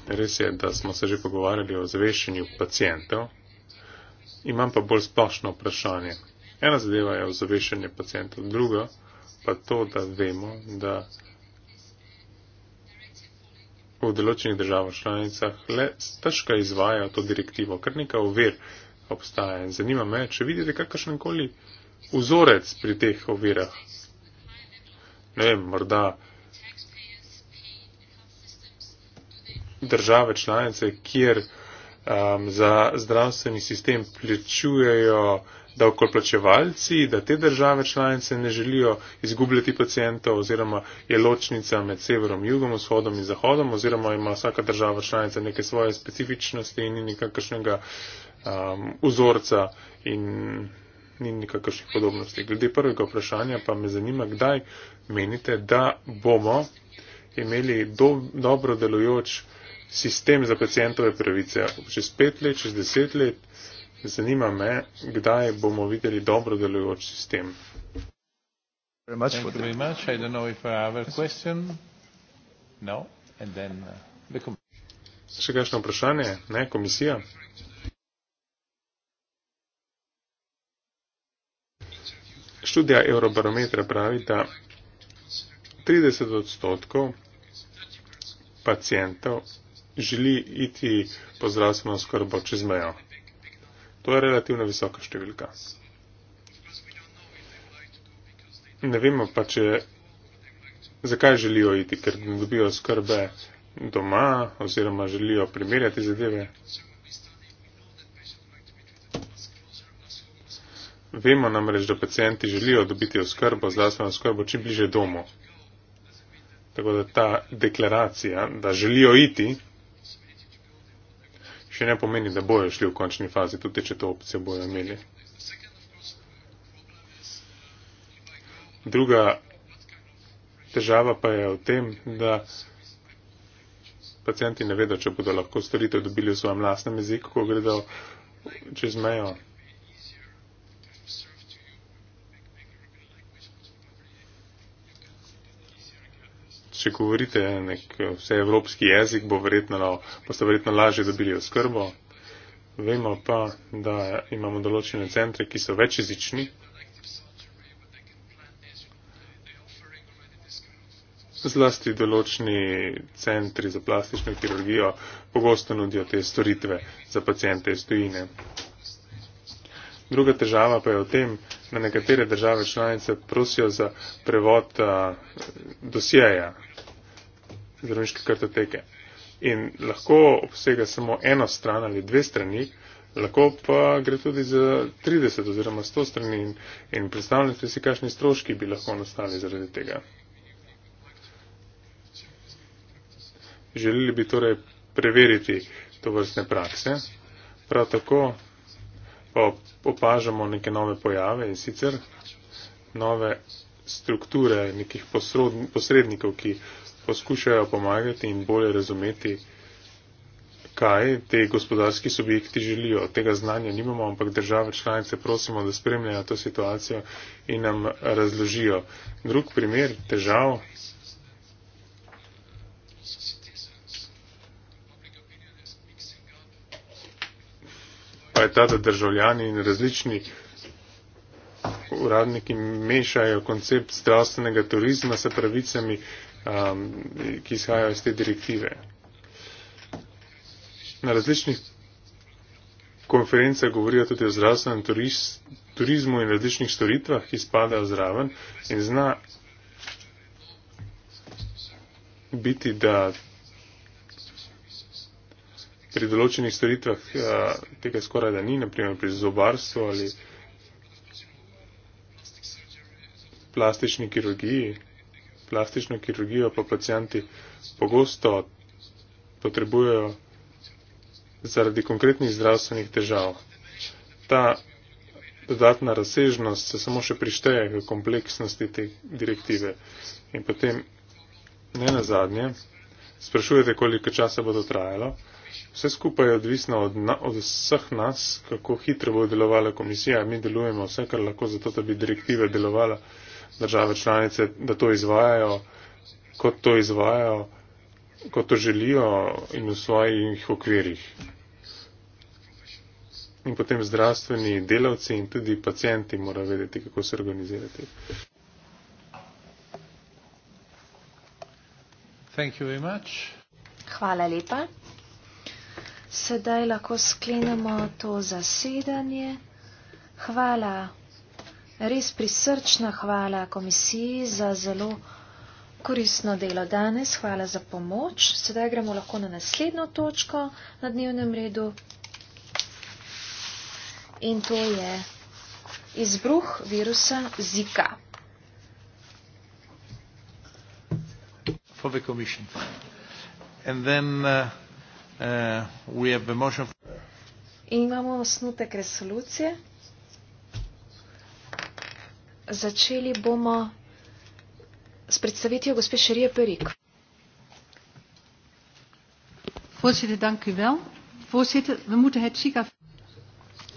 Res je, da smo se že pogovarjali o zaveščenju pacijentov. Imam pa bolj splošno vprašanje. Ena zadeva je ozaveščanje pacijentov, druga pa to, da vemo, da v določenih državah članicah le težko izvajajo to direktivo, ker neka ovir obstaja. In zanima me, če vidite kakršenkoli vzorec pri teh ovirah. Ne vem, morda države članice, kjer um, za zdravstveni sistem plečujejo davkoplačevalci, da te države članice ne želijo izgubljati pacijentov oziroma je ločnica med severom, jugom, vzhodom in zahodom oziroma ima vsaka država članica neke svoje specifičnosti in ni nikakršnega um, vzorca in ni nikakršnih podobnosti. Glede prvega vprašanja pa me zanima, kdaj menite, da bomo imeli do, dobro delujoč sistem za pacijentove pravice. Čez pet let, čez deset let. Zanima me, kdaj bomo videli dobro delujoč sistem. No, uh, Še kakšno vprašanje? Ne, komisija? Študija Eurobarometra pravi, da 30 odstotkov pacijentov želi iti po zdravstveno skrbo čez mejo. To je relativno visoka številka. Ne vemo pa, če, zakaj želijo iti, ker ne dobijo skrbe doma oziroma želijo primerjati zadeve. Vemo namreč, da pacijenti želijo dobiti oskrbo, zdravstveno oskrbo, čim bliže domu. Tako da ta deklaracija, da želijo iti, še ne pomeni, da bojo šli v končni fazi, tudi če to opcijo bojo imeli. Druga težava pa je v tem, da pacijenti ne vedo, če bodo lahko storitev dobili v svojem lastnem jeziku, ko gredo čez mejo. če govorite nek vseevropski jezik, verjetno, pa ste verjetno lažje dobili oskrbo. Vemo pa, da imamo določene centre, ki so večjezični. Zlasti določni centri za plastično kirurgijo pogosto nudijo te storitve za pacijente iz tujine. Druga težava pa je v tem, da nekatere države članice prosijo za prevod dosjeja, zdravniške kartoteke. In lahko obsega samo eno stran ali dve strani, lahko pa gre tudi za 30 oziroma 100 strani in, in predstavljate si, kakšni stroški bi lahko nastali zaradi tega. Želeli bi torej preveriti to vrstne prakse. Prav tako pa opažamo neke nove pojave in sicer nove strukture nekih posrednikov, ki poskušajo pomagati in bolje razumeti, kaj te gospodarski subjekti želijo. Tega znanja nimamo, ampak države članice prosimo, da spremljajo to situacijo in nam razložijo. Drug primer težav. Pa je ta, da državljani in različni uradniki mešajo koncept zdravstvenega turizma s pravicami uh, um, ki izhajajo iz te direktive. Na različnih konferencah govorijo tudi o zdravstvenem turizmu in različnih storitvah, ki spadajo zraven in zna biti, da pri določenih storitvah uh, tega skoraj da ni, naprimer pri zobarstvu ali plastični kirurgiji plastično kirurgijo pa pacijenti pogosto potrebujejo zaradi konkretnih zdravstvenih težav. Ta dodatna razsežnost se samo še prišteje k kompleksnosti te direktive. In potem, ne na zadnje, sprašujete, koliko časa bo to trajalo. Vse skupaj je odvisno od, na, od vseh nas, kako hitro bo delovala komisija. Mi delujemo vse, kar lahko, zato da bi direktiva delovala države članice, da to izvajajo, kot to izvajajo, kot to želijo in v svojih okvirjih. In potem zdravstveni delavci in tudi pacijenti morajo vedeti, kako se organizirati. Hvala lepa. Sedaj lahko sklenemo to zasedanje. Hvala Res prisrčna hvala komisiji za zelo koristno delo danes. Hvala za pomoč. Sedaj gremo lahko na naslednjo točko na dnevnem redu. In to je izbruh virusa Zika. Uh, uh, In imamo osnutek resolucije. Začeli bomo s predstavitvijo gospe Šerije Perik.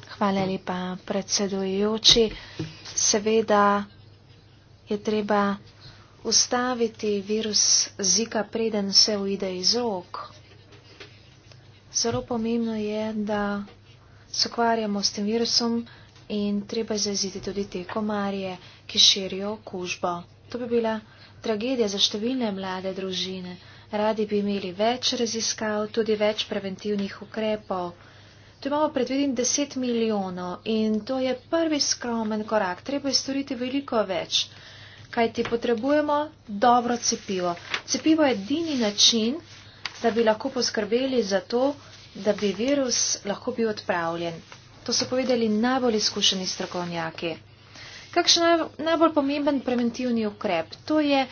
Hvala lepa, predsedujoči. Seveda je treba ustaviti virus zika, preden se uide iz rok. Zelo pomembno je, da se ukvarjamo s tem virusom in treba je zaziti tudi te komarje, ki širijo okužbo. To bi bila tragedija za številne mlade družine. Radi bi imeli več raziskav, tudi več preventivnih ukrepov. Tu imamo predviden 10 milijonov in to je prvi skromen korak. Treba je storiti veliko več, kajti potrebujemo dobro cepivo. Cepivo je edini način, da bi lahko poskrbeli za to, da bi virus lahko bil odpravljen. To so povedali najbolj izkušeni strokovnjaki. Kakšen najbolj pomemben preventivni ukrep? To je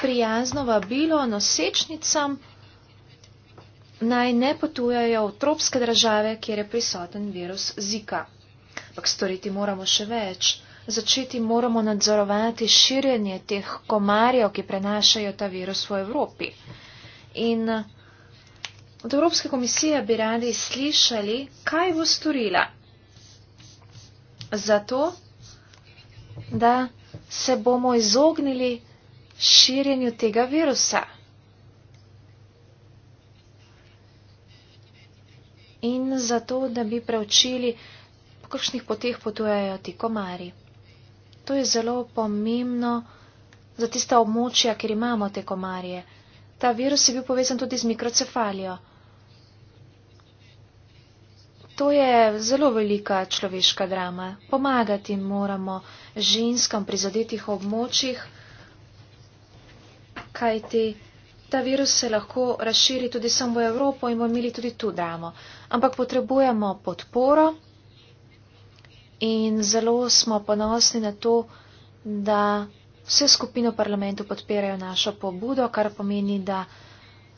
prijazno vabilo nosečnicam naj ne potujajo v tropske države, kjer je prisoten virus Zika. Pak storiti moramo še več. Začeti moramo nadzorovati širjenje teh komarjev, ki prenašajo ta virus v Evropi. In od Evropske komisije bi radi slišali, kaj bo storila zato, da se bomo izognili širjenju tega virusa. In zato, da bi preučili, po kakšnih poteh potujejo ti komari. To je zelo pomembno za tista območja, kjer imamo te komarje. Ta virus je bil povezan tudi z mikrocefalijo to je zelo velika človeška drama. Pomagati moramo ženskam pri zadetih območjih, kajti ta virus se lahko razširi tudi samo v Evropo in bomo imeli tudi tu dramo. Ampak potrebujemo podporo in zelo smo ponosni na to, da vse skupine v parlamentu podpirajo našo pobudo, kar pomeni, da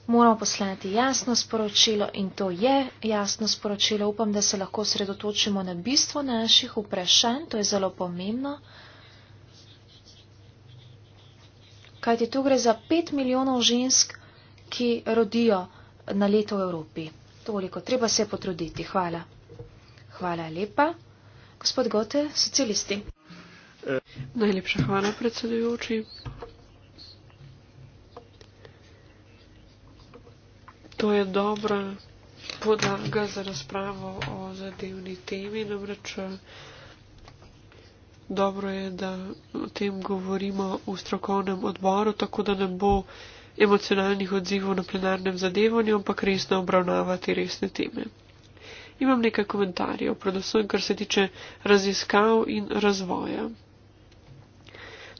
moramo poslati jasno sporočilo in to je jasno sporočilo. Upam, da se lahko sredotočimo na bistvo naših vprašanj, to je zelo pomembno. Kajti tu gre za pet milijonov žensk, ki rodijo na leto v Evropi. Toliko, treba se potruditi. Hvala. Hvala lepa. Gospod Gote, socialisti. Najlepša hvala, predsedujoči. To je dobra podlaga za razpravo o zadevni temi. Namreč eh, dobro je, da o tem govorimo v strokovnem odboru, tako da ne bo emocionalnih odzivov na plenarnem zadevanju, ampak resno obravnavati resne teme. Imam nekaj komentarjev, predvsem kar se tiče raziskav in razvoja.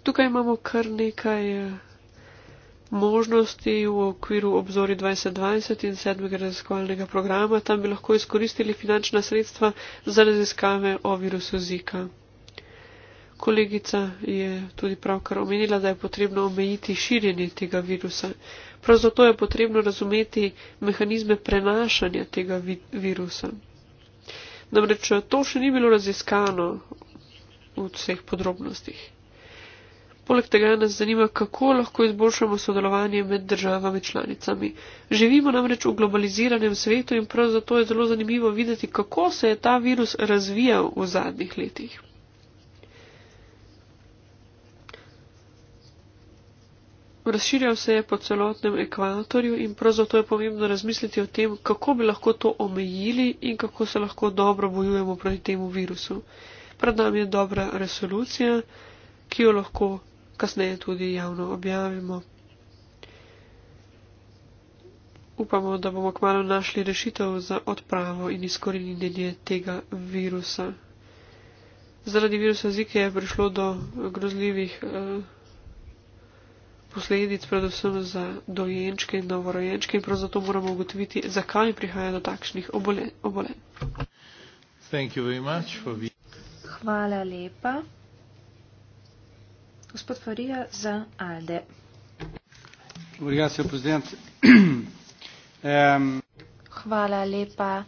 Tukaj imamo kar nekaj eh, možnosti v okviru obzori 2020 in sedmega raziskovalnega programa. Tam bi lahko izkoristili finančna sredstva za raziskave o virusu Zika. Kolegica je tudi pravkar omenila, da je potrebno omejiti širjenje tega virusa. Prav zato je potrebno razumeti mehanizme prenašanja tega vi virusa. Namreč to še ni bilo raziskano v vseh podrobnostih. Poleg tega nas zanima, kako lahko izboljšamo sodelovanje med državami članicami. Živimo namreč v globaliziranem svetu in prav zato je zelo zanimivo videti, kako se je ta virus razvijal v zadnjih letih. Razširjal se je po celotnem ekvatorju in prav zato je pomembno razmisliti o tem, kako bi lahko to omejili in kako se lahko dobro bojujemo proti temu virusu. Pred nami je dobra resolucija, ki jo lahko kasneje tudi javno objavimo. Upamo, da bomo kmalo našli rešitev za odpravo in izkoreninjenje tega virusa. Zaradi virusa zike je prišlo do grozljivih eh, posledic, predvsem za dojenčke in novorojenčke in prav zato moramo ugotoviti, zakaj prihaja do takšnih obolenj. Obole. Hvala lepa. Gospod Farija za ALD. Ehm, Hvala lepa,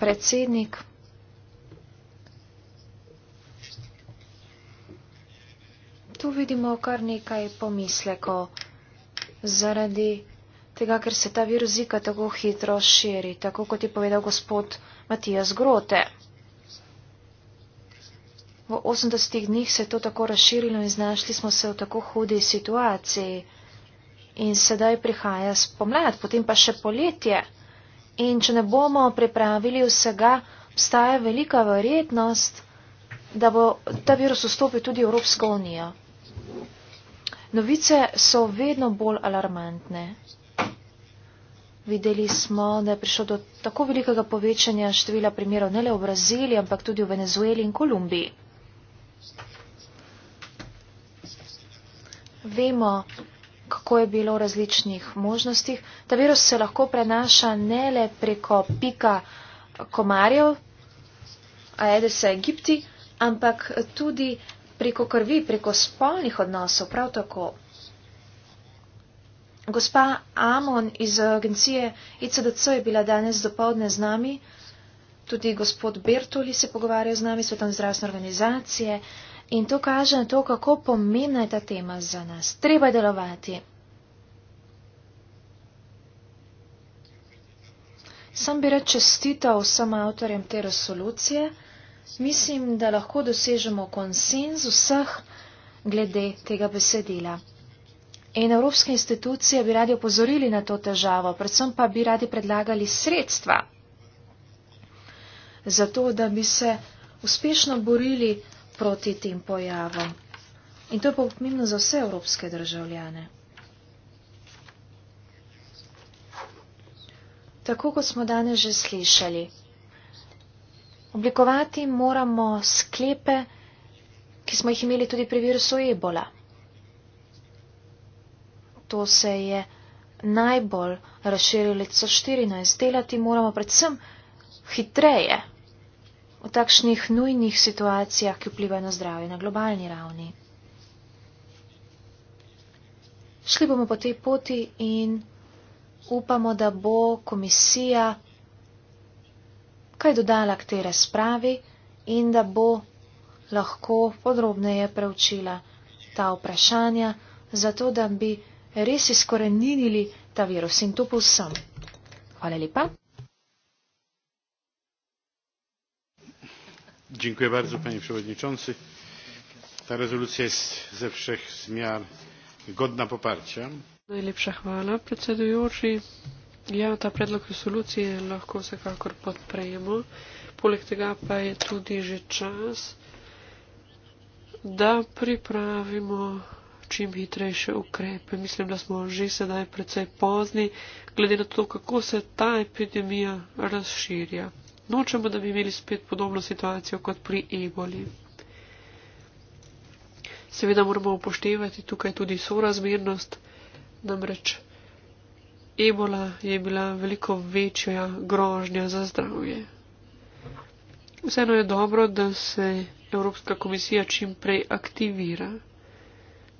predsednik. Tu vidimo kar nekaj pomislekov zaradi tega, ker se ta virus zika tako hitro širi, tako kot je povedal gospod Matijas Grote. V 80 dneh se je to tako razširilo in znašli smo se v tako hudi situaciji. In sedaj prihaja spomlad, potem pa še poletje. In če ne bomo pripravili vsega, obstaja velika verjetnost, da bo ta virus vstopil tudi v Evropsko unijo. Novice so vedno bolj alarmantne. Videli smo, da je prišlo do tako velikega povečanja števila primerov ne le v Braziliji, ampak tudi v Venezueli in Kolumbiji. vemo, kako je bilo v različnih možnostih. Ta virus se lahko prenaša ne le preko pika komarjev, Aedes aegypti, ampak tudi preko krvi, preko spolnih odnosov, prav tako. Gospa Amon iz agencije ICDC je bila danes dopoledne z nami, tudi gospod Bertoli se pogovarja z nami, svetovne zdravstvene organizacije. Uh, In to kaže to, kako pomembna je ta tema za nas. Treba je delovati. Sam bi rad čestital vsem avtorjem te resolucije. Mislim, da lahko dosežemo konsenz vseh glede tega besedila. In evropske institucije bi radi opozorili na to težavo, predvsem pa bi radi predlagali sredstva za to, da bi se uspešno borili proti tem pojavom. In to je pomembno za vse evropske državljane. Tako kot smo danes že slišali, oblikovati moramo sklepe, ki smo jih imeli tudi pri virusu ebola. To se je najbolj razširilo leto 2014. Delati moramo predvsem hitreje, o takšnih nujnih situacijah, ki vplivajo na zdravje na globalni ravni. Šli bomo po tej poti in upamo, da bo komisija kaj dodala k tej razpravi in da bo lahko podrobneje preučila ta vprašanja, zato da bi res izkorenili ta virus in to povsem. Hvala lepa. panie przewodniczący! ta rezolucja jest ze wszech miar godna poparcia. Ja poleg tega pa je tudi že čas da pripravimo čim hitrejše ukrepe. Mislim, da smo že sedaj precej pozni, glede na to, kako se ta epidemija razširja. Nočemo, da bi imeli spet podobno situacijo kot pri eboli. Seveda moramo upoštevati tukaj tudi sorazmernost, namreč ebola je bila veliko večja grožnja za zdravje. Vseeno je dobro, da se Evropska komisija čim prej aktivira.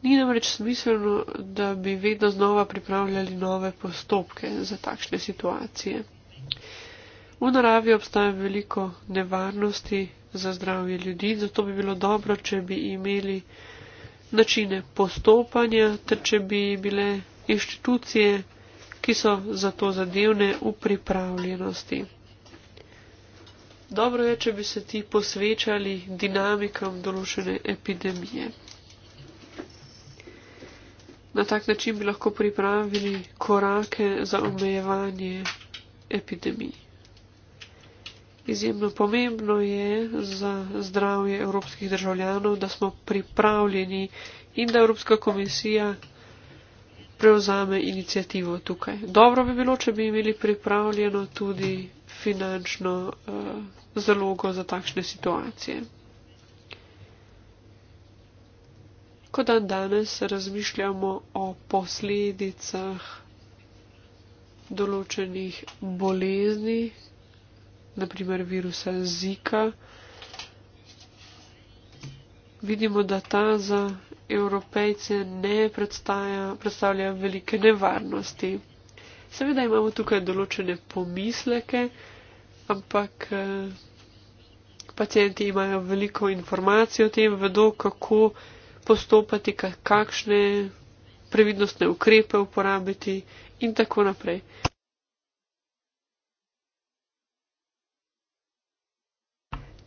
Ni namreč smiselno, da bi vedno znova pripravljali nove postopke za takšne situacije. V naravi obstaja veliko nevarnosti za zdravje ljudi, zato bi bilo dobro, če bi imeli načine postopanja, ter če bi bile inštitucije, ki so za to zadevne, v pripravljenosti. Dobro je, če bi se ti posvečali dinamikam določene epidemije. Na tak način bi lahko pripravili korake za omejevanje epidemije. Izjemno pomembno je za zdravje evropskih državljanov, da smo pripravljeni in da Evropska komisija prevzame inicijativo tukaj. Dobro bi bilo, če bi imeli pripravljeno tudi finančno uh, zalogo za takšne situacije. Ko dan danes razmišljamo o posledicah določenih bolezni, naprimer virusa Zika. Vidimo, da ta za evropejce ne predstavlja velike nevarnosti. Seveda imamo tukaj določene pomisleke, ampak eh, pacijenti imajo veliko informacij o tem, vedo, kako postopati, kakšne previdnostne ukrepe uporabiti in tako naprej.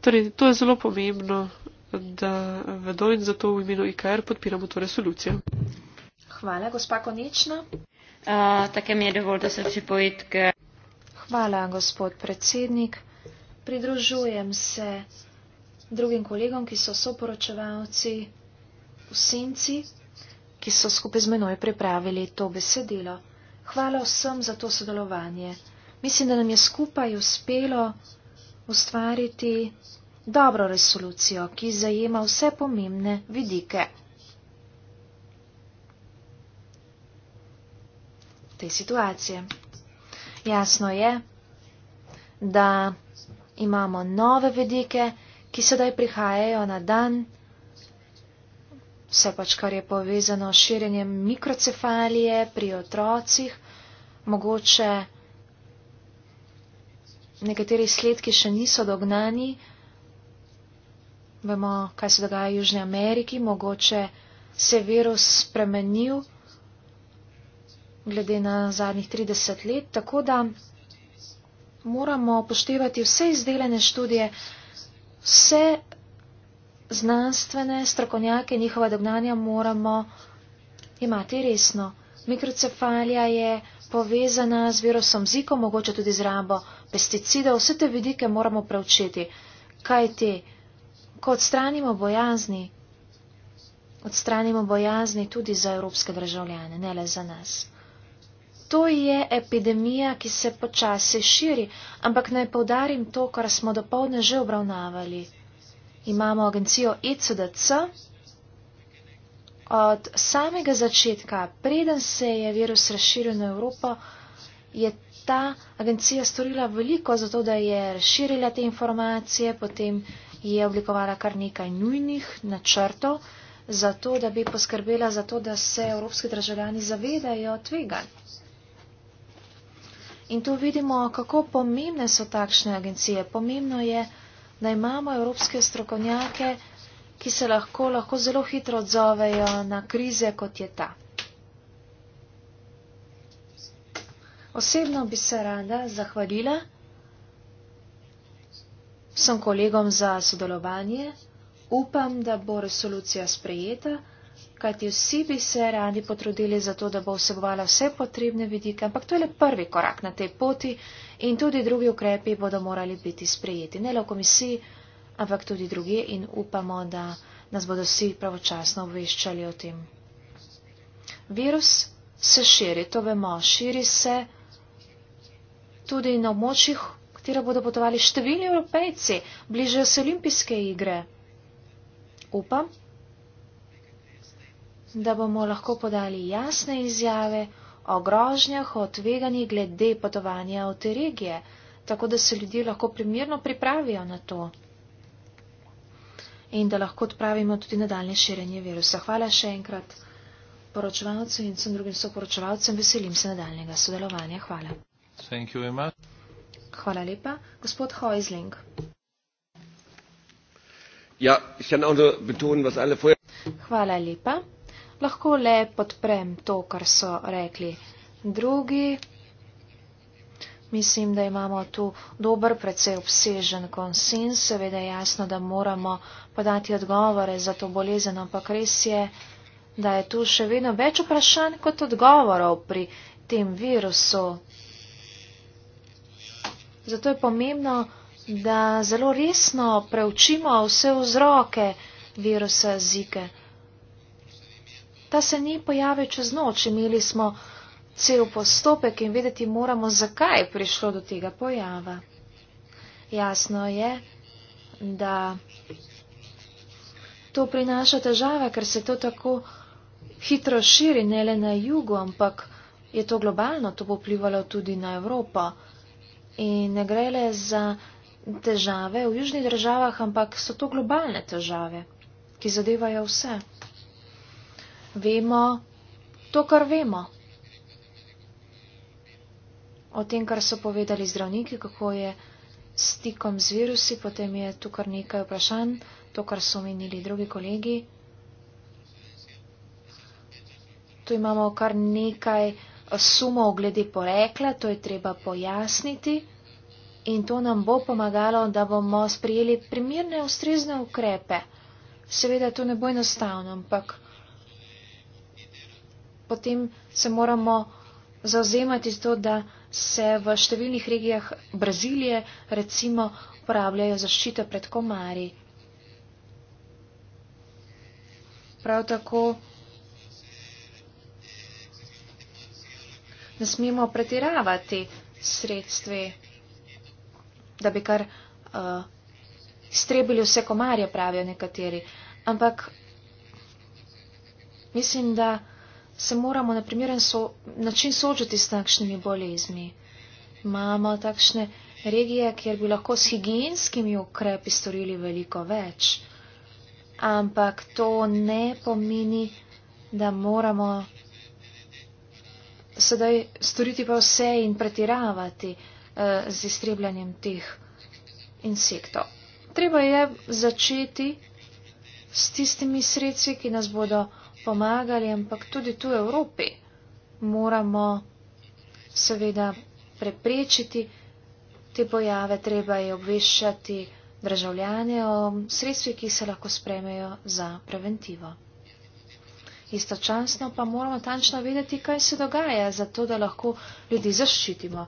Torej, to je zelo pomembno, da vedo in zato v imenu IKR podpiramo to resolucijo. Hvala, gospa Konečna. Uh, Tako mi je dovolj, da se vsi pojetke. Hvala, gospod predsednik. Pridružujem se drugim kolegom, ki so soporočevalci v senci, ki so skupaj z menoj pripravili to besedilo. Hvala vsem za to sodelovanje. Mislim, da nam je skupaj uspelo ustvariti dobro resolucijo, ki zajema vse pomembne vidike. Te situacije. Jasno je, da imamo nove vedike, ki sedaj prihajajo na dan, vse pač, kar je povezano s širjenjem mikrocefalije pri otrocih, mogoče nekateri sledki še niso dognani. Vemo, kaj se dogaja v Južni Ameriki, mogoče se je virus spremenil glede na zadnjih 30 let, tako da moramo upoštevati vse izdelene študije, vse znanstvene strokovnjake, njihova dognanja moramo imati resno. Mikrocefalija je povezana z virusom ziko, mogoče tudi z rabo pesticide, vse te vidike moramo preučiti. Kaj ti? Ko odstranimo bojazni, odstranimo bojazni tudi za evropske državljane, ne le za nas. To je epidemija, ki se počasi širi, ampak naj povdarim to, kar smo dopovdne že obravnavali. Imamo agencijo ECDC. Od samega začetka, preden se je virus razširil na Evropo, je ta agencija storila veliko za to, da je razširila te informacije, potem je oblikovala kar nekaj nujnih načrtov za to, da bi poskrbela za to, da se evropski državljani zavedajo tvega. In tu vidimo, kako pomembne so takšne agencije. Pomembno je, da imamo evropske strokovnjake, ki se lahko, lahko zelo hitro odzovejo na krize, kot je ta. Osebno bi se rada zahvalila vsem kolegom za sodelovanje. Upam, da bo resolucija sprejeta, kajti vsi bi se radi potrudili za to, da bo vsebovala vse potrebne vidike, ampak to je le prvi korak na tej poti in tudi drugi ukrepi bodo morali biti sprejeti. Ne le v komisiji, ampak tudi druge in upamo, da nas bodo vsi pravočasno obveščali o tem. Virus se širi, to vemo, širi se tudi na območjih, katera bodo potovali številni evropejci, bližajo se olimpijske igre. Upam, da bomo lahko podali jasne izjave o grožnjah, o tveganjih glede potovanja v te regije, tako da se ljudje lahko primerno pripravijo na to in da lahko odpravimo tudi nadaljne širenje virusa. Hvala še enkrat poročevalcem in vsem drugim soporočevalcem. Veselim se nadaljnega sodelovanja. Hvala. Thank you very much. Hvala lepa. Gospod Heusling. Ja, ich kann auch nur betonen, was alle vorher... Hvala lepa. Lahko le podprem to, kar so rekli drugi. Mislim, da imamo tu dober, precej obsežen konsens, seveda je jasno, da moramo podati odgovore za to bolezen, ampak res je, da je tu še vedno več vprašanj kot odgovorov pri tem virusu. Zato je pomembno, da zelo resno preučimo vse vzroke virusa zike. Ta se ni pojavil čez noč, imeli smo cel postopek in vedeti moramo, zakaj je prišlo do tega pojava. Jasno je, da to prinaša težave, ker se to tako hitro širi, ne le na jugu, ampak je to globalno, to bo vplivalo tudi na Evropo in ne gre le za težave v južnih državah, ampak so to globalne težave, ki zadevajo vse. Vemo to, kar vemo. O tem, kar so povedali zdravniki, kako je stikom z virusi, potem je tukaj nekaj vprašanj, to, kar so omenili drugi kolegi. Tu imamo kar nekaj uh, sumov glede porekla, to je treba pojasniti in to nam bo pomagalo, da bomo sprijeli primirne, ustrezne ukrepe. Seveda to ne bo enostavno, ampak potem se moramo zauzemati to, da se v številnih regijah Brazilije recimo uporabljajo zaščite pred komari. Prav tako. ne smemo pretiravati sredstvi, da bi kar uh, strebili vse komarje, pravijo nekateri. Ampak mislim, da se moramo na primeren so, način soočiti s takšnimi boleznimi. Imamo takšne regije, kjer bi lahko s higijenskimi ukrepi storili veliko več. Ampak to ne pomeni, da moramo sedaj storiti pa vse in pretiravati uh, z iztrebljanjem teh insektov. Treba je začeti s tistimi sredstvi, ki nas bodo pomagali, ampak tudi tu v Evropi moramo seveda preprečiti te pojave, treba je obveščati državljane o sredstvi, ki se lahko spremejo za preventivo istočasno pa moramo tančno vedeti, kaj se dogaja, zato da lahko ljudi zaščitimo.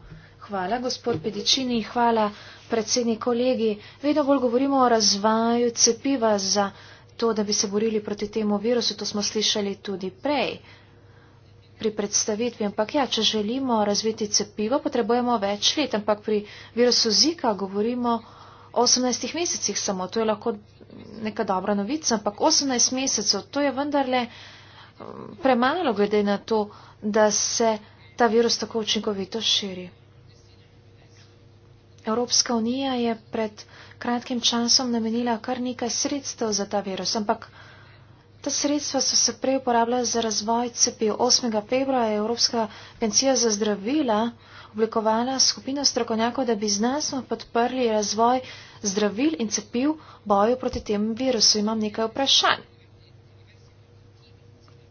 Hvala, gospod Pedičini, hvala, predsednik kolegi. Vedno bolj govorimo o razvaju cepiva za to, da bi se borili proti temu virusu, to smo slišali tudi prej pri predstavitvi. Ampak ja, če želimo razviti cepivo, potrebujemo več let, ampak pri virusu Zika govorimo o 18 mesecih samo. To je lahko neka dobra novica, ampak 18 mesecev, to je vendarle premalo glede na to, da se ta virus tako učinkovito širi. Evropska unija je pred kratkim časom namenila kar nekaj sredstev za ta virus, ampak ta sredstva so se prej uporabljala za razvoj cepiv. 8. februarja je Evropska agencija za zdravila oblikovala skupino strokovnjakov, da bi znanstveno podprli razvoj zdravil in cepiv boju proti tem virusu. Imam nekaj vprašanj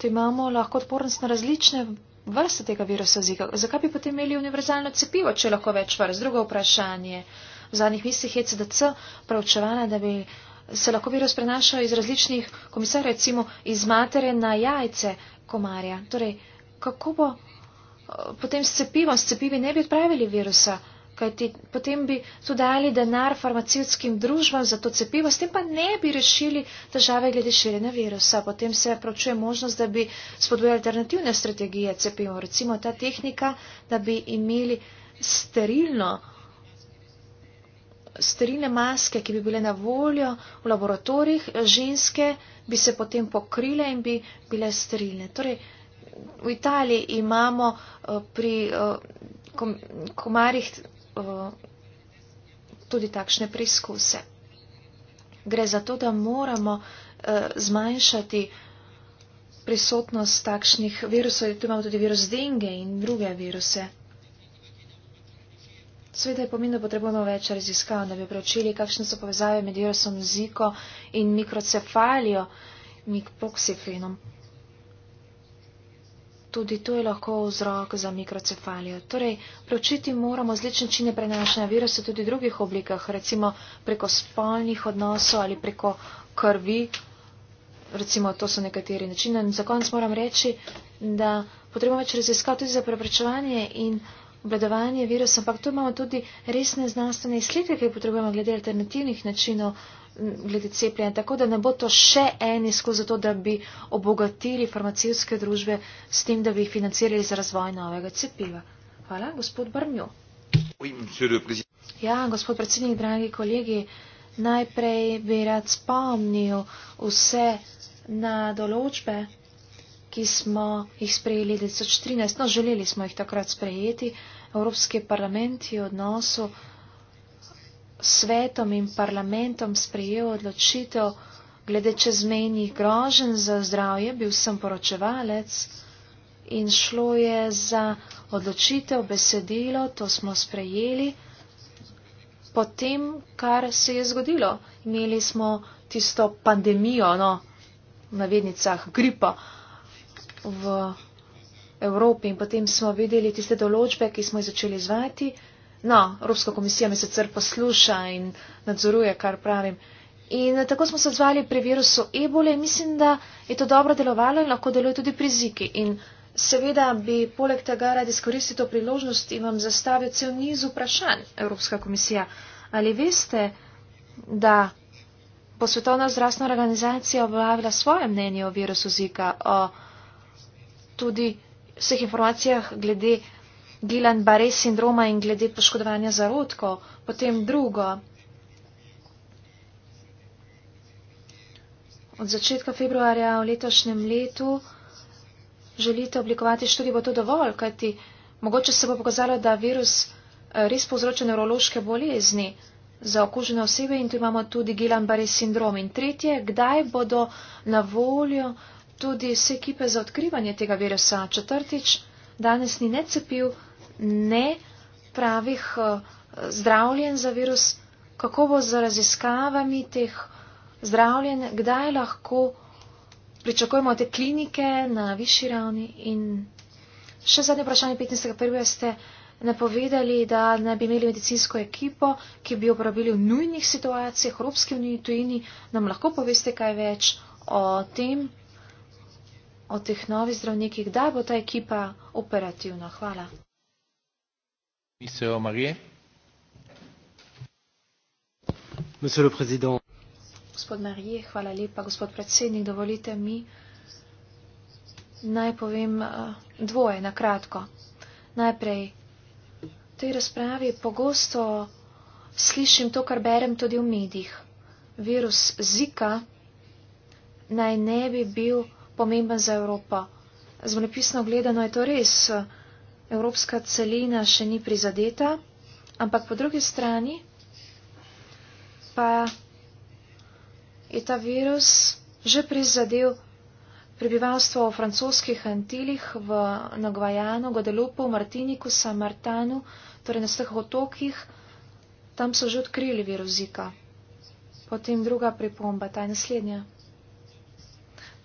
imamo lahko odpornost na različne vrste tega virusa zika. Zakaj bi potem imeli univerzalno cepivo, če lahko več vrst? Drugo vprašanje. V zadnjih mislih je CDC pravčevala, da bi se lahko virus prenašal iz različnih komisarjev, recimo iz matere na jajce komarja. Torej, kako bo eh, potem s cepivom, s cepivi ne bi odpravili virusa? kajti potem bi so dali denar farmacijskim družbam za to cepivo, s tem pa ne bi rešili težave glede širjenja virusa. Potem se pravčuje možnost, da bi spodbojali alternativne strategije cepivo, recimo ta tehnika, da bi imeli sterilno sterilne maske, ki bi bile na voljo v laboratorijih, ženske bi se potem pokrile in bi bile sterilne. Torej, v Italiji imamo eh, pri eh, komarjih Eh, tudi takšne preizkuse. Gre za to, da moramo eh, zmanjšati prisotnost takšnih virusov, tu imamo tudi virus denge in druge viruse. Sveda je pomembno, da potrebujemo več raziskav, da bi preučili, kakšne so povezave med virusom Ziko in mikrocefalijo, mikroksifinom tudi to je lahko vzrok za mikrocefalijo. Torej, preučiti moramo zlične čine prenašanja virusa tudi v drugih oblikah, recimo preko spolnih odnosov ali preko krvi. Recimo, to so nekateri načini. In za konec moram reči, da potrebujemo več raziskav tudi za preprečevanje in obladovanje virusa, ampak tu imamo tudi resne znanstvene izsledke, ki potrebujemo glede alternativnih načinov glede cepljenja, tako da ne bo to še en izkus za to, da bi obogatili farmacijske družbe s tem, da bi jih financirali za razvoj novega cepiva. Hvala, gospod Brnjo. Ja, gospod predsednik, dragi kolegi, najprej bi rad spomnil vse na določbe, ki smo jih sprejeli 2013. No, želeli smo jih takrat sprejeti. Evropski parlament je odnosu svetom in parlamentom sprejel odločitev glede čezmejnih grožen za zdravje, bil sem poročevalec in šlo je za odločitev, besedilo, to smo sprejeli. Potem, kar se je zgodilo, imeli smo tisto pandemijo, no, na vednicah gripo v Evropi in potem smo videli tiste določbe, ki smo jih začeli izvajati. No, Evropska komisija me sicer posluša in nadzoruje, kar pravim. In tako smo se zvali pri virusu ebole in mislim, da je to dobro delovalo in lahko deluje tudi pri ziki. In seveda bi poleg tega radi skoristili to priložnost in vam zastavil cel niz vprašanj, Evropska komisija. Ali veste, da bo Svetovna zdravstvena organizacija objavila svoje mnenje o virusu zika, o tudi vseh informacijah glede. Gilan Bare sindroma in glede poškodovanja zarodkov, potem drugo. Od začetka februarja v letošnjem letu želite oblikovati študijo, bo to dovolj, kajti mogoče se bo pokazalo, da virus eh, res povzroča nevrološke bolezni za okužene osebe in tu imamo tudi Gilan Bare sindrom. In tretje, kdaj bodo na voljo tudi vse ekipe za odkrivanje tega virusa? Četrtič, danes ni necepil ne pravih eh, zdravljen za virus, kako bo z raziskavami teh zdravljen, kdaj lahko pričakujemo te klinike na višji ravni. In še zadnje vprašanje 15.1. ste napovedali, da ne bi imeli medicinsko ekipo, ki bi uporabili v nujnih situacijah, Evropski uniji, tujini, nam lahko poveste kaj več o tem o teh novih zdravnikih, kdaj bo ta ekipa operativna. Hvala gospod Marije, hvala lepa, gospod predsednik, dovolite mi naj povem eh, dvoje na kratko. Najprej, v tej razpravi pogosto slišim to, kar berem tudi v medijih. Virus Zika naj ne bi bil pomemben za Evropo. Zmonopisno gledano je to res. Eh, evropska celina še ni prizadeta, ampak po drugi strani pa je ta virus že prizadel prebivalstvo v francoskih antilih, v Nogvajanu, Godelupu, Martiniku, Samartanu, torej na vseh otokih, tam so že odkrili viruzika. Potem druga pripomba, ta je naslednja.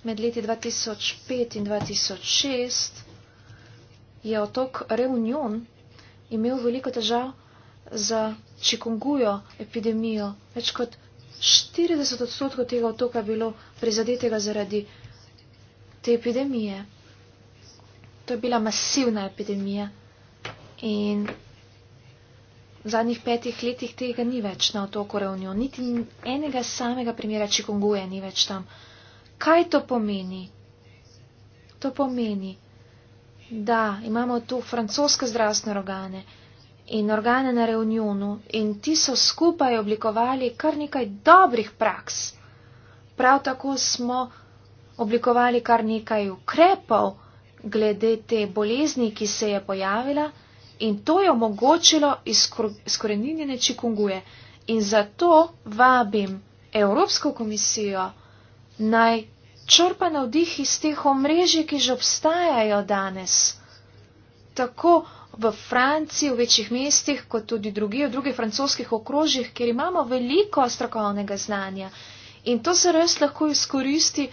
Med leti 2005 in 2006 je otok Reunion imel veliko težav z čikungujo epidemijo. Več kot 40 odstotkov tega otoka je bilo prizadetega zaradi te epidemije. To je bila masivna epidemija in v zadnjih petih letih tega ni več na otoku Reunion. Niti enega samega primera čikunguje ni več tam. Kaj to pomeni? To pomeni, Da, imamo tu francoske zdravstvene organe in organe na Reunionu in ti so skupaj oblikovali kar nekaj dobrih praks. Prav tako smo oblikovali kar nekaj ukrepov glede te bolezni, ki se je pojavila in to je omogočilo izkoreninjene čikunguje. In zato vabim Evropsko komisijo naj črpa navdih iz teh omrežij, ki že obstajajo danes. Tako v Franciji, v večjih mestih, kot tudi drugi, v drugih francoskih okrožjih, kjer imamo veliko strokovnega znanja. In to se res lahko izkoristi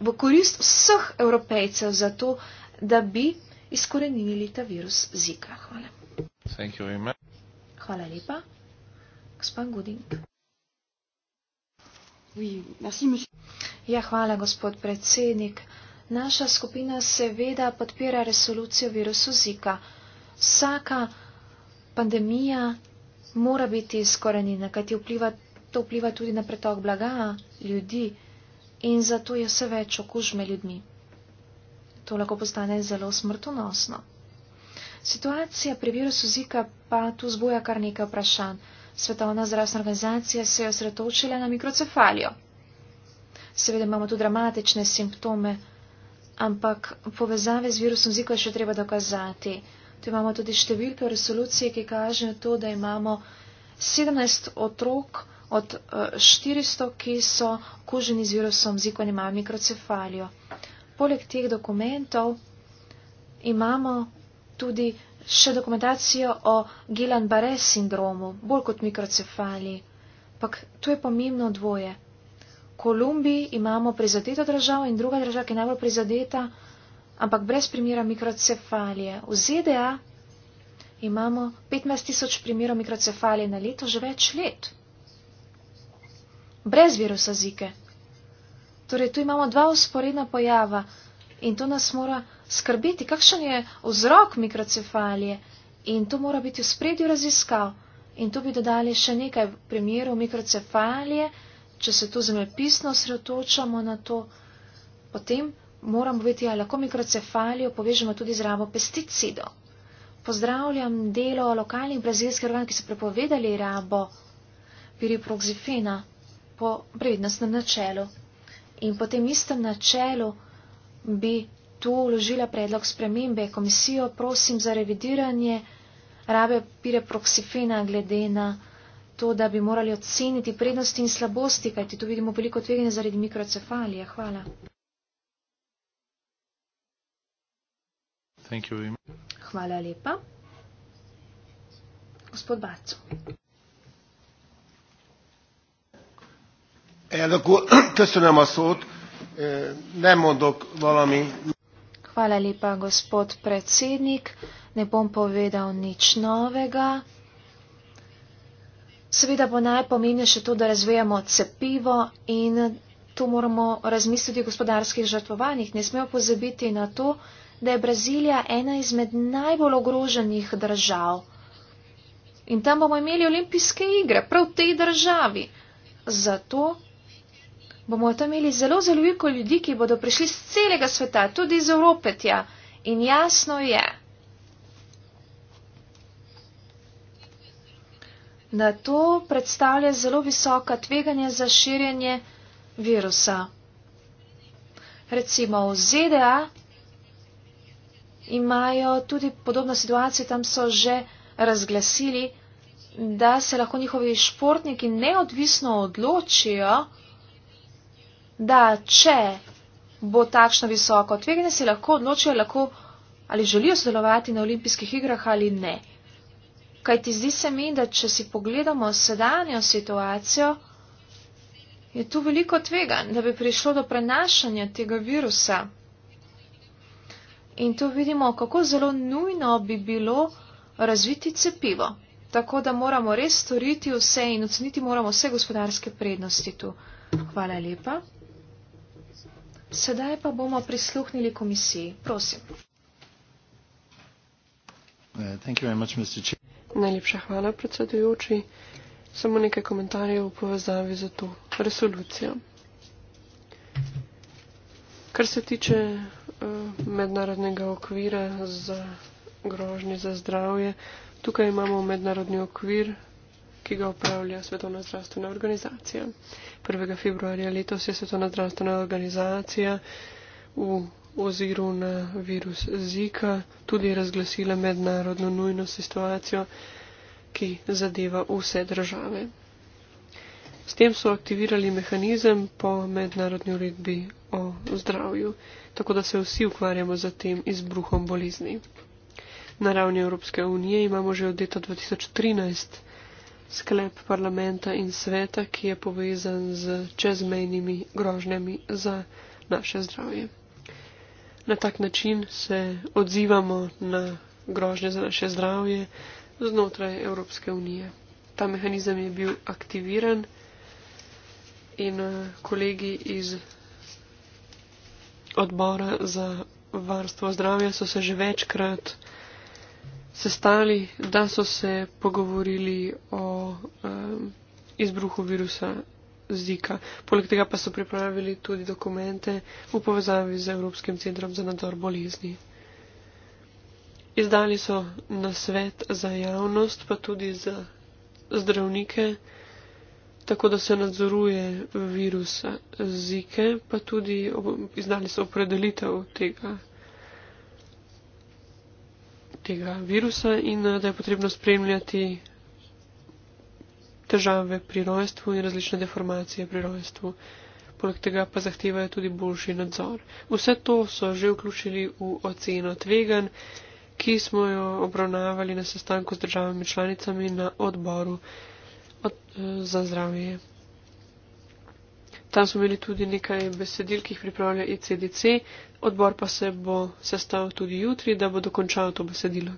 v korist vseh evropejcev za to, da bi izkorenili ta virus zika. Hvala. Hvala lepa. Gospod Gudink. Ja, hvala, gospod predsednik. Naša skupina seveda podpira resolucijo virusu Zika. Vsaka pandemija mora biti izkorenjena, kajti vpliva, to vpliva tudi na pretok blaga ljudi in zato je vse več okužme ljudmi. To lahko postane zelo smrtonosno. Situacija pri virusu Zika pa tu zboja kar nekaj vprašanj. Svetovna zdravstvena organizacija se je osredotočila na mikrocefalijo. Seveda imamo tudi dramatične simptome, ampak povezave z virusom zika še treba dokazati. Tu imamo tudi številke v resoluciji, ki kažejo to, da imamo 17 otrok od 400, eh, ki so kuženi z virusom zika in imajo mikrocefalijo. Poleg teh dokumentov imamo tudi še dokumentacijo o Gilan-Bare sindromu, bolj kot mikrocefali. Pak tu je pomembno dvoje. V Kolumbiji imamo prizadeto državo in druga država, ki je najbolj prizadeta, ampak brez primera mikrocefalije. V ZDA imamo 15 tisoč primerov mikrocefalije na leto že več let. Brez virusa zike. Torej, tu imamo dva usporedna pojava in to nas mora skrbeti, kakšen je vzrok mikrocefalije in to mora biti v spredju raziskav. In tu bi dodali še nekaj primerov mikrocefalije, če se tu zemljepisno osredotočamo na to, potem moramo biti, ali lahko mikrocefalijo povežemo tudi z rabo pesticido. Pozdravljam delo lokalnih brazilskih organ, ki so prepovedali rabo piriproxifena po prednostnem načelu. In po tem istem načelu bi tu vložila predlog spremembe. Komisijo prosim za revidiranje rabe pireproksifena glede na to, da bi morali oceniti prednosti in slabosti, kajti tu vidimo veliko tveganja zaradi mikrocefalije. Hvala. Hvala lepa. Gospod Barco. Elnök úr, köszönöm a szót. Nem mondok valami. Hvala lepa, gospod predsednik. Ne bom povedal nič novega. Seveda bo najpomembnejše to, da razvijamo cepivo in tu moramo razmisliti o gospodarskih žrtvovanjih. Ne smemo pozabiti na to, da je Brazilija ena izmed najbolj ogroženih držav. In tam bomo imeli olimpijske igre, prav v tej državi. Zato bomo tam imeli zelo, zelo veliko ljudi, ki bodo prišli z celega sveta, tudi iz Evrope tja. In jasno je, da to predstavlja zelo visoka tveganja za širjenje virusa. Recimo v ZDA imajo tudi podobno situacijo, tam so že razglasili, da se lahko njihovi športniki neodvisno odločijo, da če bo takšno visoko tveganje, se lahko odločijo, lahko ali želijo sodelovati na olimpijskih igrah ali ne. Kaj ti zdi se mi, da če si pogledamo sedanjo situacijo, je tu veliko tvegan, da bi prišlo do prenašanja tega virusa. In tu vidimo, kako zelo nujno bi bilo razviti cepivo. Tako da moramo res storiti vse in oceniti moramo vse gospodarske prednosti tu. Hvala lepa. Sedaj pa bomo prisluhnili komisiji. Prosim. Uh, Najlepša hvala, predsedujoči. Samo nekaj komentarjev v povezavi za to resolucijo. Kar se tiče uh, mednarodnega okvira za grožnje za zdravje, tukaj imamo mednarodni okvir ki ga upravlja Svetovna zdravstvena organizacija. 1. februarja letos je Svetovna zdravstvena organizacija v oziru na virus Zika tudi razglasila mednarodno nujno situacijo, ki zadeva vse države. S tem so aktivirali mehanizem po mednarodni uredbi o zdravju, tako da se vsi ukvarjamo z tem izbruhom bolezni. Na ravni Evropske unije imamo že od leta 2013 sklep parlamenta in sveta, ki je povezan z čezmejnimi grožnjami za naše zdravje. Na tak način se odzivamo na grožnje za naše zdravje znotraj Evropske unije. Ta mehanizem je bil aktiviran in eh, kolegi iz odbora za varstvo zdravja so se že večkrat sestali, da so se pogovorili o um, izbruhu virusa Zika. Poleg tega pa so pripravili tudi dokumente v povezavi z Evropskim centrom za nadzor bolezni. Izdali so nasvet za javnost, pa tudi za zdravnike, tako da se nadzoruje virusa Zika, pa tudi izdali so opredelitev tega virusa tega virusa in eh, da je potrebno spremljati težave pri rojstvu in različne deformacije pri rojstvu. Poleg tega pa zahtevajo tudi boljši nadzor. Vse to so že vključili v oceno tvegan, ki smo jo obravnavali na sestanku z državami članicami na odboru od, eh, za zdravje. Tam smo imeli tudi nekaj besedil, ki jih pripravlja ICDC, e odbor pa se bo sestal tudi jutri, da bo dokončal to besedilo.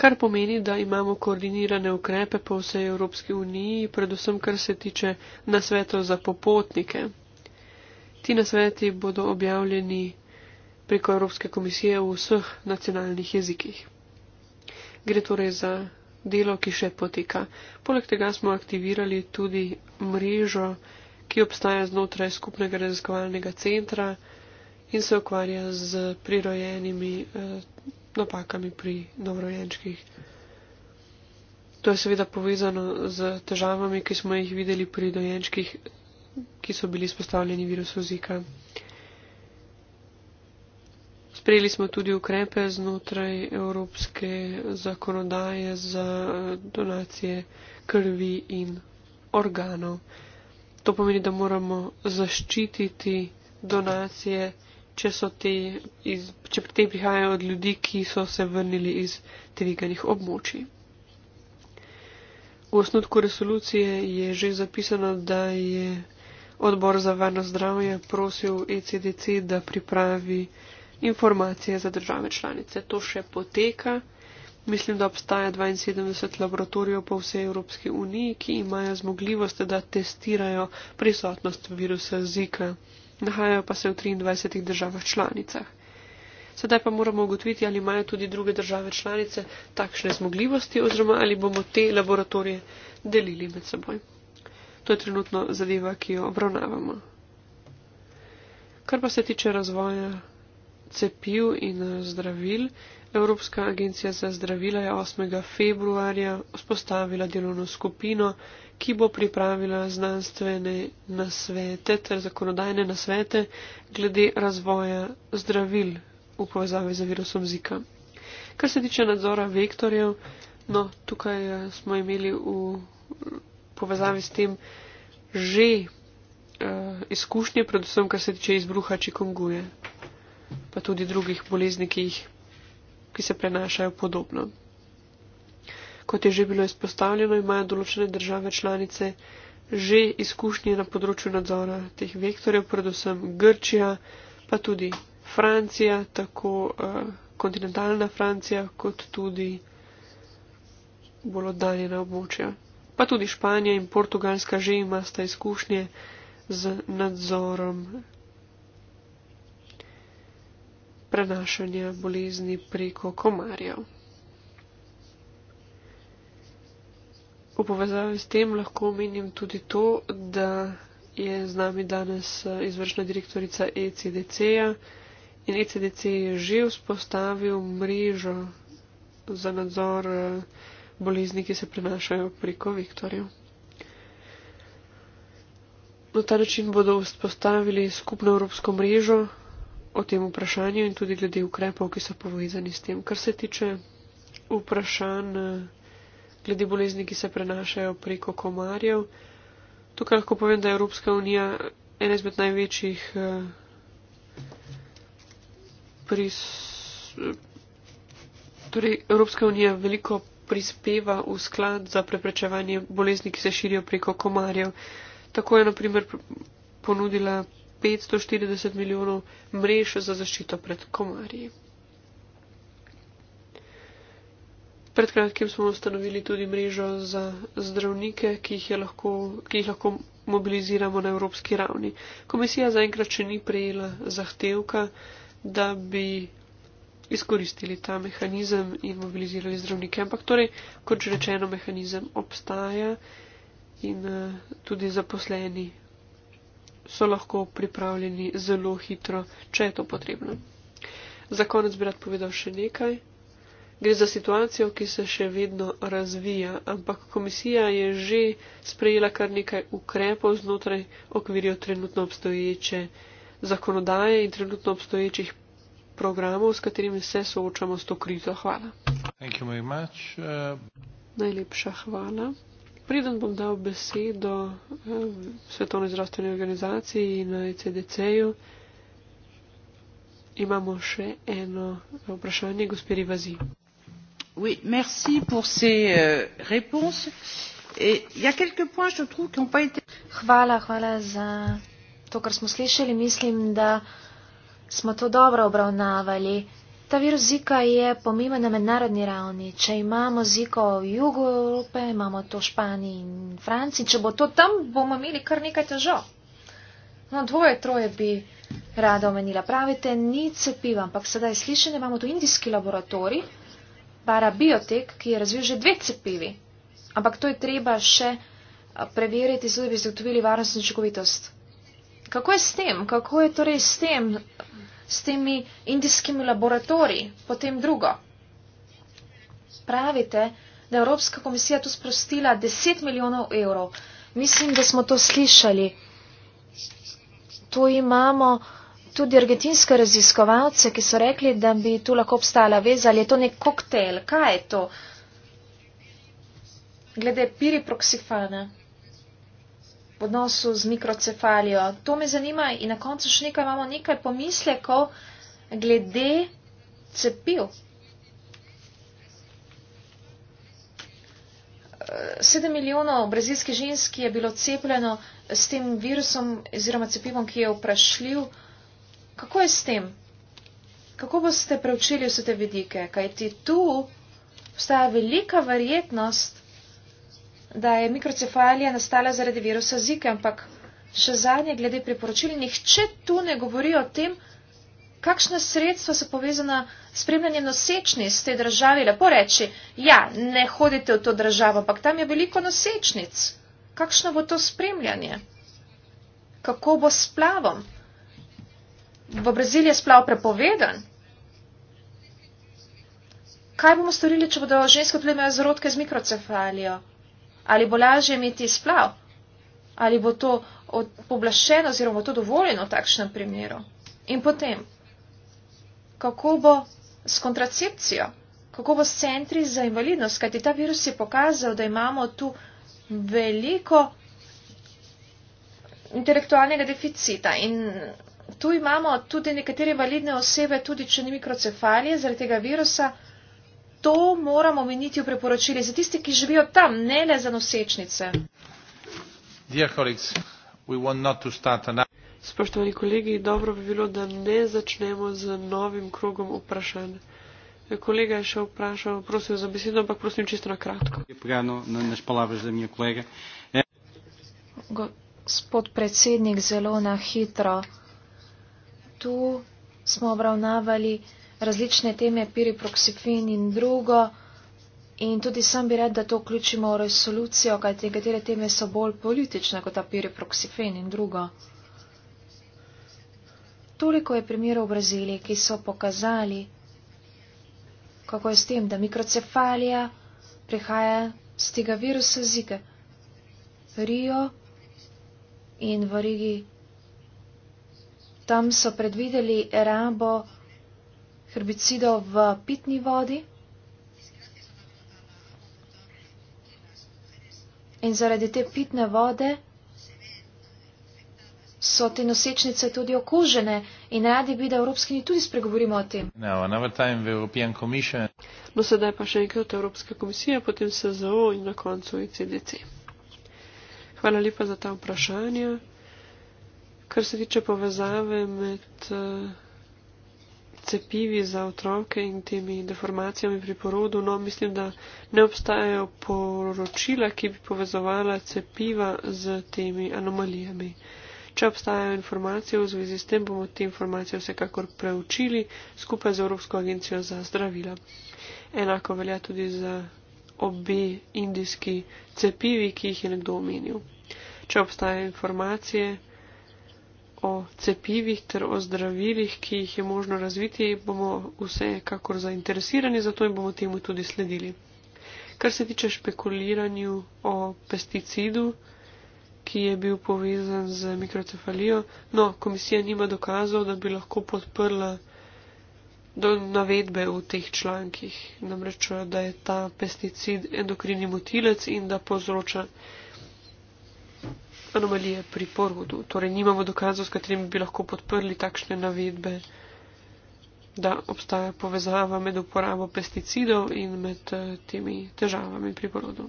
Kar pomeni, da imamo koordinirane ukrepe po vsej Evropski uniji, predvsem kar se tiče nasvetov za popotnike. Ti nasveti bodo objavljeni preko Evropske komisije v vseh nacionalnih jezikih. Gre torej za delo, ki še poteka. Poleg tega smo aktivirali tudi mrežo, ki obstaja znotraj skupnega raziskovalnega centra in se ukvarja z prirojenimi eh, napakami pri novorojenčkih. To je seveda povezano z težavami, ki smo jih videli pri dojenčkih, ki so bili izpostavljeni virusu zika. Sprejeli smo tudi ukrepe znotraj evropske zakonodaje za eh, donacije krvi in organov. To pomeni, da moramo zaščititi donacije, če, te iz, če te prihajajo od ljudi, ki so se vrnili iz tveganih območij. V osnutku resolucije je že zapisano, da je odbor za varno zdravje prosil ECDC, da pripravi informacije za države članice. To še poteka. Mislim, da obstaja 72 laboratorijev po vsej Evropski uniji, ki imajo zmogljivost, da testirajo prisotnost virusa Zika. Nahajajo pa se v 23 državah članicah. Sedaj pa moramo ugotoviti, ali imajo tudi druge države članice takšne zmogljivosti oziroma ali bomo te laboratorije delili med seboj. To je trenutno zadeva, ki jo obravnavamo. Kar pa se tiče razvoja cepiv in eh, zdravil. Evropska agencija za zdravila je 8. februarja vzpostavila delovno skupino, ki bo pripravila znanstvene nasvete ter zakonodajne nasvete glede razvoja zdravil v povezavi z virusom Zika. Kar se tiče nadzora vektorjev, no, tukaj eh, smo imeli v povezavi s tem že uh, izkušnje, predvsem kar se tiče izbruha Čikunguje pa tudi drugih bolezni, ki, jih, ki se prenašajo podobno. Kot je že bilo izpostavljeno, imajo določene države članice že izkušnje na področju nadzora teh vektorjev, predvsem Grčija, pa tudi Francija, tako uh, kontinentalna Francija, kot tudi bolj oddaljena območja. Pa tudi Španija in Portugalska že imasta izkušnje z nadzorom prenašanja bolezni preko komarjev. V povezavi s tem lahko omenim tudi to, da je z nami danes eh, izvršna direktorica ECDC-ja in ECDC je že vzpostavil mrežo za nadzor eh, bolezni, ki se prenašajo preko vektorjev. Na ta način bodo vzpostavili skupno evropsko mrežo o tem vprašanju in tudi glede ukrepov, ki so povezani s tem. Kar se tiče vprašanj eh, glede bolezni, ki se prenašajo preko komarjev, tukaj lahko povem, da je Evropska unija ena izmed največjih eh, pris. Torej, Evropska unija veliko prispeva v sklad za preprečevanje bolezni, ki se širijo preko komarjev. Tako je, na primer, ponudila 540 milijonov mrež za zaščito pred komarji. Pred kratkim smo ustanovili tudi mrežo za zdravnike, ki jih, lahko, ki jih lahko mobiliziramo na evropski ravni. Komisija zaenkrat še ni prejela zahtevka, da bi izkoristili ta mehanizem in mobilizirali zdravnike. Ampak torej, kot že rečeno, mehanizem obstaja in uh, tudi zaposleni so lahko pripravljeni zelo hitro, če je to potrebno. Za konec bi rad povedal še nekaj. Gre za situacijo, ki se še vedno razvija, ampak komisija je že sprejela kar nekaj ukrepov znotraj okvirjo trenutno obstoječe zakonodaje in trenutno obstoječih programov, s katerimi se soočamo s to krizo. Hvala. Uh, Najlepša hvala. Preden bom dal besedo eh, Svetovni zdravstveni organizaciji in ECDC-ju, imamo še eno vprašanje, gospod Rivazi. Oui, merci pour ces euh, réponses. Et il y a quelques points, je trouve, qui n'ont pas été. Hvala, hvala za to, kar smo slišali. Mislim, da smo to dobro obravnavali. Ta virus Zika je pomemben na mednarodni ravni. Če imamo Ziko v jugu Evrope, imamo to v Španiji in Franciji, če bo to tam, bomo imeli kar nekaj težav. No, dvoje, troje bi rada omenila. Pravite, ni cepiva, ampak sedaj slišite, imamo tu indijski laboratorij, Parabiotek, ki je razvil že dve cepivi. Ampak to je treba še preveriti, zato da bi zagotovili varnost in učinkovitost. Kako je s tem? Kako je torej s tem? s temi indijskimi laboratoriji, potem drugo. Pravite, da je Evropska komisija tu sprostila 10 milijonov evrov. Mislim, da smo to slišali. Tu imamo tudi argentinske raziskovalce, ki so rekli, da bi tu lahko obstala veza, ali je to nek koktejl, kaj je to? Glede piriproksifana v odnosu z mikrocefalijo. To me zanima in na koncu še nekaj imamo nekaj pomislekov glede cepiv. 7 milijonov brazilskih žensk je bilo cepljeno s tem virusom oziroma cepivom, ki je vprašljiv. Kako je s tem? Kako boste preučili vse te vidike? Kajti tu obstaja velika verjetnost, da je mikrocefalija nastala zaradi virusa zike, ampak še zadnje glede priporočil, nihče tu ne govori o tem, kakšna sredstva so povezana s spremljanjem nosečnic te države. Lepo reči, ja, ne hodite v to državo, ampak tam je veliko nosečnic. Kakšno bo to spremljanje? Kako bo s plavom? V Braziliji je splav prepovedan. Kaj bomo storili, če bodo ženske tudi imele zarodke z mikrocefalijo? Ali bo lažje imeti splav? Ali bo to poblaščeno oziroma bo to dovoljeno v takšnem primeru? In potem, kako bo s kontracepcijo? Kako bo s centri za invalidnost? Kajti ta virus je pokazal, da imamo tu veliko intelektualnega deficita in tu imamo tudi nekatere invalidne osebe, tudi če ni mikrocefalije zaradi tega virusa to moramo omeniti v preporočili za tiste, ki živijo tam, ne le za nosečnice. Spoštovani kolegi, dobro bi bilo, da ne začnemo z novim krogom vprašanj. Kolega je še vprašal, prosim za besedo, ampak prosim čisto na kratko. E- Gospod predsednik, zelo na hitro. Tu smo obravnavali različne teme, piriproksifin in drugo. In tudi sam bi rad, da to vključimo v resolucijo, kajte nekatere teme so bolj politične kot ta piriproksifin in drugo. Toliko je primerov v Braziliji, ki so pokazali, kako je s tem, da mikrocefalija prihaja z tega virusa zike. Rio in v Rigi. Tam so predvideli rabo herbicidov v pitni vodi. In zaradi te pitne vode so te nosečnice tudi okužene in radi bi, da Evropski ni tudi spregovorimo o tem. No, no, sedaj pa še enkrat Evropska komisija, potem SZO in na koncu ICDC. Hvala lepa za ta vprašanja. Kar se tiče povezave med. Uh, cepivi za otroke in temi deformacijami pri porodu. No, mislim, da ne obstajajo poročila, ki bi povezovala cepiva z temi anomalijami. Če obstajajo informacije v zvezi s tem, bomo te informacije vsekakor preučili skupaj z Evropsko agencijo za zdravila. Enako velja tudi za obe indijski cepivi, ki jih je nekdo omenil. Če obstajajo informacije, o cepivih ter o zdravilih, ki jih je možno razviti, bomo vse kakor zainteresirani za to in bomo temu tudi sledili. Kar se tiče špekuliranju o pesticidu, ki je bil povezan z mikrocefalijo, no, komisija nima dokazov, da bi lahko podprla do navedbe v teh člankih. Namreč, da je ta pesticid endokrini motilec in da povzroča anomalije pri porodu. Torej, nimamo dokazov, s katerimi bi lahko podprli takšne navedbe, da obstaja povezava med uporabo pesticidov in med eh, temi težavami pri porodu.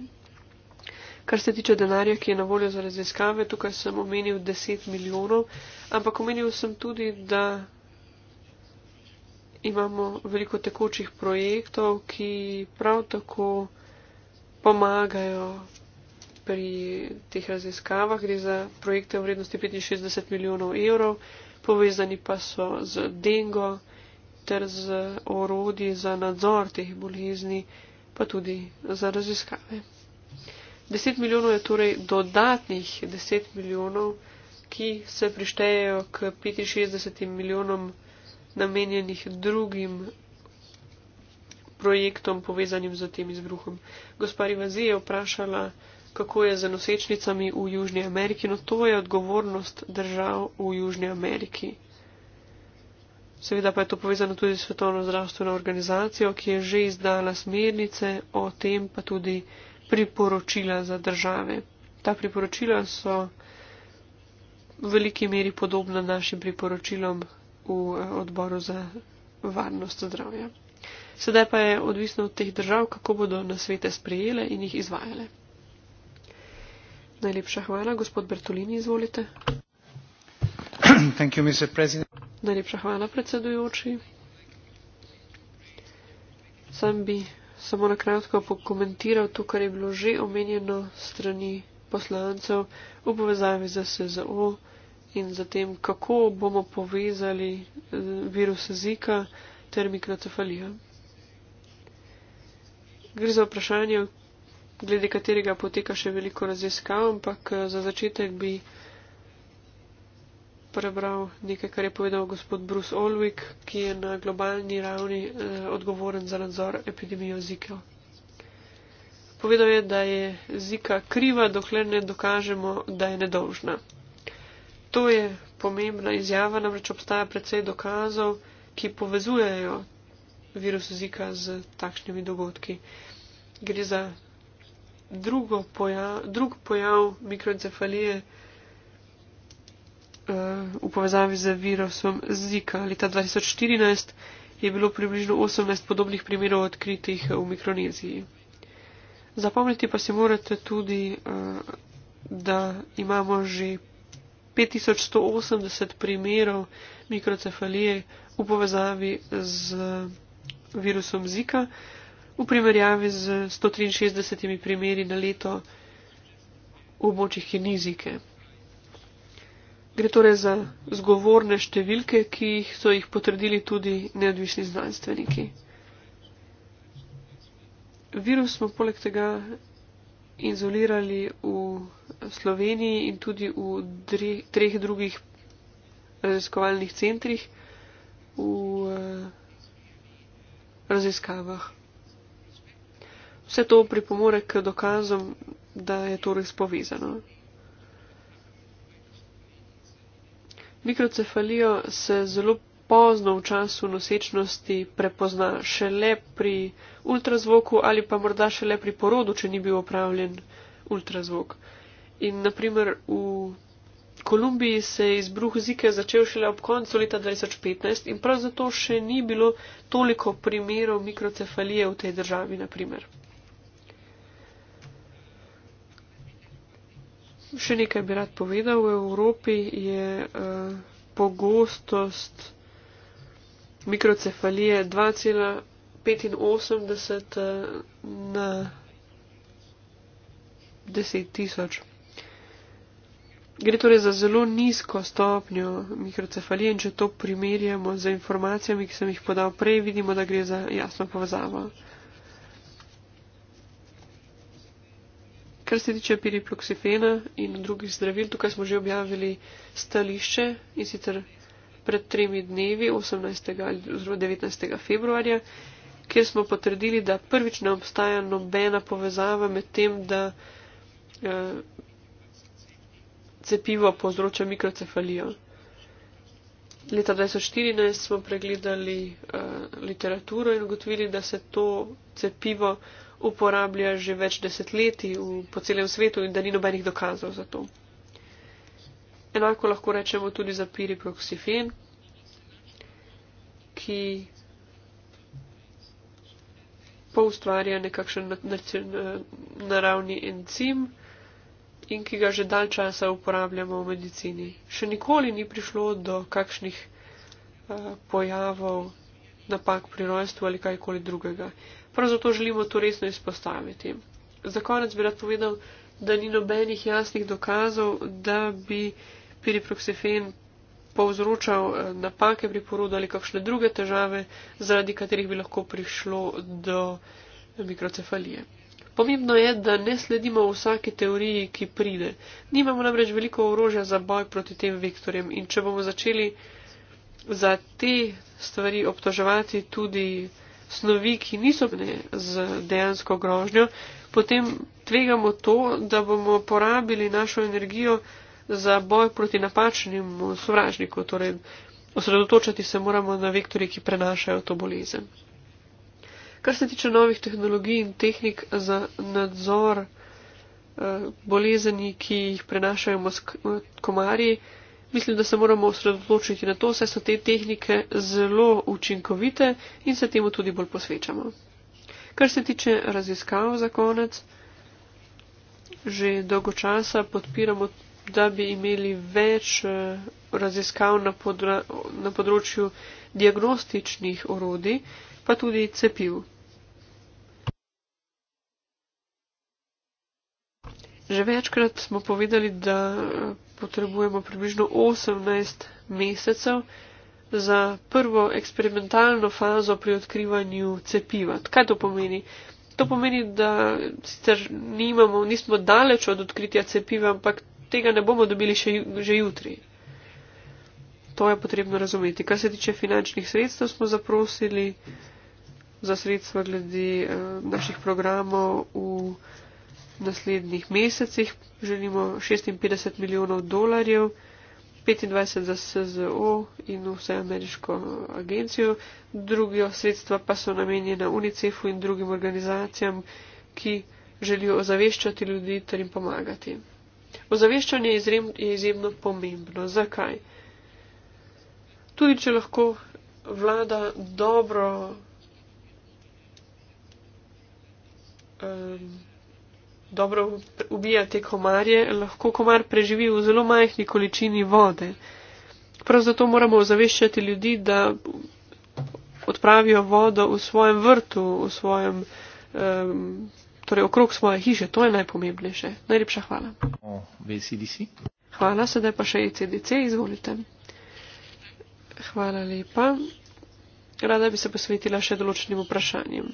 Kar se tiče denarja, ki je na voljo za raziskave, tukaj sem omenil 10 milijonov, ampak omenil sem tudi, da imamo veliko tekočih projektov, ki prav tako pomagajo pri teh raziskavah. Gre za projekte v vrednosti 65 milijonov evrov, povezani pa so z dengo ter z orodji za nadzor teh bolezni, pa tudi za raziskave. 10 milijonov je torej dodatnih 10 milijonov, ki se prištejejo k 65 milijonom namenjenih drugim projektom povezanim z tem izbruhom. Gospa Rivazi je vprašala, kako je z nosečnicami v Južni Ameriki, no to je odgovornost držav v Južni Ameriki. Seveda pa je to povezano tudi s Svetovno zdravstveno organizacijo, ki je že izdala smernice o tem, pa tudi priporočila za države. Ta priporočila so v veliki meri podobna našim priporočilom v eh, odboru za varnost zdravja. Sedaj pa je odvisno od teh držav, kako bodo na svete sprejele in jih izvajale. Najlepša hvala. Gospod Bertolini, izvolite. Thank you, Mr. President. Najlepša hvala, predsedujoči. Sam bi samo na kratko pokomentiral to, kar je bilo že omenjeno strani poslancev v povezavi z SZO in zatem, kako bomo povezali eh, virus Zika ter mikrocefalijo. Gre za vprašanje, glede katerega poteka še veliko raziskav, ampak eh, za začetek bi prebral nekaj, kar je povedal gospod Bruce Olwick, ki je na globalni ravni eh, odgovoren za nadzor epidemijo zika. Povedal je, da je zika kriva, dokler ne dokažemo, da je nedolžna. To je pomembna izjava, namreč obstaja predvsej dokazov, ki povezujejo virus zika z takšnimi dogodki. Gre za drugo pojav, drug pojav mikroencefalije uh, v povezavi z virusom Zika. Leta 2014 je bilo približno 18 podobnih primerov odkritih v Mikroneziji. Zapomniti pa si morate tudi, uh, da imamo že 5180 primerov mikrocefalije v povezavi z virusom Zika. Uh, v primerjavi z 163 primeri na leto v območjih kinizike. Gre torej za zgovorne številke, ki so jih potrdili tudi neodvisni znanstveniki. Virus smo poleg tega izolirali v Sloveniji in tudi v treh drugih eh, raziskovalnih centrih v eh, raziskavah. Vse to pripomore k dokazom, da je to res povezano. Mikrocefalijo se zelo pozno v času nosečnosti prepozna šele pri ultrazvoku ali pa morda šele pri porodu, če ni bil opravljen ultrazvok. In naprimer v Kolumbiji se je izbruh zike začel šele ob koncu leta 2015 in prav zato še ni bilo toliko primerov mikrocefalije v tej državi, naprimer. še nekaj bi rad povedal. V Evropi je uh, pogostost mikrocefalije 2,85 eh, na 10 tisoč. Gre torej za zelo nizko stopnjo mikrocefalije in če to primerjamo z informacijami, ki sem jih podal prej, vidimo, da gre za jasno povezavo. Kar se tiče piripluksifena in drugih zdravil, tukaj smo že objavili stališče in sicer pred tremi dnevi, 18. ali 19. februarja, kjer smo potrdili, da prvič ne obstaja nobena povezava med tem, da eh, cepivo povzroča mikrocefalijo. Leta 2014 smo pregledali eh, literaturo in ugotovili, da se to cepivo uporablja že več desetletij v, po celem svetu in da ni nobenih dokazov za to. Enako lahko rečemo tudi za piriproksifen, ki pa ustvarja nekakšen naravni encim in ki ga že dalj časa uporabljamo v medicini. Še nikoli ni prišlo do kakšnih uh, pojavov, napak pri rojstvu ali kajkoli drugega. Uh, Prav zato želimo to resno izpostaviti. Za konec bi rad povedal, da ni nobenih jasnih dokazov, da bi piriproksifen povzročal eh, napake pri porodu ali kakšne druge težave, zaradi katerih bi lahko prišlo do mikrocefalije. Pomembno je, da ne sledimo vsake teoriji, ki pride. Nimamo namreč veliko orožja za boj proti tem vektorjem in če bomo začeli za te stvari obtoževati tudi snovi, ki niso bile z dejansko grožnjo, potem tvegamo to, da bomo porabili našo energijo za boj proti napačnemu sovražniku. Torej, osredotočati se moramo na vektorje, ki prenašajo to bolezen. Kar se tiče novih tehnologij in tehnik za nadzor eh, bolezni, ki jih prenašajo komarji, mislim, da se moramo osredotočiti na to, saj so te tehnike zelo učinkovite in se temu tudi bolj posvečamo. Kar se tiče raziskav za konec, že dolgo časa podpiramo, da bi imeli več eh, raziskav na, podra, na področju diagnostičnih orodij, pa tudi cepiv. Že večkrat smo povedali, da eh, potrebujemo približno 18 mesecev za prvo eksperimentalno fazo pri odkrivanju cepiva. Kaj to pomeni? To pomeni, da sicer nimamo, nismo daleč od odkritja cepiva, ampak tega ne bomo dobili še, že jutri. To je potrebno razumeti. Kar se tiče finančnih sredstev, smo zaprosili za sredstva glede uh, naših programov v naslednjih mesecih. Želimo 56 milijonov dolarjev, 25 za SZO in vse ameriško agencijo. Drugo sredstva pa so namenjena UNICEF-u in drugim organizacijam, ki želijo ozaveščati ljudi ter jim pomagati. Ozaveščanje je izjemno pomembno. Zakaj? Tudi, če lahko vlada dobro um, dobro ubija te komarje, lahko komar preživi v zelo majhni količini vode. Prav zato moramo ozaveščati ljudi, da odpravijo vodo v svojem vrtu, v svojem, um, torej okrog svoje hiše. To je najpomembnejše. Najlepša hvala. Hvala, sedaj pa še ECDC, izvolite. Hvala lepa. Rada bi se posvetila še določenim vprašanjem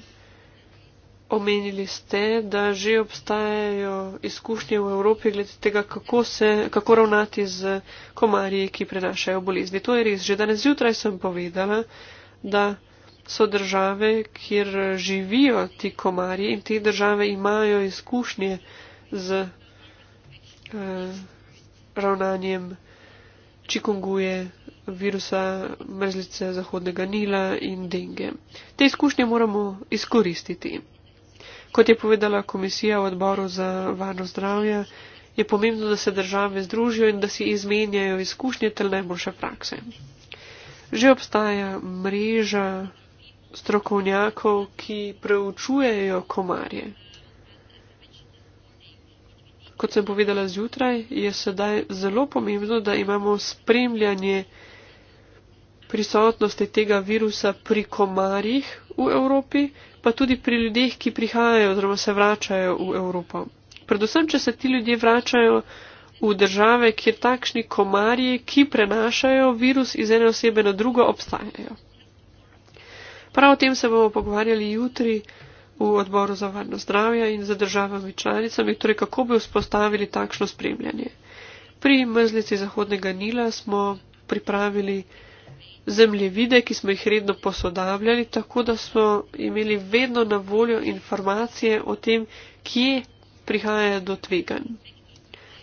omenili ste, da že obstajajo izkušnje v Evropi glede tega, kako, se, kako ravnati z komarji, ki prenašajo bolezni. To je res. Že danes zjutraj sem povedala, da so države, kjer živijo ti komarji in te države imajo izkušnje z eh, ravnanjem čikunguje virusa mrzlice Zahodnega Nila in denge. Te izkušnje moramo izkoristiti. Kot je povedala komisija v odboru za varno zdravje, je pomembno, da se države združijo in da si izmenjajo izkušnje ter najboljše prakse. Že obstaja mreža strokovnjakov, ki preučujejo komarje. Kot sem povedala zjutraj, je sedaj zelo pomembno, da imamo spremljanje prisotnosti tega virusa pri komarjih v Evropi, pa tudi pri ljudeh, ki prihajajo oziroma se vračajo v Evropo. Predvsem, če se ti ljudje vračajo v države, kjer takšni komarji, ki prenašajo virus iz ene osebe na drugo, obstajajo. Prav o tem se bomo pogovarjali jutri v odboru za varno zdravje in za državami članicami, torej kako bi vzpostavili takšno spremljanje. Pri mrzlici Zahodnega Nila smo pripravili zemljevide, ki smo jih redno posodabljali, tako da smo imeli vedno na voljo informacije o tem, kje prihaja do tvegan.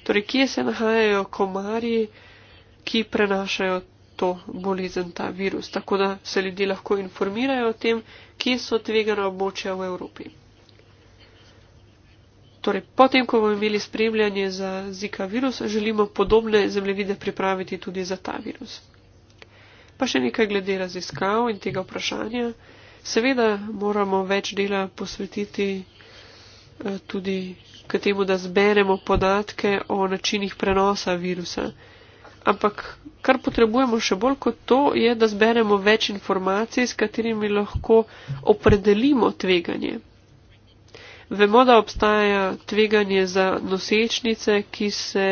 Torej, kje se nahajajo komarji, ki prenašajo to bolezen, ta virus, tako da se ljudje lahko informirajo o tem, kje so tvegana območja v Evropi. Torej, potem, ko bomo imeli spremljanje za zika virus, želimo podobne zemljevide pripraviti tudi za ta virus pa še nekaj glede raziskav in tega vprašanja. Seveda moramo več dela posvetiti eh, tudi k temu, da zberemo podatke o načinih prenosa virusa. Ampak kar potrebujemo še bolj kot to, je, da zberemo več informacij, s katerimi lahko opredelimo tveganje. Vemo, da obstaja tveganje za nosečnice, ki se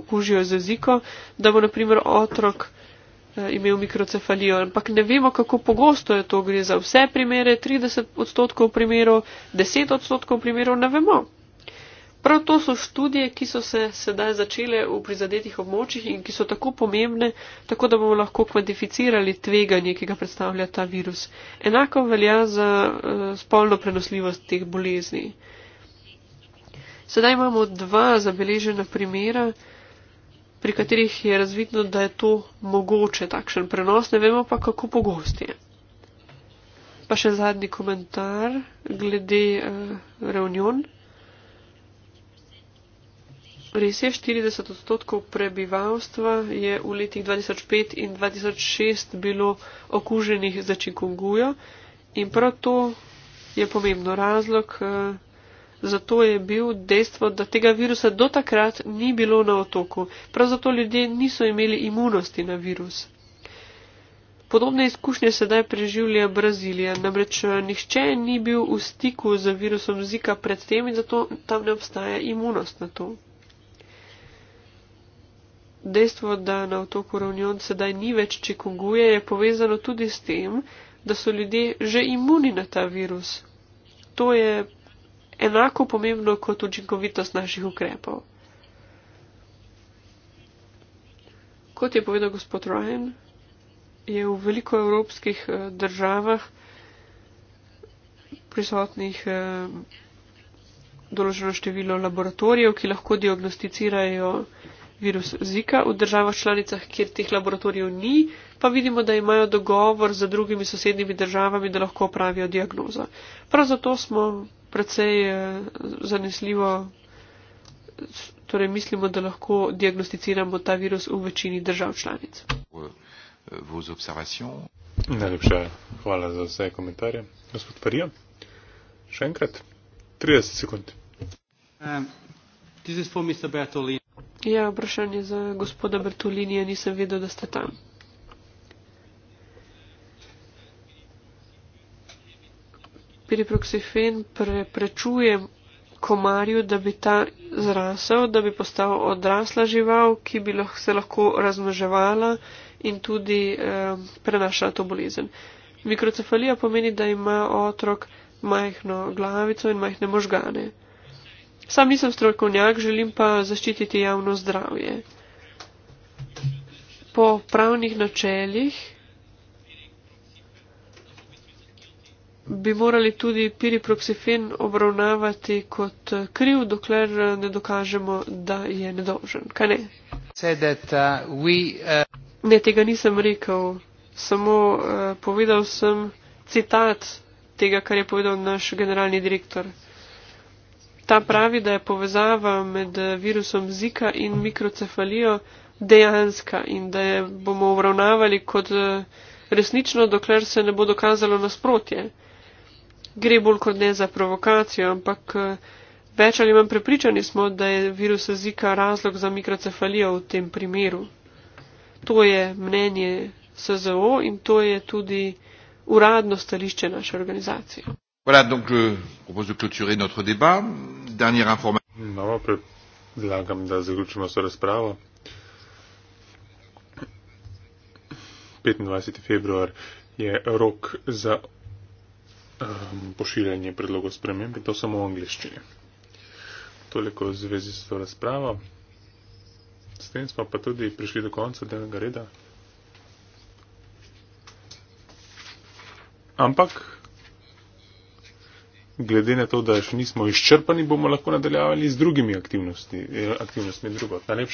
okužijo z jeziko, da bo naprimer otrok Eh, imel mikrocefalijo, ampak ne vemo, kako pogosto je to, gre za vse primere, 30 odstotkov primerov, 10 odstotkov primerov, ne vemo. Prav to so študije, ki so se sedaj začele v prizadetih območjih in ki so tako pomembne, tako da bomo lahko kvantificirali tveganje, ki ga predstavlja ta virus. Enako velja za eh, spolno prenosljivost teh bolezni. Sedaj imamo dva zabeležena primera pri katerih je razvidno, da je to mogoče takšen prenos, ne vemo pa, kako pogosti je. Pa še zadnji komentar glede uh, Reunion. Res je, 40 odstotkov prebivalstva je v letih 2005 in 2006 bilo okuženih za čikungujo in prav to je pomembno razlog. Uh, zato je bil dejstvo, da tega virusa do takrat ni bilo na otoku. Prav zato ljudje niso imeli imunosti na virus. Podobne izkušnje sedaj preživlja Brazilija, namreč eh, nihče ni bil v stiku z virusom Zika predtem in zato tam ne obstaja imunost na to. Dejstvo, da na otoku Ravnjon sedaj ni več čikunguje, je povezano tudi s tem, da so ljudje že imuni na ta virus. To je enako pomembno kot učinkovitost naših ukrepov. Kot je povedal gospod Ryan, je v veliko evropskih eh, državah prisotnih eh, določeno število laboratorijev, ki lahko diagnosticirajo virus Zika v državah članicah, kjer teh laboratorijev ni, pa vidimo, da imajo dogovor z drugimi sosednjimi državami, da lahko pravijo diagnozo. Prav zato smo precej eh, zanesljivo. Torej, mislimo, da lahko diagnosticiramo ta virus v večini držav članic. Najlepša hvala za vse komentarje. Gospod Parija, še enkrat 30 sekund. Um, ja, vprašanje za gospoda Bertolinija, nisem vedel, da ste tam. piriproksifen preprečuje komarju, da bi ta zrasel, da bi postal odrasla žival, ki bi se lahko razmnoževala in tudi eh, prenašala to bolezen. Mikrocefalija pomeni, da ima otrok majhno glavico in majhne možgane. Sam nisem strokovnjak, želim pa zaščititi javno zdravje. Po pravnih načeljih bi morali tudi piriproksifen obravnavati kot kriv, dokler ne dokažemo, da je nedolžen. Kaj ne? That, uh, we, uh... Ne, tega nisem rekel. Samo uh, povedal sem citat tega, kar je povedal naš generalni direktor. Ta pravi, da je povezava med uh, virusom Zika in mikrocefalijo dejanska in da je bomo obravnavali kot uh, resnično, dokler se ne bo dokazalo nasprotje gre bolj kot ne za provokacijo, ampak eh, več ali manj prepričani smo, da je virus Zika razlog za mikrocefalijo v tem primeru. To je mnenje SZO in to je tudi uradno stališče naše organizacije. Voilà, donc je propose de clôturer notre débat. Dernière information. No, um, pošiljanje predlogov sprememb, to samo v angliščini. Toliko v zvezi s to razpravo. S tem smo pa tudi prišli do konca delnega reda. Ampak, glede na to, da še nismo izčrpani, bomo lahko nadaljavali z drugimi aktivnostmi, eh, aktivnostmi drugo.